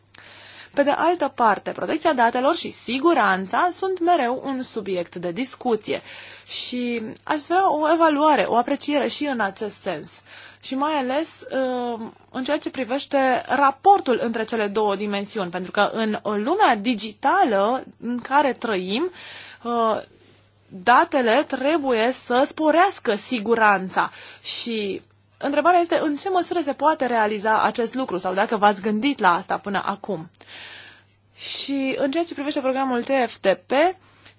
S3: Pe de altă parte, protecția datelor și siguranța sunt mereu un subiect de discuție și aș vrea o evaluare, o apreciere și în acest sens și mai ales uh, în ceea ce privește raportul între cele două dimensiuni, pentru că în lumea digitală în care trăim, uh, datele trebuie să sporească siguranța și întrebarea este în ce măsură se poate realiza acest lucru sau dacă v-ați gândit la asta până acum. Și în ceea ce privește programul TFTP,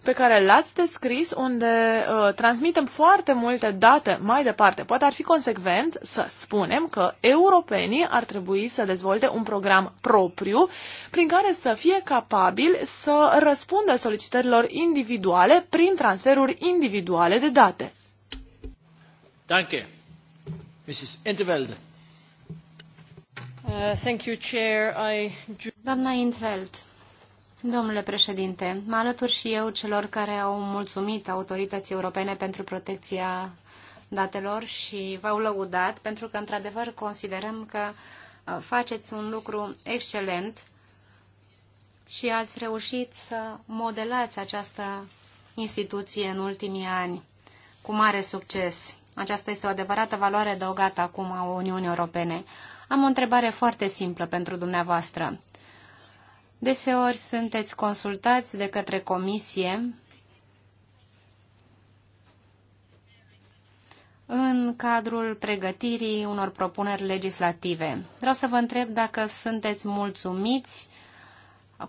S3: pe care l-ați descris, unde uh, transmitem foarte multe date mai departe. Poate ar fi consecvent să spunem că europenii ar trebui să dezvolte un program propriu prin care să fie capabil să răspundă solicitărilor individuale prin transferuri individuale de date.
S1: Danke. Mrs. Intervelde.
S2: Uh, thank you, Chair. I... Doamna Intveld, Domnule președinte, mă alătur și eu celor care au mulțumit autorității europene pentru protecția datelor și v-au lăudat pentru că, într-adevăr, considerăm că uh, faceți un lucru excelent și ați reușit să modelați această instituție în ultimii ani cu mare succes. Aceasta este o adevărată valoare adăugată acum a Uniunii Europene. Am o întrebare foarte simplă pentru dumneavoastră. Deseori sunteți consultați de către comisie în cadrul pregătirii unor propuneri legislative. Vreau să vă întreb dacă sunteți mulțumiți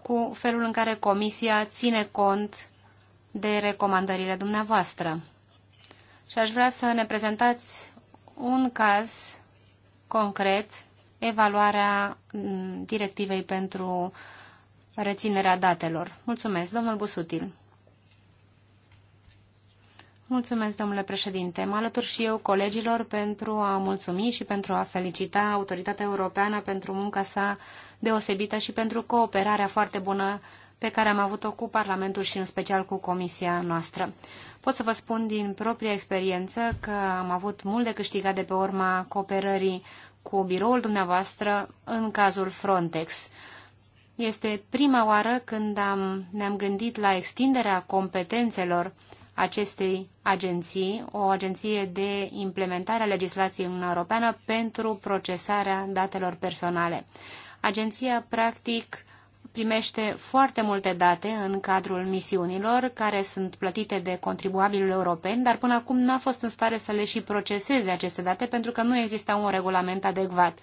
S2: cu felul în care Comisia ține cont de recomandările dumneavoastră. Și aș vrea să ne prezentați un caz concret, evaluarea mm, directivei pentru uh, reținerea datelor. Mulțumesc, domnul Busutil. Mulțumesc, domnule președinte. Mă alătur și eu colegilor pentru a mulțumi și pentru a felicita autoritatea europeană pentru munca sa deosebită și pentru cooperarea foarte bună pe care am avut-o cu Parlamentul și în special cu Comisia noastră. Pot să vă spun din propria experiență că am avut mult de câștigat de pe urma cooperării cu biroul dumneavoastră în cazul Frontex. Este prima oară când am, ne-am gândit la extinderea competențelor acestei agenții, o agenție de implementare a legislației în europeană pentru procesarea datelor personale. Agenția, practic, primește foarte multe date în cadrul misiunilor care sunt plătite de contribuabilul europeni, dar până acum n-a fost în stare să le și proceseze aceste date pentru că nu exista un regulament adecvat.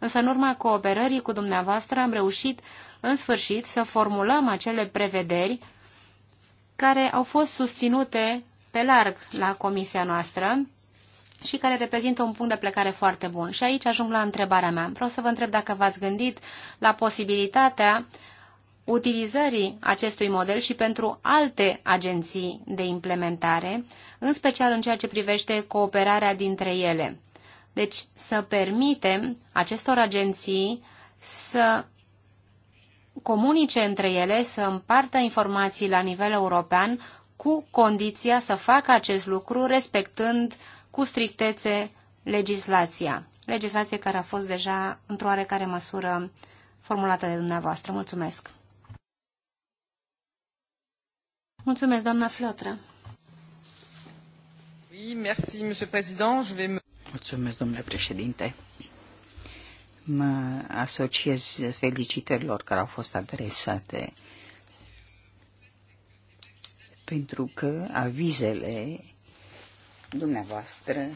S2: Însă în urma cooperării cu dumneavoastră am reușit în sfârșit, să formulăm acele prevederi care au fost susținute pe larg la comisia noastră și care reprezintă un punct de plecare foarte bun. Și aici ajung la întrebarea mea. Vreau să vă întreb dacă v-ați gândit la posibilitatea utilizării acestui model și pentru alte agenții de implementare, în special în ceea ce privește cooperarea dintre ele. Deci să permitem acestor agenții să comunice între ele, să împartă informații la nivel european cu condiția să facă acest lucru respectând cu strictețe legislația. Legislație care a fost deja într-o oarecare măsură formulată de dumneavoastră. Mulțumesc! Mulțumesc, doamna Flotră!
S4: Mulțumesc, domnule președinte! Mă asociez felicitărilor care au fost adresate pentru că avizele dumneavoastră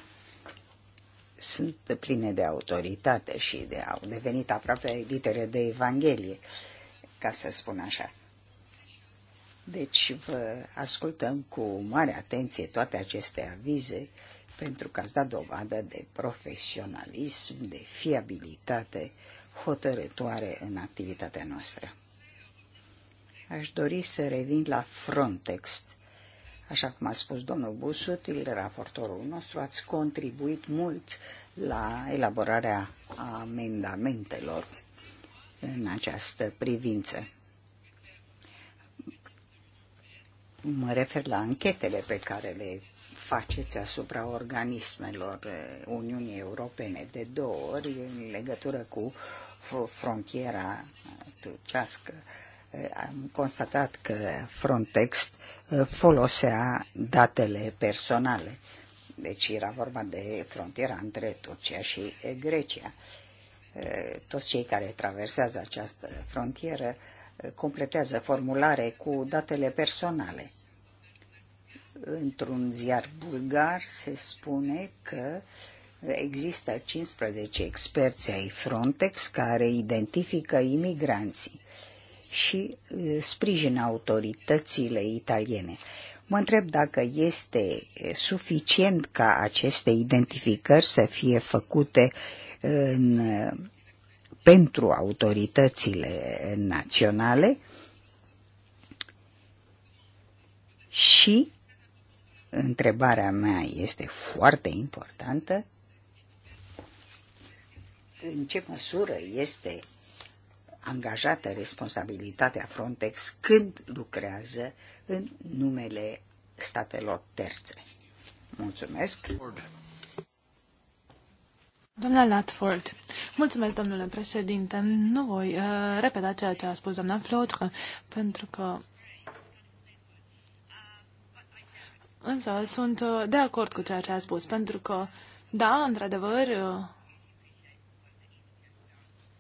S4: sunt pline de autoritate și de, au devenit aproape litere de Evanghelie, ca să spun așa. Deci vă ascultăm cu mare atenție toate aceste avize pentru că ați dat dovadă de profesionalism, de fiabilitate hotărătoare în activitatea noastră. Aș dori să revin la Frontex. Așa cum a spus domnul Busutil, raportorul nostru, ați contribuit mult la elaborarea amendamentelor în această privință. Mă refer la anchetele pe care le faceți asupra organismelor Uniunii Europene de două ori în legătură cu frontiera turcească. Eh, am constatat că Frontex eh, folosea datele personale. Deci era vorba de frontiera între Turcia și Grecia. Eh, toți cei care traversează această frontieră completează formulare cu datele personale într-un ziar bulgar se spune că există 15 experți ai Frontex care identifică imigranții și uh, sprijină autoritățile italiene. Mă întreb dacă este uh, suficient ca aceste identificări să fie făcute în, uh, pentru autoritățile naționale și întrebarea mea este foarte importantă. În ce măsură este angajată responsabilitatea Frontex când lucrează în numele statelor terțe? Mulțumesc!
S3: Doamna Latford, mulțumesc, domnule președinte. Nu voi uh, repeta ceea ce a spus doamna Flotră, pentru că Însă sunt uh, de acord cu ceea ce a spus, pentru că, da, într-adevăr, uh,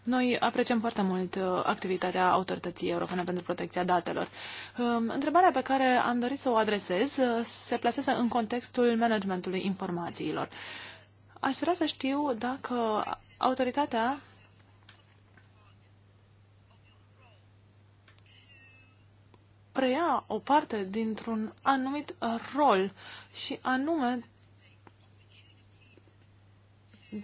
S3: noi apreciem foarte mult uh, activitatea Autorității Europene pentru Protecția Datelor. Um, întrebarea pe care am dorit să o adresez se plasează în contextul managementului informațiilor. Aș vrea să știu dacă autoritatea preia o parte dintr-un anumit rol și anume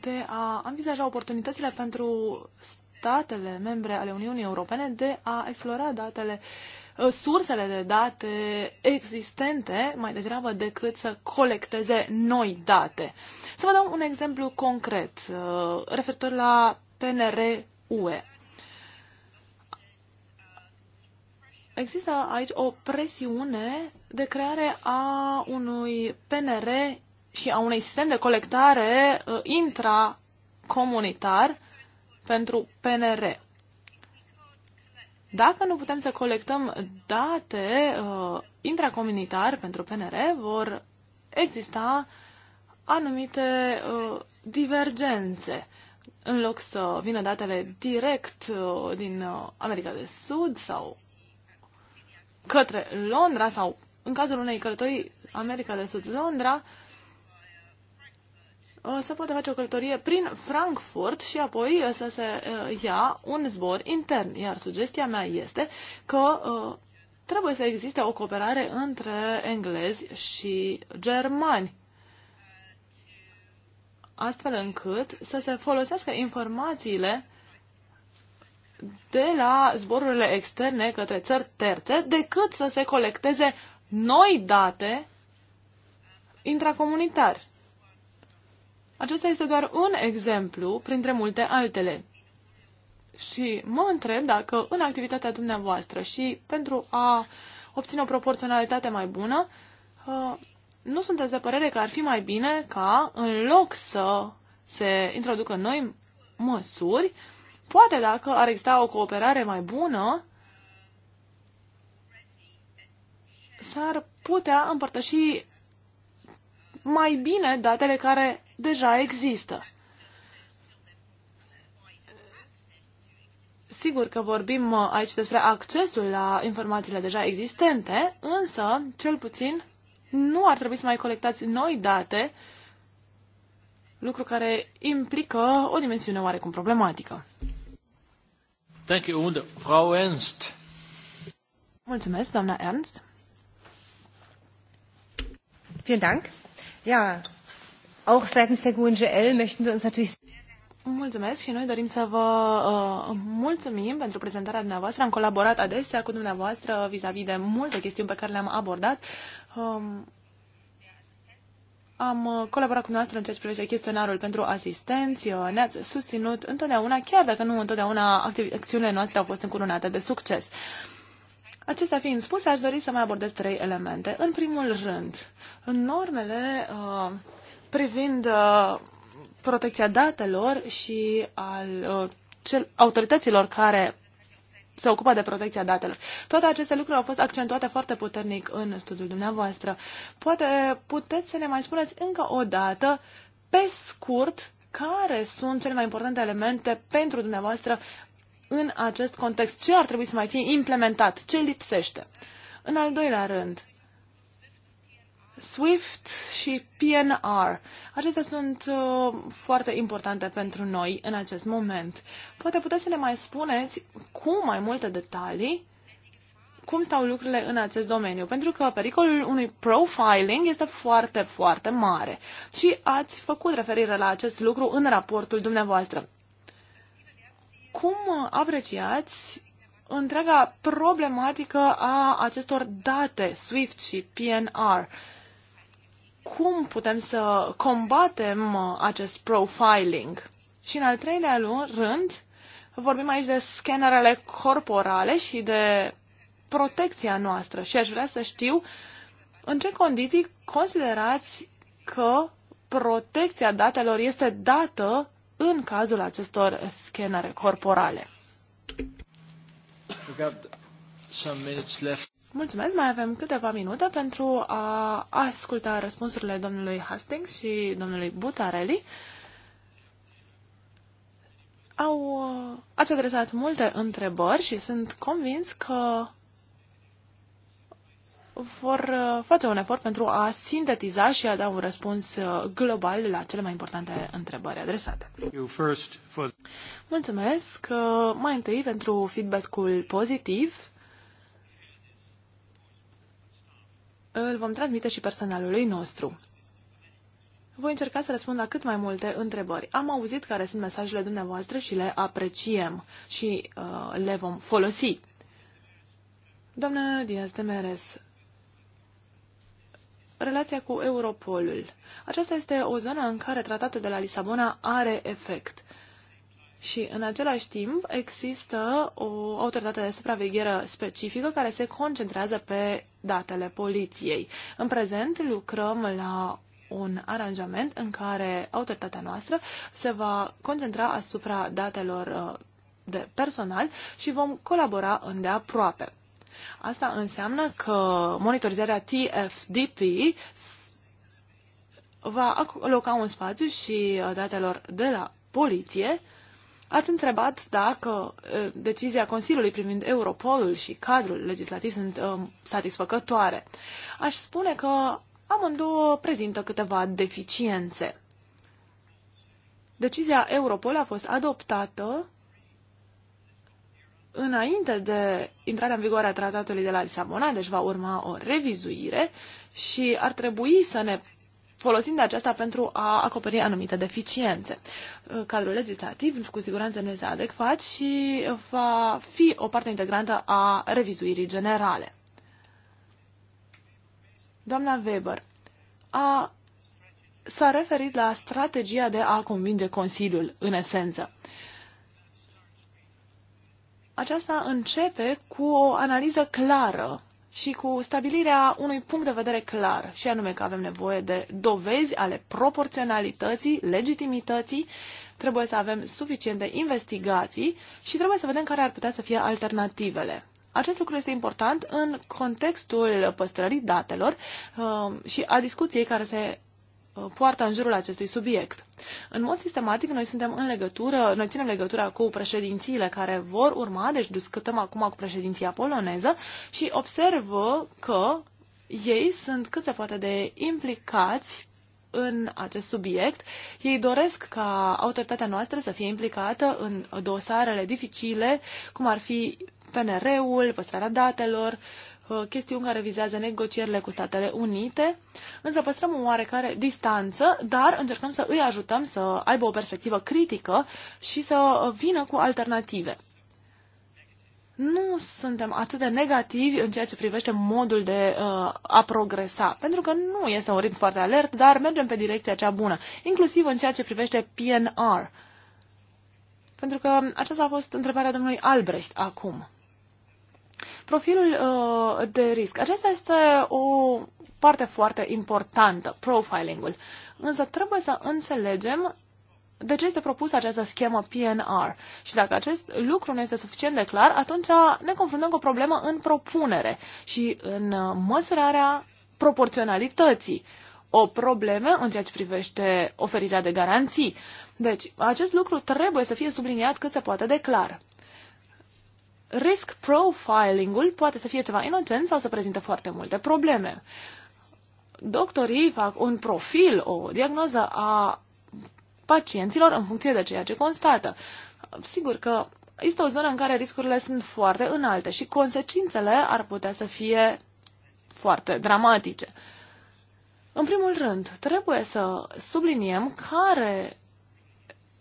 S3: de a învizaja oportunitățile pentru statele membre ale Uniunii Europene de a explora datele, uh, sursele de date existente mai degrabă decât să colecteze noi date. Să vă dau un exemplu concret uh, referitor la PNR UE. există aici o presiune de creare a unui PNR și a unui sistem de colectare uh, intracomunitar pentru PNR. Dacă nu putem să colectăm date uh, intracomunitar pentru PNR, vor exista anumite uh, divergențe. În loc să vină datele direct uh, din uh, America de Sud sau către Londra sau în cazul unei călătorii America de Sud Londra, uh, se poate face o călătorie prin Frankfurt și apoi uh, să se uh, ia un zbor intern. Iar sugestia mea este că trebuie să existe o cooperare între englezi și germani astfel încât să se folosească informațiile de la zborurile externe către țări terțe decât să se colecteze noi date intracomunitari. Acesta este doar un exemplu printre multe altele. Și mă întreb dacă în activitatea dumneavoastră și pentru a obține o proporționalitate mai bună, ă, nu sunteți de părere că ar fi mai bine ca, în loc să se introducă noi măsuri, Poate dacă ar exista o cooperare mai bună, s-ar putea împărtăși mai bine datele care deja există. Sigur că vorbim aici despre accesul la informațiile deja existente, însă, cel puțin, nu ar trebui să mai colectați noi date, lucru care implică o dimensiune oarecum problematică.
S1: Thank you, Frau Ernst.
S3: Mulțumesc, doamna Ernst.
S2: Vielen Dank. Ja, auch seitens der GUNGL möchten wir uns natürlich
S3: Mulțumesc și noi dorim să vă uh, mulțumim pentru prezentarea dumneavoastră. Am colaborat adesea cu dumneavoastră vis-a-vis -vis de multe chestiuni pe care le-am abordat. Um, am uh, colaborat cu noastră în ceea ce privește chestionarul pentru asistenți, uh, ne-ați susținut întotdeauna, chiar dacă nu întotdeauna acțiunile noastre au fost încurunate de succes. Acestea fiind spuse, aș dori să mai abordez trei elemente. În primul rând, normele uh, privind uh, protecția datelor și al uh, cel, autorităților care se ocupă de protecția datelor. Toate aceste lucruri au fost accentuate foarte puternic în studiul dumneavoastră. Poate puteți să ne mai spuneți încă o dată, pe scurt, care sunt cele mai importante elemente pentru dumneavoastră în acest context? Ce ar trebui să mai fie implementat? Ce lipsește? În al doilea rând, SWIFT și PNR. Acestea sunt uh, foarte importante pentru noi în acest moment. Poate puteți să ne mai spuneți cu mai multe detalii cum stau lucrurile în acest domeniu, pentru că pericolul unui profiling este foarte, foarte mare. Și ați făcut referire la acest lucru în raportul dumneavoastră. Cum apreciați întreaga problematică a acestor date SWIFT și PNR? cum putem să combatem uh, acest profiling. Și în al treilea rând, vorbim aici de scanerele corporale și de protecția noastră și aș vrea să știu în ce condiții considerați că protecția datelor este dată în cazul acestor scanere corporale. Mulțumesc, mai avem câteva minute pentru a asculta răspunsurile domnului Hastings și domnului Butarelli. Au, ați adresat multe întrebări și sunt convins că vor face un efort pentru a sintetiza și a da un răspuns global la cele mai importante întrebări adresate. Mulțumesc mai întâi pentru feedback-ul pozitiv îl vom transmite și personalului nostru. Voi încerca să răspund la cât mai multe întrebări. Am auzit care sunt mesajele dumneavoastră și le apreciem și uh, le vom folosi. Doamnă Diaz de Meres, relația cu Europolul. Aceasta este o zonă în care tratatul de la Lisabona are efect. Și în același timp există o autoritate de supraveghere specifică care se concentrează pe datele poliției. În prezent lucrăm la un aranjament în care autoritatea noastră se va concentra asupra datelor uh, de personal și vom colabora îndeaproape. Asta înseamnă că monitorizarea TFDP va aloca un spațiu și uh, datelor de la poliție Ați întrebat dacă decizia Consiliului privind Europolul și cadrul legislativ sunt satisfăcătoare. Aș spune că amândouă prezintă câteva deficiențe. Decizia Europol a fost adoptată înainte de intrarea în vigoare a tratatului de la Lisabona, deci va urma o revizuire și ar trebui să ne folosind aceasta pentru a acoperi anumite deficiențe. Cadrul legislativ cu siguranță nu este adecvat și va fi o parte integrantă a revizuirii generale. Doamna Weber a, s-a referit la strategia de a convinge Consiliul, în esență. Aceasta începe cu o analiză clară și cu stabilirea unui punct de vedere clar, și anume că avem nevoie de dovezi ale proporționalității, legitimității, trebuie să avem suficiente investigații și trebuie să vedem care ar putea să fie alternativele. Acest lucru este important în contextul păstrării datelor uh, și a discuției care se Uh, poartă în jurul acestui subiect. În mod sistematic, noi suntem în legătură, noi ținem legătura cu președințiile care vor urma, deci discutăm acum cu președinția poloneză și observă că ei sunt cât se poate de implicați în acest subiect. Ei doresc ca autoritatea noastră să fie implicată în dosarele dificile, cum ar fi PNR-ul, păstrarea datelor, uh, Uh, chestiuni care vizează negocierile cu Statele Unite, însă păstrăm o oarecare distanță, dar încercăm să îi ajutăm să aibă o perspectivă critică și să vină cu alternative. Nu suntem atât de negativi în ceea ce privește modul de uh, a progresa, pentru că nu este un ritm foarte alert, dar mergem pe direcția cea bună, inclusiv în ceea ce privește PNR. Pentru că aceasta a fost întrebarea domnului Albrecht acum. Profilul uh, de risc. Aceasta este o parte foarte importantă, profilingul. Însă trebuie să înțelegem de ce este propusă această schemă PNR. Și dacă acest lucru nu este suficient de clar, atunci ne confruntăm cu o problemă în propunere și în uh, măsurarea proporționalității. O problemă în ceea ce privește oferirea de garanții. Deci, acest lucru trebuie să fie subliniat cât se poate de clar risk profiling-ul poate să fie ceva inocent sau să prezinte foarte multe probleme. Doctorii fac un profil, o diagnoză a pacienților în funcție de ceea ce constată. Sigur că este o zonă în care riscurile sunt foarte înalte și consecințele ar putea să fie foarte dramatice. În primul rând, trebuie să subliniem care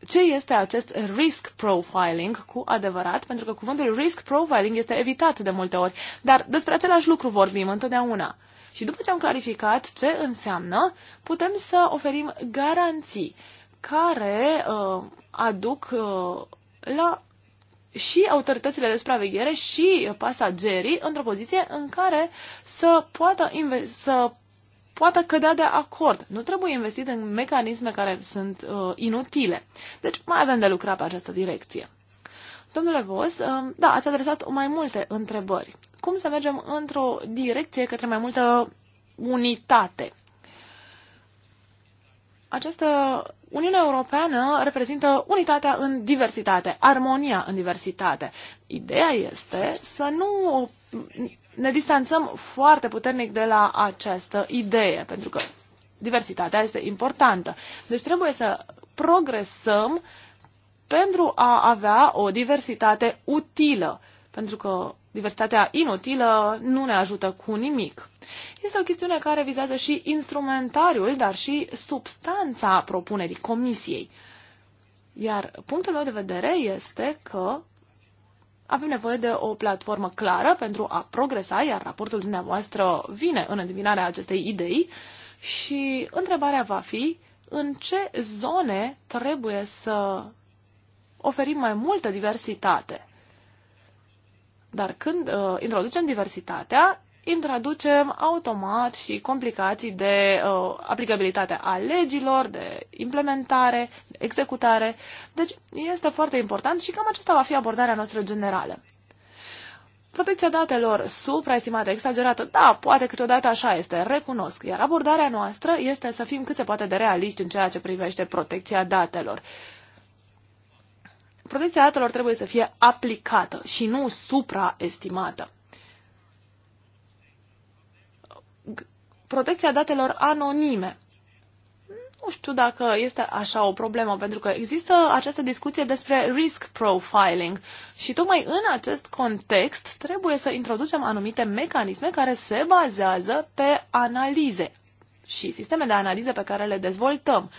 S3: ce este acest risk profiling cu adevărat, pentru că cuvântul risk profiling este evitat de multe ori, dar despre același lucru vorbim întotdeauna. Și după ce am clarificat ce înseamnă, putem să oferim garanții care uh, aduc uh, la și autoritățile de supraveghere și pasagerii într-o poziție în care să poată, să poată cădea de acord. Nu trebuie investit în mecanisme care sunt uh, inutile. Deci mai avem de lucrat pe această direcție. Domnule Vos, uh, da, ați adresat mai multe întrebări. Cum să mergem într-o direcție către mai multă unitate? Această Uniunea Europeană reprezintă unitatea în diversitate, armonia în diversitate. Ideea este să nu ne distanțăm foarte puternic de la această idee, pentru că diversitatea este importantă. Deci trebuie să progresăm pentru a avea o diversitate utilă, pentru că diversitatea inutilă nu ne ajută cu nimic. Este o chestiune care vizează și instrumentariul, dar și substanța propunerii comisiei. Iar punctul meu de vedere este că avem nevoie de o platformă clară pentru a progresa, iar raportul dumneavoastră vine în adivinarea acestei idei și întrebarea va fi în ce zone trebuie să oferim mai multă diversitate. Dar când uh, introducem diversitatea, introducem automat și complicații de uh, aplicabilitate a legilor, de implementare, executare. Deci este foarte important și cam aceasta va fi abordarea noastră generală. Protecția datelor supraestimată, exagerată, da, poate câteodată așa este, recunosc, iar abordarea noastră este să fim cât se poate de realiști în ceea ce privește protecția datelor. Protecția datelor trebuie să fie aplicată și nu supraestimată. Protecția datelor anonime. Nu știu dacă este așa o problemă, pentru că există această discuție despre risk profiling și tocmai în acest context trebuie să introducem anumite mecanisme care se bazează pe analize și sisteme de analize pe care le dezvoltăm.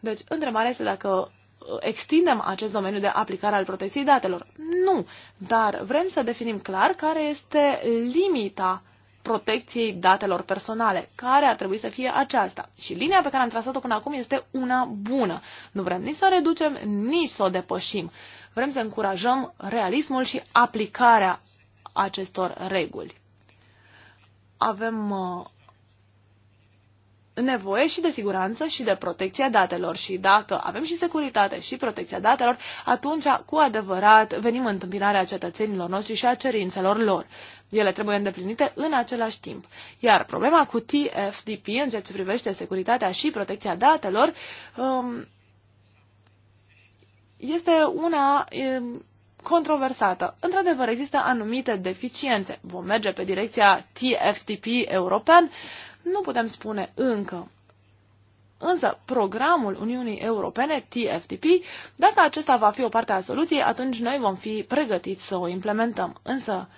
S3: Deci, întrebarea este dacă uh, extindem acest domeniu de aplicare al protecției datelor. Nu, dar vrem să definim clar care este limita protecției datelor personale. Care ar trebui să fie aceasta? Și linia pe care am trasat-o până acum este una bună. Nu vrem nici să o reducem, nici să o depășim. Vrem să încurajăm realismul și aplicarea acestor reguli. Avem uh, nevoie și de siguranță și de protecția datelor și dacă avem și securitate și protecția datelor, atunci cu adevărat venim în întâmpinarea cetățenilor noștri și a cerințelor lor. Ele trebuie îndeplinite în același timp. Iar problema cu TFTP în ceea ce privește securitatea și protecția datelor um, este una um, controversată. Într-adevăr, există anumite deficiențe. Vom merge pe direcția TFTP european? Nu putem spune încă. Însă, programul Uniunii Europene, TFTP, dacă acesta va fi o parte a soluției, atunci noi vom fi pregătiți să o implementăm. Însă,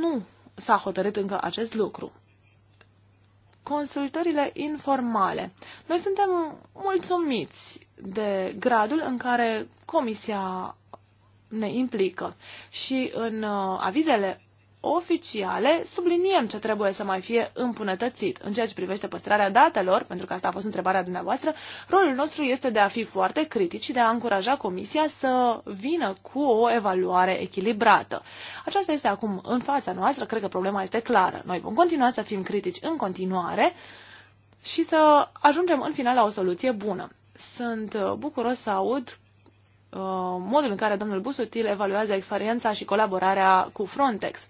S3: nu s-a hotărât încă acest lucru. Consultările informale. Noi suntem mulțumiți de gradul în care Comisia ne implică și în uh, avizele oficiale, subliniem ce trebuie să mai fie îmbunătățit. În ceea ce privește păstrarea datelor, pentru că asta a fost întrebarea dumneavoastră, rolul nostru este de a fi foarte critici și de a încuraja Comisia să vină cu o evaluare echilibrată. Aceasta este acum în fața noastră, cred că problema este clară. Noi vom continua să fim critici în continuare și să ajungem în final la o soluție bună. Sunt uh, bucuros să aud uh, modul în care domnul Busutil evaluează experiența și colaborarea cu Frontex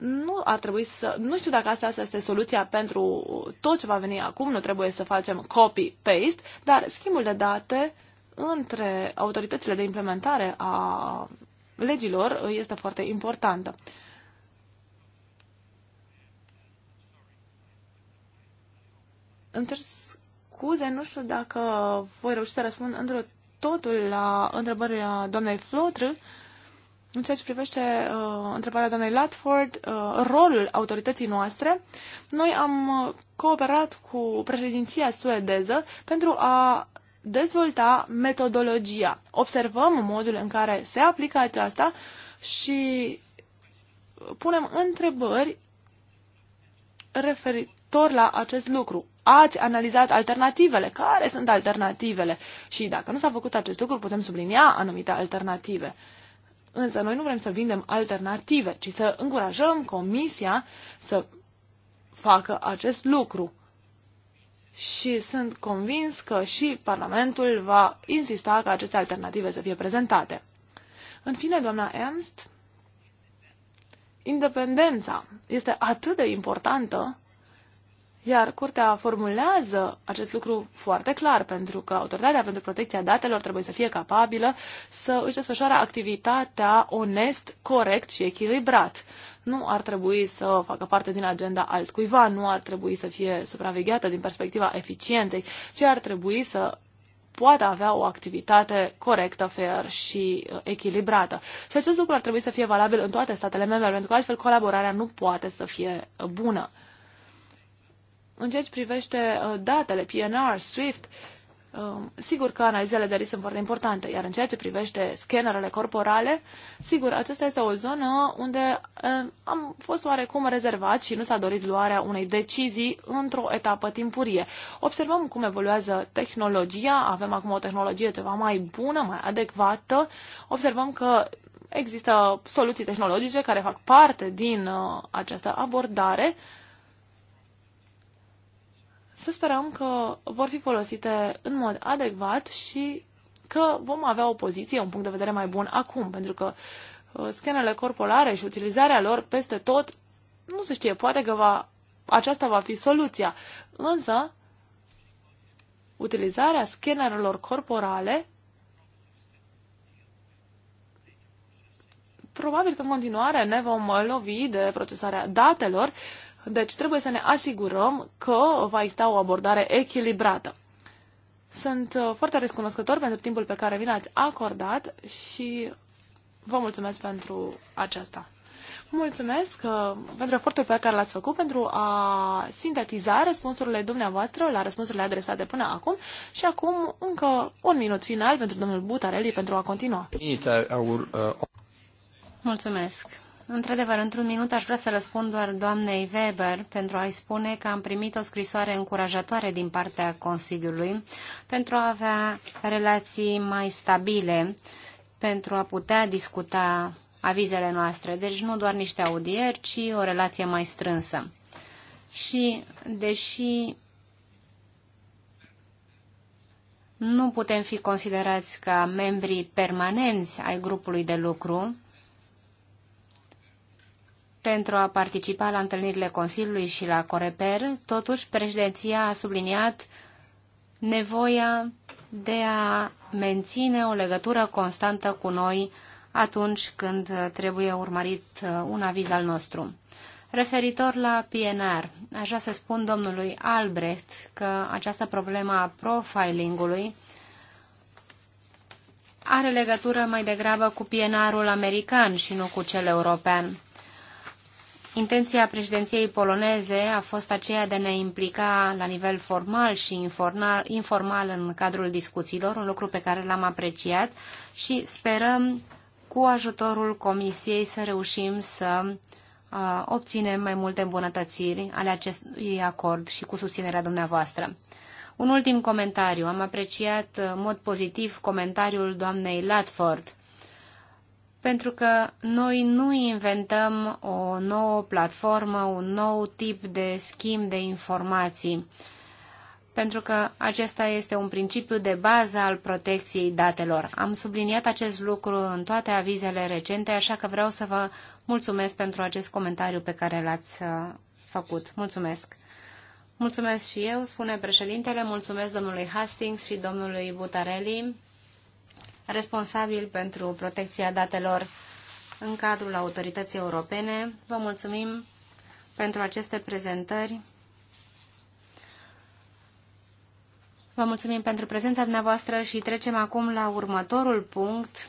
S3: nu ar trebui să... Nu știu dacă asta este soluția pentru tot ce va veni acum, nu trebuie să facem copy-paste, dar schimbul de date între autoritățile de implementare a legilor este foarte importantă. Îmi cer scuze, nu știu dacă voi reuși să răspund într totul la întrebările doamnei Flotr, în ceea ce privește uh, întrebarea doamnei Latford, uh, rolul autorității noastre, noi am uh, cooperat cu președinția suedeză pentru a dezvolta metodologia. Observăm modul în care se aplică aceasta și punem întrebări referitor la acest lucru. Ați analizat alternativele? Care sunt alternativele? Și dacă nu s-a făcut acest lucru, putem sublinia anumite alternative. Uh, Însă noi nu vrem să vindem alternative, ci să încurajăm Comisia să facă acest lucru. Și sunt convins că și Parlamentul va insista ca aceste alternative să fie prezentate. În fine, doamna Ernst, independența este atât de importantă iar curtea formulează acest lucru foarte clar, pentru că Autoritatea pentru Protecția Datelor trebuie să fie capabilă să își desfășoare activitatea onest, corect și echilibrat. Nu ar trebui să facă parte din agenda altcuiva, nu ar trebui să fie supravegheată din perspectiva eficienței, ci ar trebui să poată avea o activitate corectă, fair și uh, echilibrată. Și acest lucru ar trebui să fie valabil în toate statele membre, pentru că altfel colaborarea nu poate să fie uh, bună. În ceea ce privește uh, datele, PNR, SWIFT, um, sigur că analizele de risc sunt foarte importante, iar în ceea ce privește scannerele corporale, sigur, aceasta este o zonă unde um, am fost oarecum rezervat și nu s-a dorit luarea unei decizii într-o etapă timpurie. Observăm cum evoluează tehnologia, avem acum o tehnologie ceva mai bună, mai adecvată, observăm că există soluții tehnologice care fac parte din uh, această abordare, să sperăm că vor fi folosite în mod adecvat și că vom avea o poziție, un punct de vedere mai bun acum, pentru că uh, scanele corporale și utilizarea lor peste tot, nu se știe, poate că va, aceasta va fi soluția. Însă, utilizarea scanerelor corporale probabil că în continuare ne vom lovi de procesarea datelor, deci trebuie să ne asigurăm că va exista o abordare echilibrată. Sunt uh, foarte recunoscător pentru timpul pe care mi l-ați acordat și vă mulțumesc pentru aceasta. Mulțumesc uh, pentru efortul pe care l-ați făcut pentru a sintetiza răspunsurile dumneavoastră la răspunsurile adresate până acum și acum încă un minut final pentru domnul Butarelli
S2: pentru a continua.
S1: Uh,
S2: mulțumesc. Într-adevăr, într-un minut aș vrea să răspund doar doamnei Weber pentru a-i spune că am primit o scrisoare încurajatoare din partea Consiliului pentru a avea relații mai stabile, pentru a putea discuta avizele noastre. Deci nu doar niște audieri, ci o relație mai strânsă. Și deși nu putem fi considerați ca membrii permanenți ai grupului de lucru, pentru a participa la întâlnirile Consiliului și la Coreper, totuși președinția a subliniat nevoia de a menține o legătură constantă cu noi atunci când trebuie urmărit uh, un aviz al nostru. Referitor la PNR, așa să spun domnului Albrecht că această problemă a profilingului are legătură mai degrabă cu PNR-ul american și nu cu cel european. Intenția președinției poloneze a fost aceea de a ne implica la nivel formal și informal în cadrul discuțiilor, un lucru pe care l-am apreciat și sperăm cu ajutorul Comisiei să reușim să obținem mai multe îmbunătățiri ale acestui acord și cu susținerea dumneavoastră. Un ultim comentariu. Am apreciat în mod pozitiv comentariul doamnei Latford pentru că noi nu inventăm o nouă platformă, un nou tip de schimb de informații, pentru că acesta este un principiu de bază al protecției datelor. Am subliniat acest lucru în toate avizele recente, așa că vreau să vă mulțumesc pentru acest comentariu pe care l-ați uh, făcut. Mulțumesc! Mulțumesc și eu, spune președintele, mulțumesc domnului Hastings și domnului Butarelli responsabil pentru protecția datelor în cadrul autorității europene. Vă mulțumim pentru aceste prezentări. Vă mulțumim pentru prezența dumneavoastră și trecem acum la următorul punct,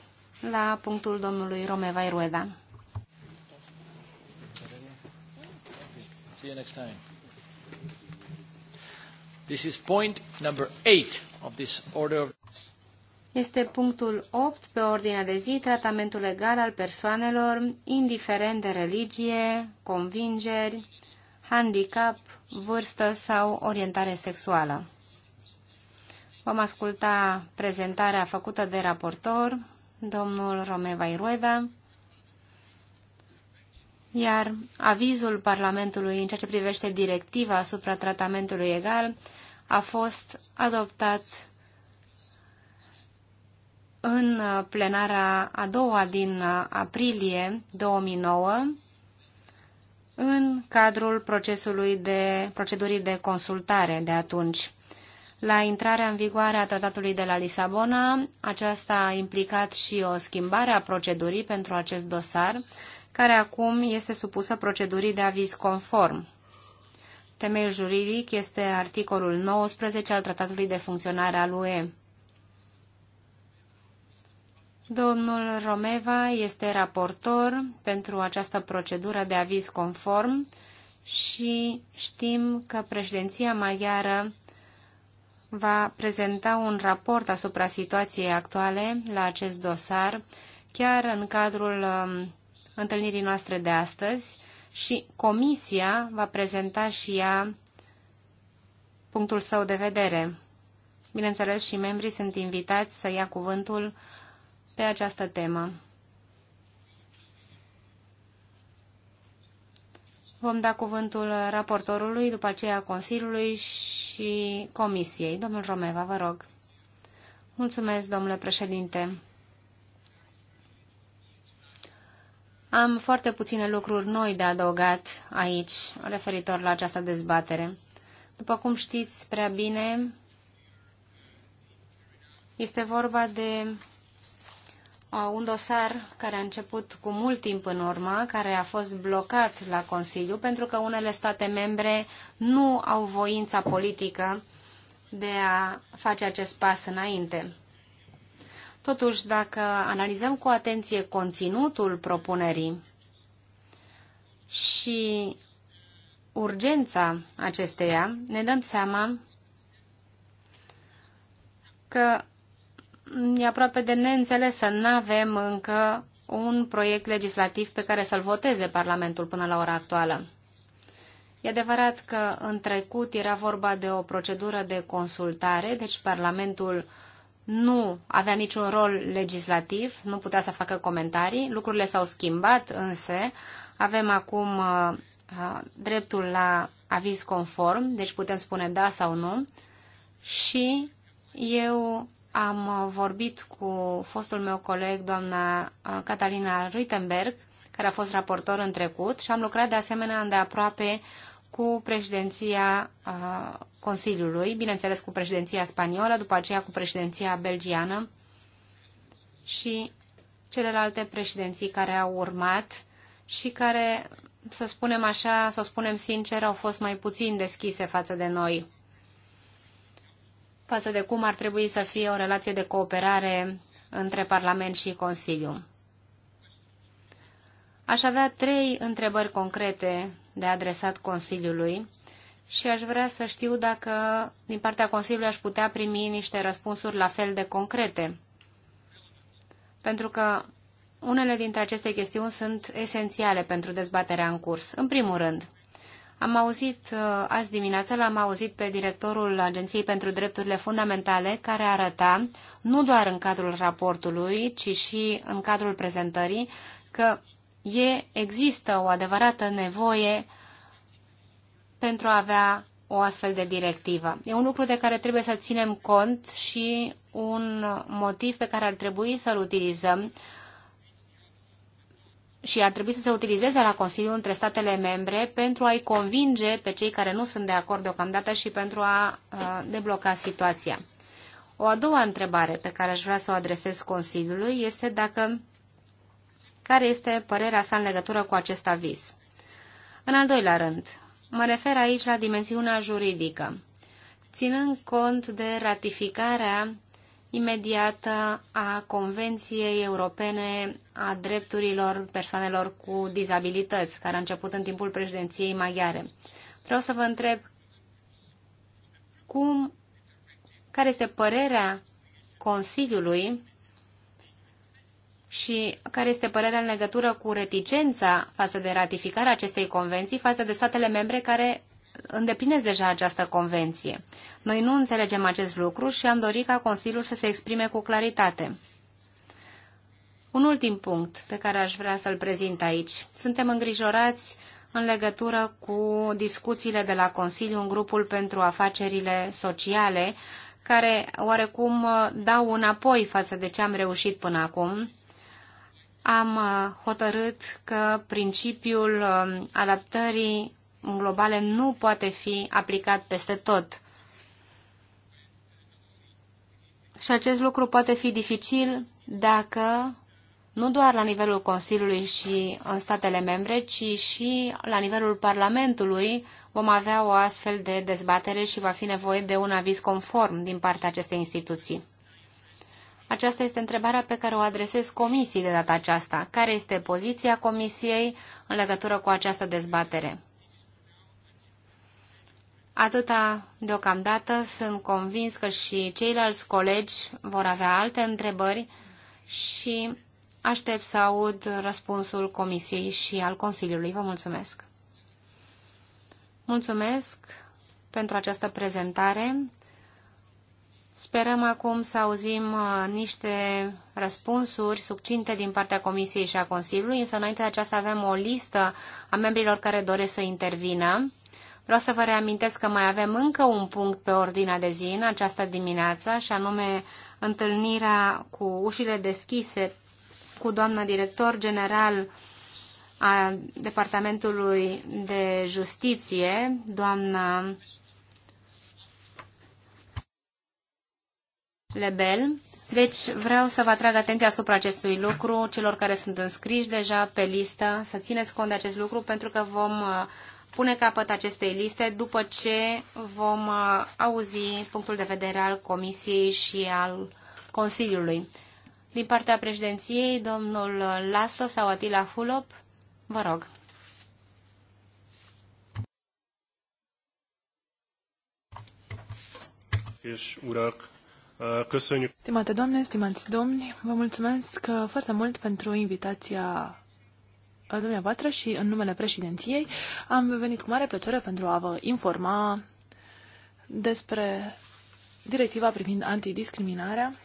S2: la punctul domnului Romeva Irueda.
S1: See you next time. This is point number eight of this order
S2: este punctul 8 pe ordinea de zi, tratamentul legal al persoanelor, indiferent de religie, convingeri, handicap, vârstă sau orientare sexuală. Vom asculta prezentarea făcută de raportor, domnul Romeva Irueda, iar avizul Parlamentului în ceea ce privește directiva asupra tratamentului egal a fost adoptat în plenara a doua din aprilie 2009 în cadrul procesului de, procedurii de consultare de atunci. La intrarea în vigoare a tratatului de la Lisabona, aceasta a implicat și o schimbare a procedurii pentru acest dosar, care acum este supusă procedurii de aviz conform. Temeiul juridic este articolul 19 al Tratatului de Funcționare al UE. Domnul Romeva este raportor pentru această procedură de aviz conform și știm că președinția maghiară va prezenta un raport asupra situației actuale la acest dosar, chiar în cadrul um, întâlnirii noastre de astăzi și comisia va prezenta și ea punctul său de vedere. Bineînțeles, și membrii sunt invitați să ia cuvântul pe această temă. Vom da cuvântul raportorului, după aceea Consiliului și Comisiei. Domnul Romeva, vă rog. Mulțumesc, domnule președinte. Am foarte puține lucruri noi de adăugat aici, referitor la această dezbatere. După cum știți prea bine, este vorba de un dosar care a început cu mult timp în urmă, care a fost blocat la Consiliu pentru că unele state membre nu au voința politică de a face acest pas înainte. Totuși, dacă analizăm cu atenție conținutul propunerii și urgența acesteia, ne dăm seama că e aproape de neînțeles să nu avem încă un proiect legislativ pe care să-l voteze Parlamentul până la ora actuală. E adevărat că în trecut era vorba de o procedură de consultare, deci Parlamentul nu avea niciun rol legislativ, nu putea să facă comentarii. Lucrurile s-au schimbat, însă avem acum uh, uh dreptul la aviz conform, deci putem spune da sau nu. Și eu am uh, vorbit cu fostul meu coleg, doamna uh, Catalina Ruitenberg, care a fost raportor în trecut și am lucrat de asemenea îndeaproape cu președinția uh, Consiliului, bineînțeles cu președinția spaniolă, după aceea cu președinția belgiană și celelalte președinții care au urmat și care, să spunem așa, să spunem sincer, au fost mai puțin deschise față de noi față de cum ar trebui să fie o relație de cooperare între Parlament și Consiliu. Aș avea trei întrebări concrete de adresat Consiliului și aș vrea să știu dacă din partea Consiliului aș putea primi niște răspunsuri la fel de concrete. Pentru că unele dintre aceste chestiuni sunt esențiale pentru dezbaterea în curs. În primul rând, am auzit uh, azi dimineață, l-am auzit pe directorul Agenției pentru Drepturile Fundamentale, care arăta, nu doar în cadrul raportului, ci și în cadrul prezentării, că e, există o adevărată nevoie pentru a avea o astfel de directivă. E un lucru de care trebuie să ținem cont și un motiv pe care ar trebui să-l utilizăm uh, și ar trebui să se utilizeze la Consiliu între statele membre pentru a-i convinge pe cei care nu sunt de acord deocamdată și pentru a debloca situația. O a doua întrebare pe care aș vrea să o adresez Consiliului este dacă care este părerea sa în legătură cu acest aviz. În al doilea rând, mă refer aici la dimensiunea juridică. Ținând cont de ratificarea imediată a Convenției Europene a Drepturilor Persoanelor cu Dizabilități, care a început în timpul președinției maghiare. Vreau să vă întreb cum, care este părerea Consiliului și care este părerea în legătură cu reticența față de ratificarea acestei convenții față de statele membre care îndeplinesc deja această convenție. Noi nu înțelegem acest lucru și am dorit ca Consiliul să se exprime cu claritate. Un ultim punct pe care aș vrea să-l prezint aici. Suntem îngrijorați în legătură cu discuțiile de la Consiliu în grupul pentru afacerile sociale, care oarecum uh, dau înapoi față de ce am reușit până acum. Am uh, hotărât că principiul uh, adaptării globale nu poate fi aplicat peste tot. Și acest lucru poate fi dificil dacă nu doar la nivelul Consiliului și în statele membre, ci și la nivelul Parlamentului vom avea o astfel de dezbatere și va fi nevoie de un aviz conform din partea acestei instituții. Aceasta este întrebarea pe care o adresez comisiei de data aceasta. Care este poziția comisiei în legătură cu această dezbatere? Atâta deocamdată sunt convins că și ceilalți colegi vor avea alte întrebări și aștept să aud răspunsul Comisiei și al Consiliului. Vă mulțumesc! Mulțumesc pentru această prezentare. Sperăm acum să auzim uh, niște răspunsuri succinte din partea Comisiei și a Consiliului, însă înainte de aceasta avem o listă a membrilor care doresc să intervină. Vreau să vă reamintesc că mai avem încă un punct pe ordinea de zi în această dimineață, și anume întâlnirea cu ușile deschise cu doamna director general a Departamentului de Justiție, doamna Lebel. Deci vreau să vă atrag atenția asupra acestui lucru, celor care sunt înscriși deja pe listă, să țineți cont de acest lucru pentru că vom uh, pune capăt acestei liste după ce vom uh, auzi punctul de vedere al Comisiei și al Consiliului. Din partea președinției, domnul Laslo sau Atila Fulop, vă rog. Uh,
S3: Stimate doamne, stimați domni, vă mulțumesc uh, foarte mult pentru invitația dumneavoastră și în numele președinției am venit cu mare plăcere pentru a vă informa despre directiva privind antidiscriminarea,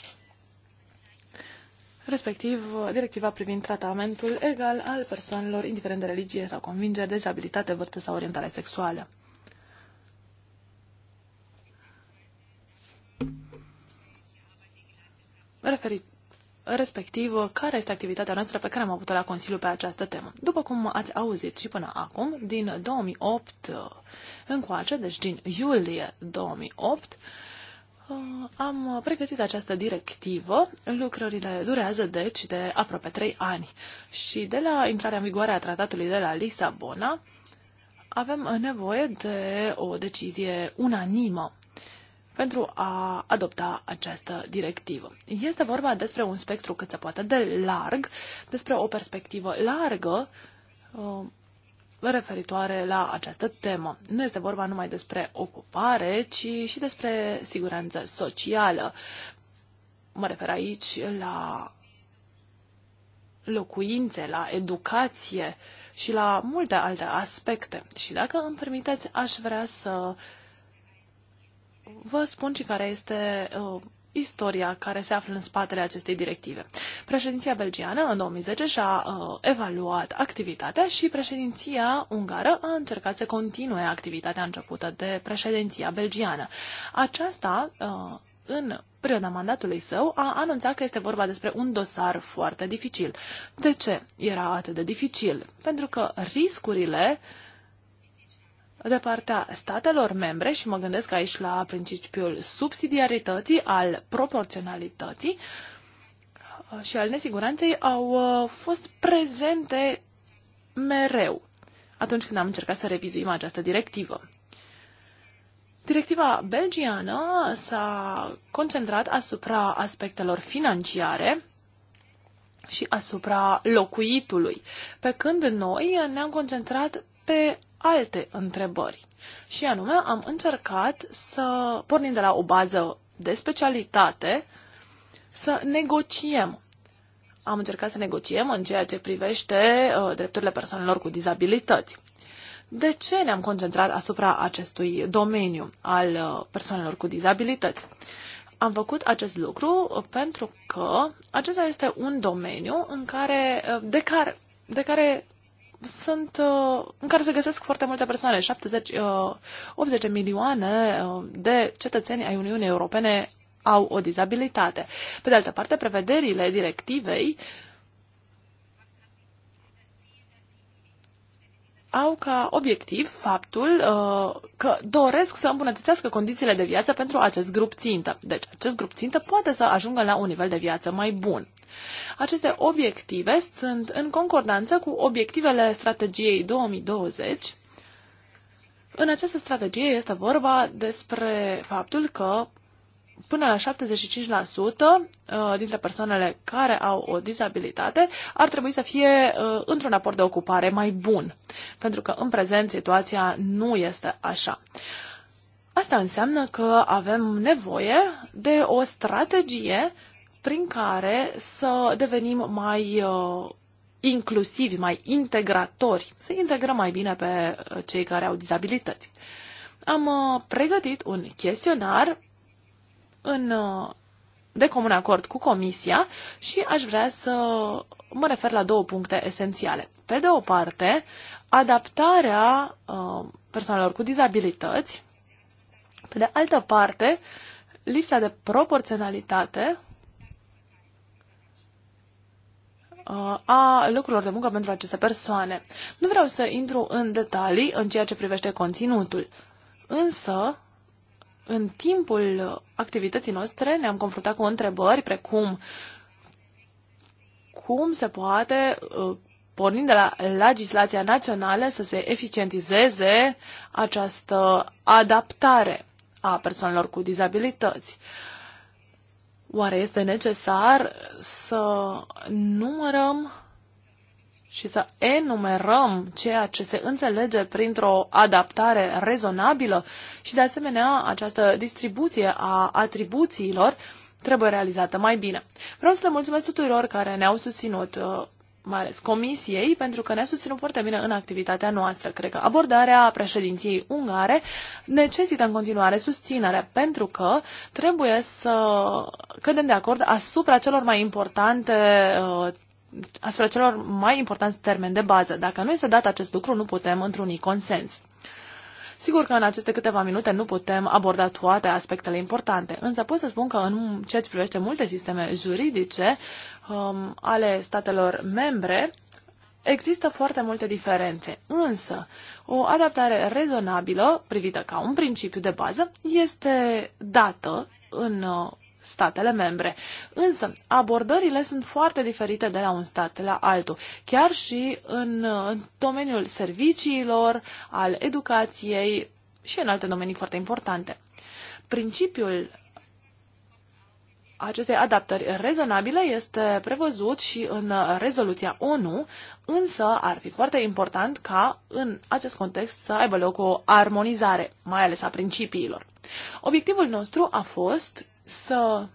S3: respectiv directiva privind tratamentul egal al persoanelor indiferent de religie sau convingere, dezabilitate, vârstă sau orientare sexuală. Referit respectiv care este activitatea noastră pe care am avut-o la Consiliu pe această temă. După cum ați auzit și până acum, din 2008 uh, încoace, deci din iulie 2008, uh, am pregătit această directivă. Lucrările durează, deci, de aproape 3 ani. Și de la intrarea în vigoare a tratatului de la Lisabona, avem nevoie de o decizie unanimă pentru a adopta această directivă. Este vorba despre un spectru cât se poate de larg, despre o perspectivă largă uh, referitoare la această temă. Nu este vorba numai despre ocupare, ci și despre siguranță socială. Mă refer aici la locuințe, la educație și la multe alte aspecte. Și dacă îmi permiteți, aș vrea să uh, vă spun și care este uh, istoria care se află în spatele acestei directive. Președinția belgiană în 2010 și-a uh, evaluat activitatea și președinția ungară a încercat să continue activitatea începută de președinția belgiană. Aceasta uh, în perioada mandatului său, a anunțat că este vorba despre un dosar foarte dificil. De ce era atât de dificil? Pentru că riscurile uh, de partea statelor membre și mă gândesc aici la principiul subsidiarității, al proporționalității uh, și al nesiguranței au uh, fost prezente mereu atunci când am încercat să revizuim această directivă. Directiva belgiană s-a concentrat asupra aspectelor financiare și asupra locuitului, pe când noi ne-am concentrat pe alte întrebări. Și anume, am încercat să pornim de la o bază de specialitate, să negociem. Am încercat să negociem în ceea ce privește uh, drepturile persoanelor cu dizabilități. De ce ne-am concentrat asupra acestui domeniu al uh, persoanelor cu dizabilități? Am făcut acest lucru pentru că acesta este un domeniu în care, uh, de, care, de care sunt, uh, în care se găsesc foarte multe persoane, 70, 80 uh, milioane uh, de cetățeni ai Uniunii Europene au o dizabilitate. Pe de altă parte, prevederile directivei uh, au ca obiectiv faptul uh, că doresc să îmbunătățească condițiile de viață pentru acest grup țintă. Deci, acest grup țintă poate să ajungă la un nivel de viață mai bun. Aceste obiective sunt în concordanță cu obiectivele strategiei 2020. În această strategie este vorba despre faptul că până la 75% uh, dintre persoanele care au o dizabilitate ar trebui să fie uh, într-un raport de ocupare mai bun, pentru că în prezent situația nu este așa. Asta înseamnă că avem nevoie de o strategie prin care să devenim mai uh, inclusivi, mai integratori, să integrăm mai bine pe cei care au dizabilități. Am pregătit un chestionar în, uh, de comun acord cu Comisia și aș vrea să mă refer la două puncte esențiale. Pe de o parte, adaptarea uh, persoanelor cu dizabilități, pe de altă parte, lipsa de proporționalitate uh, a lucrurilor de muncă pentru aceste persoane. Nu vreau să intru în detalii în ceea ce privește conținutul, însă în timpul activității noastre ne-am confruntat cu întrebări precum cum se poate, uh, pornind de la legislația națională, să se eficientizeze această adaptare a persoanelor cu dizabilități. Oare este necesar să numărăm și să enumerăm ceea ce se înțelege printr-o adaptare rezonabilă și, de asemenea, această distribuție a atribuțiilor trebuie realizată mai bine. Vreau să le mulțumesc tuturor care ne-au susținut uh, mai ales Comisiei, pentru că ne-a susținut foarte bine în activitatea noastră. Cred că abordarea președinției ungare necesită în continuare susținere, pentru că trebuie să cădem de acord asupra celor mai importante uh, asupra celor mai importanți termeni de bază. Dacă nu este dat acest lucru, nu putem întruni consens. Sigur că în aceste câteva minute nu putem aborda toate aspectele importante, însă pot să spun că în ceea ce privește multe sisteme juridice um, ale statelor membre, Există foarte multe diferențe, însă o adaptare rezonabilă, privită ca un principiu de bază, este dată în uh, statele membre. Însă, abordările sunt foarte diferite de la un stat la altul, chiar și în domeniul serviciilor, al educației și în alte domenii foarte importante. Principiul acestei adaptări rezonabile este prevăzut și în rezoluția ONU, însă ar fi foarte important ca în acest context să aibă loc o armonizare, mai ales a principiilor. Obiectivul nostru a fost să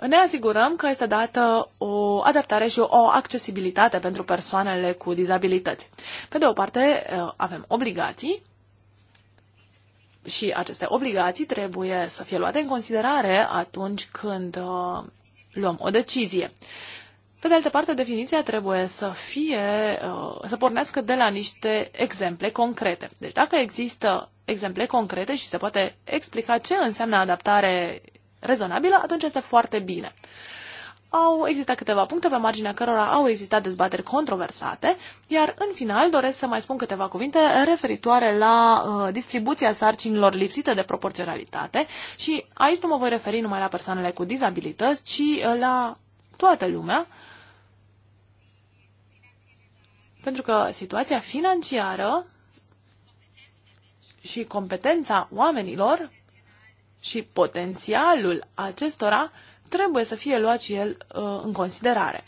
S3: ne asigurăm că este dată o adaptare și o accesibilitate pentru persoanele cu dizabilități. Pe de o parte, eh, avem obligații și aceste obligații trebuie să fie luate în considerare atunci când eh, luăm o decizie. Pe de altă parte, definiția trebuie să fie, uh, să pornească de la niște exemple concrete. Deci dacă există exemple concrete și se poate explica ce înseamnă adaptare rezonabilă, atunci este foarte bine. Au existat câteva puncte pe marginea cărora au existat dezbateri controversate, iar în final doresc să mai spun câteva cuvinte referitoare la uh, distribuția sarcinilor lipsite de proporționalitate și aici nu mă voi referi numai la persoanele cu dizabilități, ci uh, la toată lumea, uh, pentru că situația financiară și competența oamenilor și potențialul acestora trebuie să fie luat și el uh, în considerare.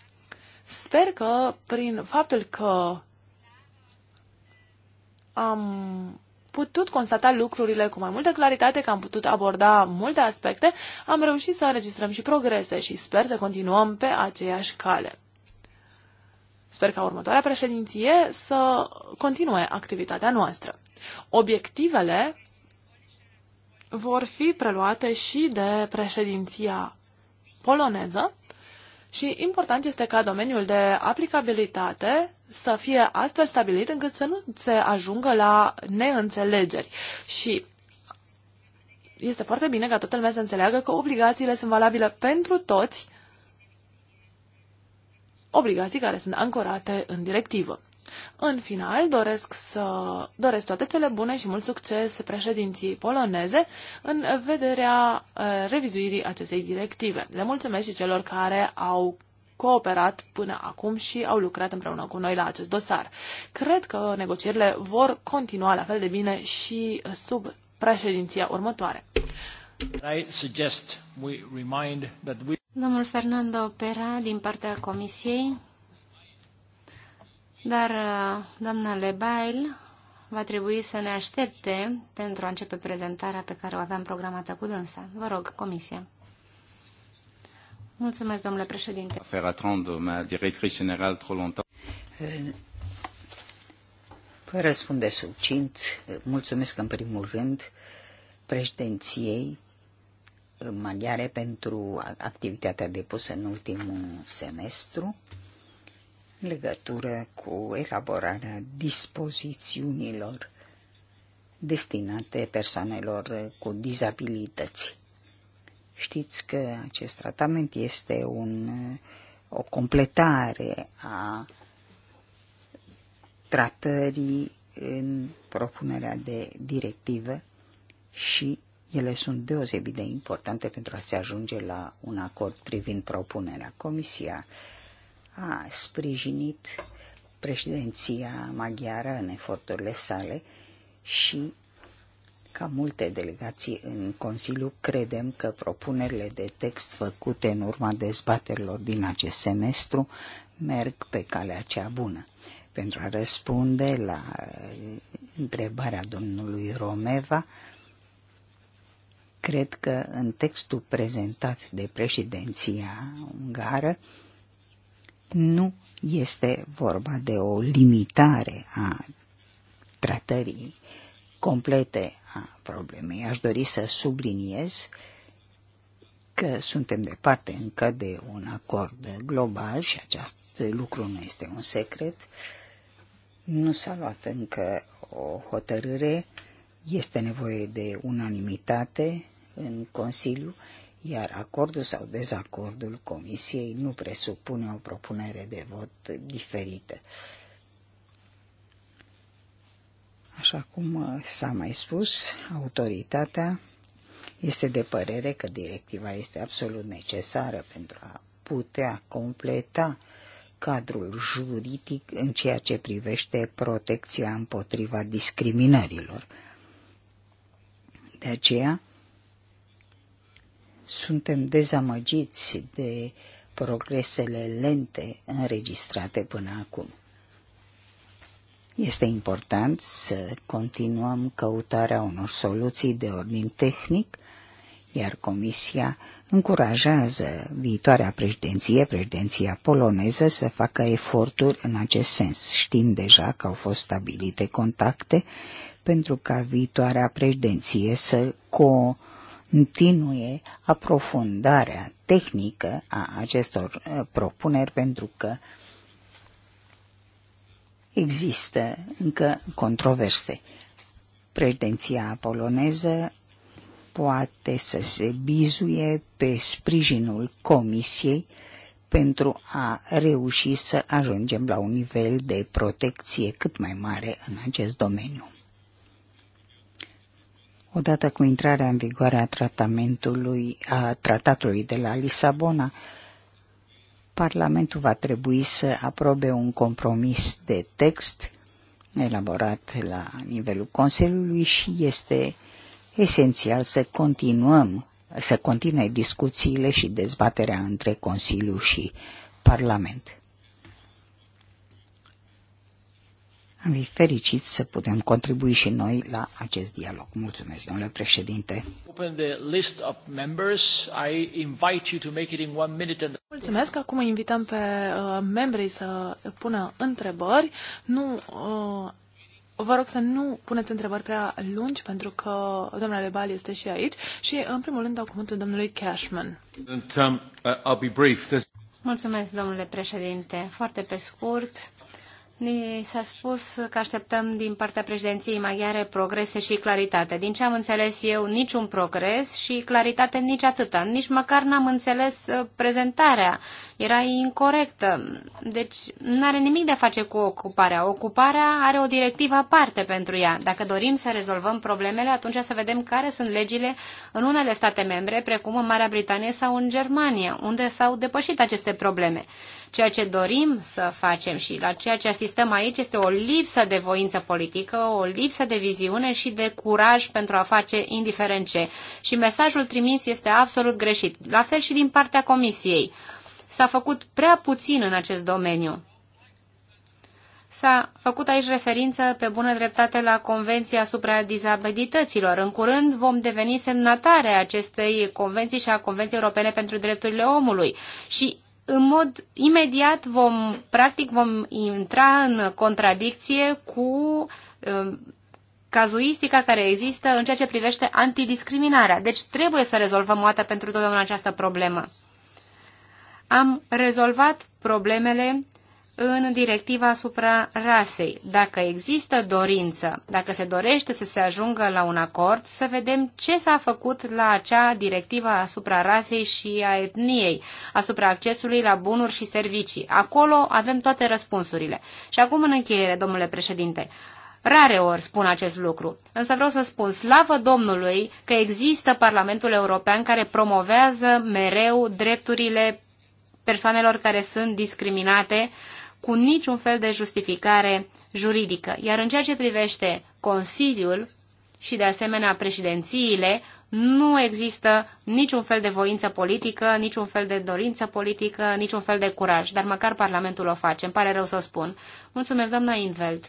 S3: Sper că prin faptul că am putut constata lucrurile cu mai multă claritate, că am putut aborda multe aspecte, am reușit să înregistrăm și progrese și sper să continuăm pe aceeași cale. Sper ca următoarea președinție să continue activitatea noastră. Obiectivele vor fi preluate și de președinția poloneză și important este ca domeniul de aplicabilitate să fie astfel stabilit încât să nu se ajungă la neînțelegeri. Și este foarte bine ca toată lumea să înțeleagă că obligațiile sunt valabile pentru toți obligații care sunt ancorate în directivă. În final, doresc să doresc toate cele bune și mult succes președinției poloneze în vederea uh, revizuirii acestei directive. Le mulțumesc și celor care au cooperat până acum și au lucrat împreună cu noi la acest dosar. Cred că negocierile vor continua la fel de
S2: bine și sub președinția următoare. Domnul Fernando Pera, din partea Comisiei, dar uh, doamna Lebail va trebui să ne aștepte pentru a începe prezentarea pe care o aveam programată cu dânsa. Vă rog, Comisia. Mulțumesc, domnule președinte.
S4: Faire attendre ma directrice générale trop longtemps. Vă răspunde succint. Mulțumesc în primul rând președinției maghiare pentru activitatea depusă în ultimul semestru în legătură cu elaborarea dispozițiunilor destinate persoanelor cu dizabilități. Știți că acest tratament este un, o completare a tratării în propunerea de directivă și ele sunt deosebit de importante pentru a se ajunge la un acord privind propunerea. Comisia a sprijinit președinția maghiară în eforturile sale și ca multe delegații în Consiliu, credem că propunerile de text făcute în urma dezbaterilor din acest semestru merg pe calea cea bună. Pentru a răspunde la uh, întrebarea domnului Romeva, Cred că în textul prezentat de președinția ungară nu este vorba de o limitare a tratării complete a problemei. Aș dori să subliniez că suntem departe încă de un acord global și acest lucru nu este un secret. Nu s-a luat încă o hotărâre, este nevoie de unanimitate în Consiliu, iar acordul sau dezacordul Comisiei nu presupune o propunere de vot diferită. Așa cum uh, s-a mai spus, autoritatea este de părere că directiva este absolut necesară pentru a putea completa cadrul juridic în ceea ce privește protecția împotriva discriminărilor. De aceea, suntem dezamăgiți de progresele lente înregistrate până acum. Este important să continuăm căutarea unor soluții de ordin tehnic, iar Comisia încurajează viitoarea președinție, președinția poloneză, să facă eforturi în acest sens. Știm deja că au fost stabilite contacte pentru ca viitoarea președinție să co- Întinuie aprofundarea tehnică a acestor uh, propuneri pentru că există încă controverse. Pretenția poloneză poate să se bizuie pe sprijinul Comisiei pentru a reuși să ajungem la un nivel de protecție cât mai mare în acest domeniu odată cu intrarea în vigoare a tratamentului, a tratatului de la Lisabona, Parlamentul va trebui să aprobe un compromis de text elaborat la nivelul Consiliului și este esențial să continuăm, să continue discuțiile și dezbaterea între Consiliu și Parlament. Am fi fericit să putem contribui și noi la acest dialog. Mulțumesc, domnule președinte.
S3: Mulțumesc. Acum invităm pe uh, membrii să pună întrebări. Nu, uh, vă rog să nu puneți întrebări prea lungi, pentru că domnul Lebal este și aici. Și, în primul rând, dau cuvântul domnului Cashman.
S1: And, um, uh, brief.
S2: Mulțumesc, domnule președinte. Foarte pe scurt Ni s-a spus că așteptăm din partea președinției maghiare progrese și claritate. Din ce am înțeles eu, niciun progres și claritate nici atâta. Nici măcar n-am înțeles uh, prezentarea. Era incorrectă. Deci nu are nimic de a face cu ocuparea. Ocuparea are o directivă aparte pentru ea. Dacă dorim să rezolvăm problemele, atunci să vedem care sunt legile în unele state membre, precum în Marea Britanie sau în Germania, unde s-au depășit aceste probleme. Ceea ce dorim să facem și la ceea ce asistăm asistăm aici este o lipsă de voință politică, o lipsă de viziune și de curaj pentru a face indiferent ce. Și mesajul trimis este absolut greșit. La fel și din partea Comisiei. S-a făcut prea puțin în acest domeniu. S-a făcut aici referință pe bună dreptate la Convenția asupra dizabilităților. În curând vom deveni semnatare acestei convenții și a Convenției Europene pentru Drepturile Omului. Și în mod imediat vom, practic, vom intra în contradicție cu um, cazuistica care există în ceea ce privește antidiscriminarea. Deci trebuie să rezolvăm o dată pentru totdeauna această problemă. Am rezolvat problemele în directiva asupra rasei. Dacă există dorință, dacă se dorește să se ajungă la un acord, să vedem ce s-a făcut la acea directivă asupra rasei și a etniei, asupra accesului la bunuri și servicii. Acolo avem toate răspunsurile. Și acum în încheiere, domnule președinte, Rare ori spun acest lucru, însă vreau să spun slavă Domnului că există Parlamentul European care promovează mereu drepturile persoanelor care sunt discriminate cu niciun fel de justificare juridică. Iar în ceea ce privește Consiliul și de asemenea președințiile, nu există niciun fel de voință politică, niciun fel de dorință politică, niciun fel de curaj, dar măcar Parlamentul o face. Îmi pare rău să o spun. Mulțumesc, doamna Inveld.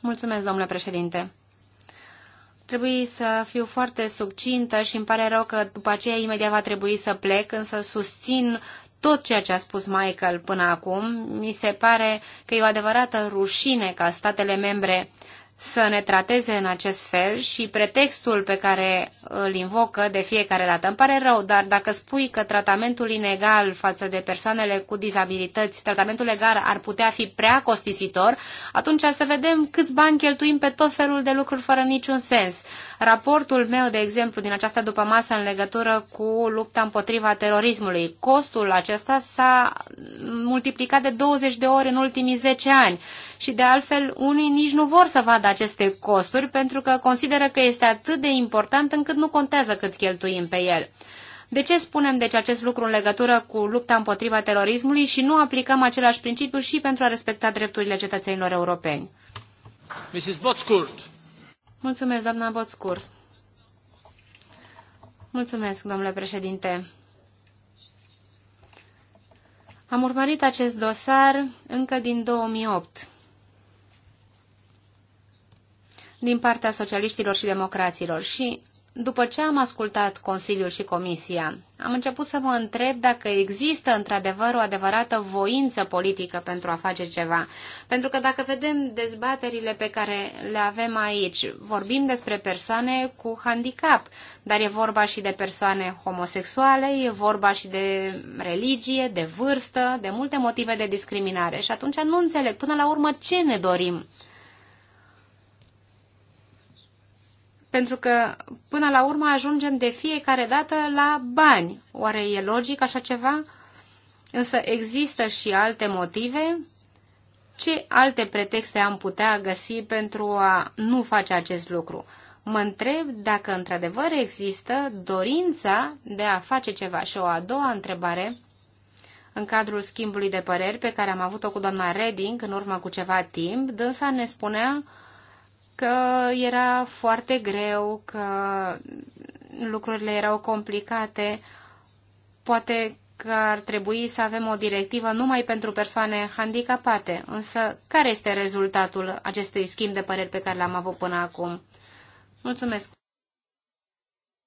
S2: Mulțumesc, domnule președinte. Trebuie să fiu foarte succintă și îmi pare rău că după aceea imediat va trebui să plec, însă susțin tot ceea ce a spus Michael până acum. Mi se pare că e o adevărată rușine ca statele membre să ne trateze în acest fel și pretextul pe care îl invocă de fiecare dată. Îmi pare rău, dar dacă spui că tratamentul inegal față de persoanele cu dizabilități, tratamentul legal ar putea fi prea costisitor, atunci să vedem câți bani cheltuim pe tot felul de lucruri fără niciun sens. Raportul meu, de exemplu, din această masă în legătură cu lupta împotriva terorismului, costul acesta s-a multiplicat de 20 de ori în ultimii 10 ani și de altfel unii nici nu vor să vadă aceste costuri pentru că consideră că este atât de important încât nu contează cât cheltuim pe el. De ce spunem deci acest lucru în legătură cu lupta împotriva terorismului și nu aplicăm același principiu și pentru a respecta drepturile cetățenilor europeni?
S1: Mrs. Botscourt.
S2: Mulțumesc, doamna Botscourt. Mulțumesc, domnule președinte. Am urmărit acest dosar încă din 2008 din partea socialiștilor și democraților și după ce am ascultat Consiliul și Comisia, am început să mă întreb dacă există într-adevăr o adevărată voință politică pentru a face ceva. Pentru că dacă vedem dezbaterile pe care le avem aici, vorbim despre persoane cu handicap, dar e vorba și de persoane homosexuale, e vorba și de religie, de vârstă, de multe motive de discriminare. Și atunci nu înțeleg până la urmă ce ne dorim. pentru că până la urmă ajungem de fiecare dată la bani. Oare e logic așa ceva? Însă există și alte motive? Ce alte pretexte am putea găsi pentru a nu face acest lucru? Mă întreb dacă într-adevăr există dorința de a face ceva. Și o a doua întrebare, în cadrul schimbului de păreri pe care am avut-o cu doamna Redding în urmă cu ceva timp, dânsa ne spunea că era foarte greu, că lucrurile erau complicate. Poate că ar trebui să avem o directivă numai pentru persoane handicapate. Însă, care este rezultatul acestui schimb de păreri pe care l-am avut până acum? Mulțumesc!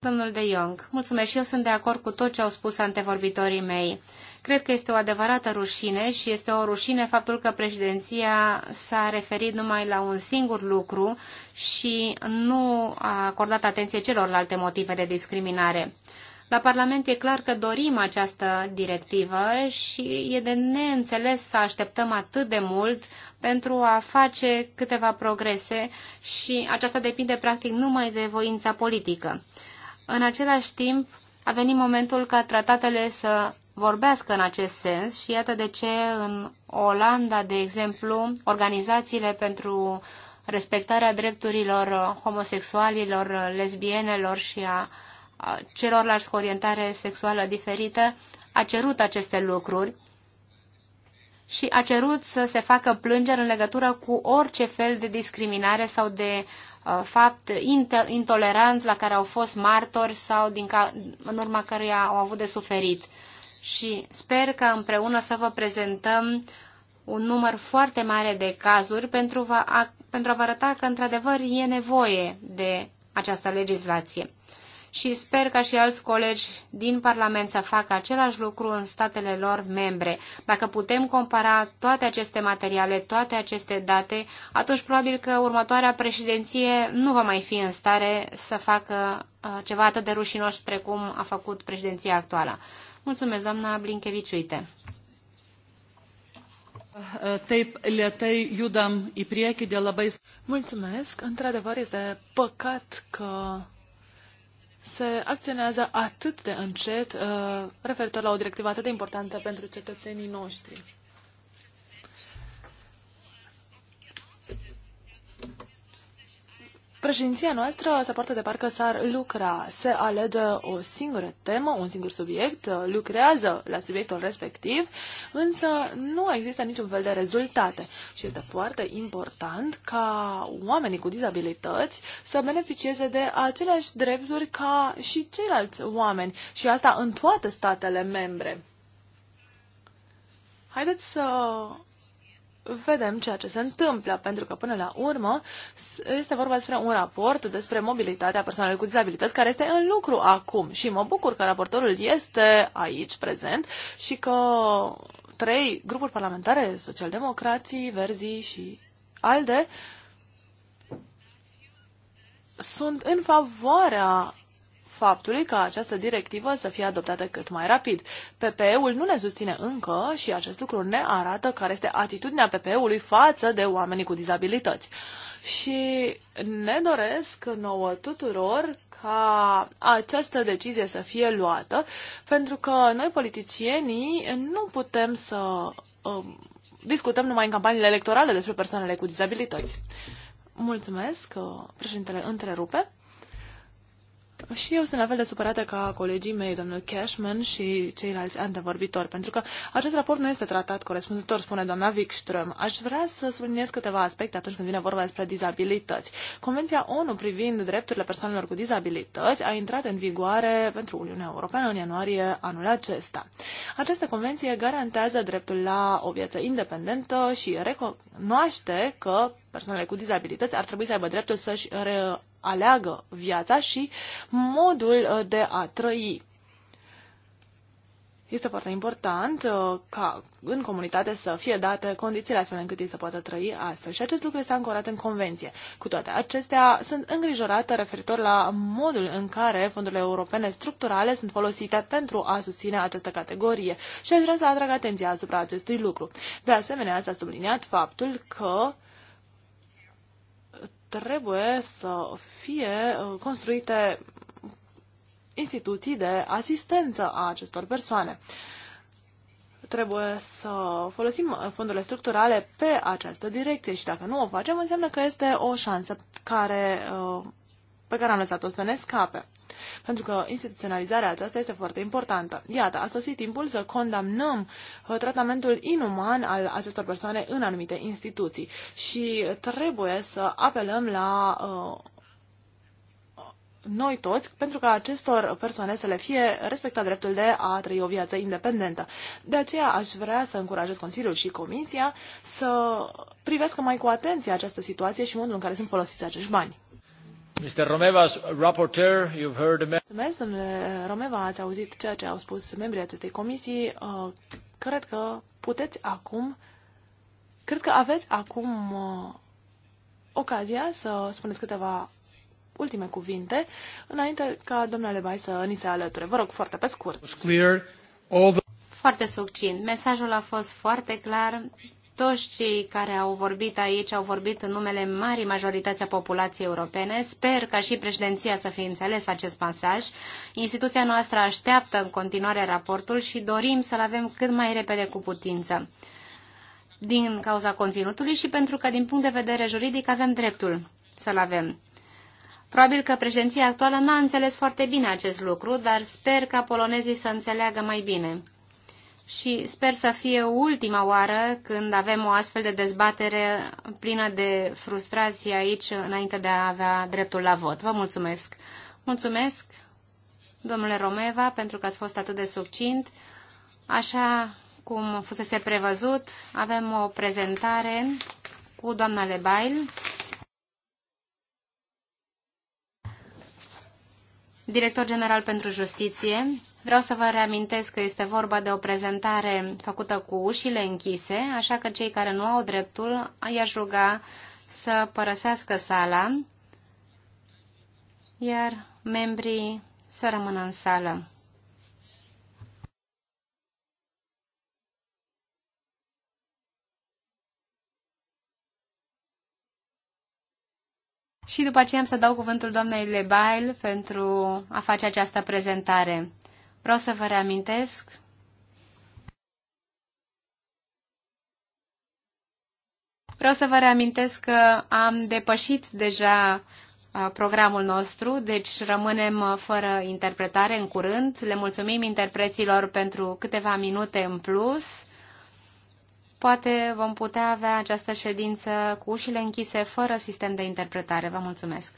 S2: Domnul De Jong, mulțumesc și eu sunt de acord cu tot ce au spus antevorbitorii mei. Cred că este o adevărată rușine și este o rușine faptul că președinția s-a referit numai la un singur lucru și nu a acordat atenție celorlalte motive de discriminare. La Parlament e clar că dorim această directivă și e de neînțeles să așteptăm atât de mult pentru a face câteva progrese și aceasta depinde practic numai de voința politică. În același timp, a venit momentul ca tratatele să vorbească în acest sens și iată de ce în Olanda, de exemplu, organizațiile pentru respectarea drepturilor homosexualilor, lesbienelor și a celorlalți cu orientare sexuală diferită a cerut aceste lucruri și a cerut să se facă plângeri în legătură cu orice fel de discriminare sau de uh, fapt intolerant la care au fost martori sau din ca, în urma căruia au avut de suferit și sper că împreună să vă prezentăm un număr foarte mare de cazuri pentru, vă, a, pentru a vă arăta că într-adevăr e nevoie de această legislație. Și sper ca și alți colegi din Parlament să facă același lucru în statele lor membre. Dacă putem compara toate aceste materiale, toate aceste date, atunci probabil că următoarea președinție nu va mai fi în stare să facă uh, ceva atât de rușinos precum a făcut președinția actuală. Mulțumesc, doamna uite. Taip, lietai judam į priekį dėl labai... Mulțumesc. Într-adevăr, este
S3: păcat că se acționează atât de încet uh, referitor la o directivă atât de importantă pentru cetățenii noștri. Președinția noastră se poartă de parcă s-ar lucra, se alege o singură temă, un singur subiect, lucrează la subiectul respectiv, însă nu există niciun fel de rezultate și este foarte important ca oamenii cu dizabilități să beneficieze de aceleași drepturi ca și ceilalți oameni și asta în toate statele membre. Haideți să vedem ceea ce se întâmplă, pentru că până la urmă este vorba despre un raport despre mobilitatea persoanelor cu dizabilități care este în lucru acum și mă bucur că raportorul este aici prezent și că trei grupuri parlamentare, socialdemocrații, verzii și ALDE, sunt în favoarea faptului ca această directivă să fie adoptată cât mai rapid. PPE-ul nu ne susține încă și acest lucru ne arată care este atitudinea PPE-ului față de oamenii cu dizabilități. Și ne doresc nouă tuturor ca această decizie să fie luată, pentru că noi politicienii nu putem să um, discutăm numai în campaniile electorale despre persoanele cu dizabilități. Mulțumesc, uh, președintele întrerupe. Și eu sunt la fel de supărată ca colegii mei, domnul Cashman și ceilalți antevorbitori, pentru că acest raport nu este tratat corespunzător, spune doamna Wikström. Aș vrea să subliniez câteva aspecte atunci când vine vorba despre dizabilități. Convenția ONU privind drepturile persoanelor cu dizabilități a intrat în vigoare pentru Uniunea Europeană în ianuarie anul acesta. Această convenție garantează dreptul la o viață independentă și recunoaște că persoanele cu dizabilități ar trebui să aibă dreptul să-și aleagă viața și modul uh, de a trăi. Este foarte important uh, ca în comunitate să fie date condițiile astfel încât ei să poată trăi astfel. Și acest lucru este ancorat în convenție. Cu toate acestea, sunt îngrijorată referitor la modul în care fondurile europene structurale sunt folosite pentru a susține această categorie. Și aș vrea să atrag atenția asupra acestui lucru. De asemenea, s-a subliniat faptul că uh, trebuie să fie uh, construite instituții de asistență a acestor persoane. Trebuie să folosim fondurile structurale pe această direcție și dacă nu o facem, înseamnă că este o șansă care uh, pe care am lăsat-o să ne scape. Pentru că instituționalizarea aceasta este foarte importantă. Iată, a sosit timpul să condamnăm uh, tratamentul inuman al acestor persoane în anumite instituții și trebuie să apelăm la uh, noi toți, pentru că acestor persoane să le fie respectat dreptul de a trăi o viață independentă. De aceea aș vrea să încurajez Consiliul și Comisia să privească mai cu atenție această situație și modul în care sunt folosiți acești bani.
S1: Mulțumesc,
S3: domnule Romeva, ați auzit ceea ce au spus membrii acestei comisii. Uh, cred că puteți acum, cred că aveți acum uh, ocazia să spuneți câteva ultime cuvinte înainte ca domnule Bai să ni se alăture. Vă rog foarte pe scurt.
S2: Foarte succint. Mesajul a fost foarte clar toți cei care au vorbit aici au vorbit în numele marii majorități a populației europene. Sper ca și președinția să fie înțeles acest pasaj. Instituția noastră așteaptă în continuare raportul și dorim să-l avem cât mai repede cu putință din cauza conținutului și pentru că, din punct de vedere juridic, avem dreptul să-l avem. Probabil că președinția actuală n-a înțeles foarte bine acest lucru, dar sper ca polonezii să înțeleagă mai bine și sper să fie ultima oară când avem o astfel de dezbatere plină de frustrație aici înainte de a avea dreptul la vot. Vă mulțumesc! Mulțumesc, domnule Romeva, pentru că ați fost atât de succint. Așa cum fusese prevăzut, avem o prezentare cu doamna Lebail. director general pentru justiție Vreau să vă reamintesc că este vorba de o prezentare făcută cu ușile închise, așa că cei care nu au dreptul i-aș ruga să părăsească sala, iar membrii să rămână în sală. Și după aceea am să dau cuvântul doamnei Lebail pentru a face această prezentare. Vreau să vă reamintesc Vreau să vă reamintesc că am depășit deja programul nostru, deci rămânem fără interpretare în curând. Le mulțumim interpreților pentru câteva minute în plus. Poate vom putea avea această ședință cu ușile închise, fără sistem de interpretare. Vă mulțumesc!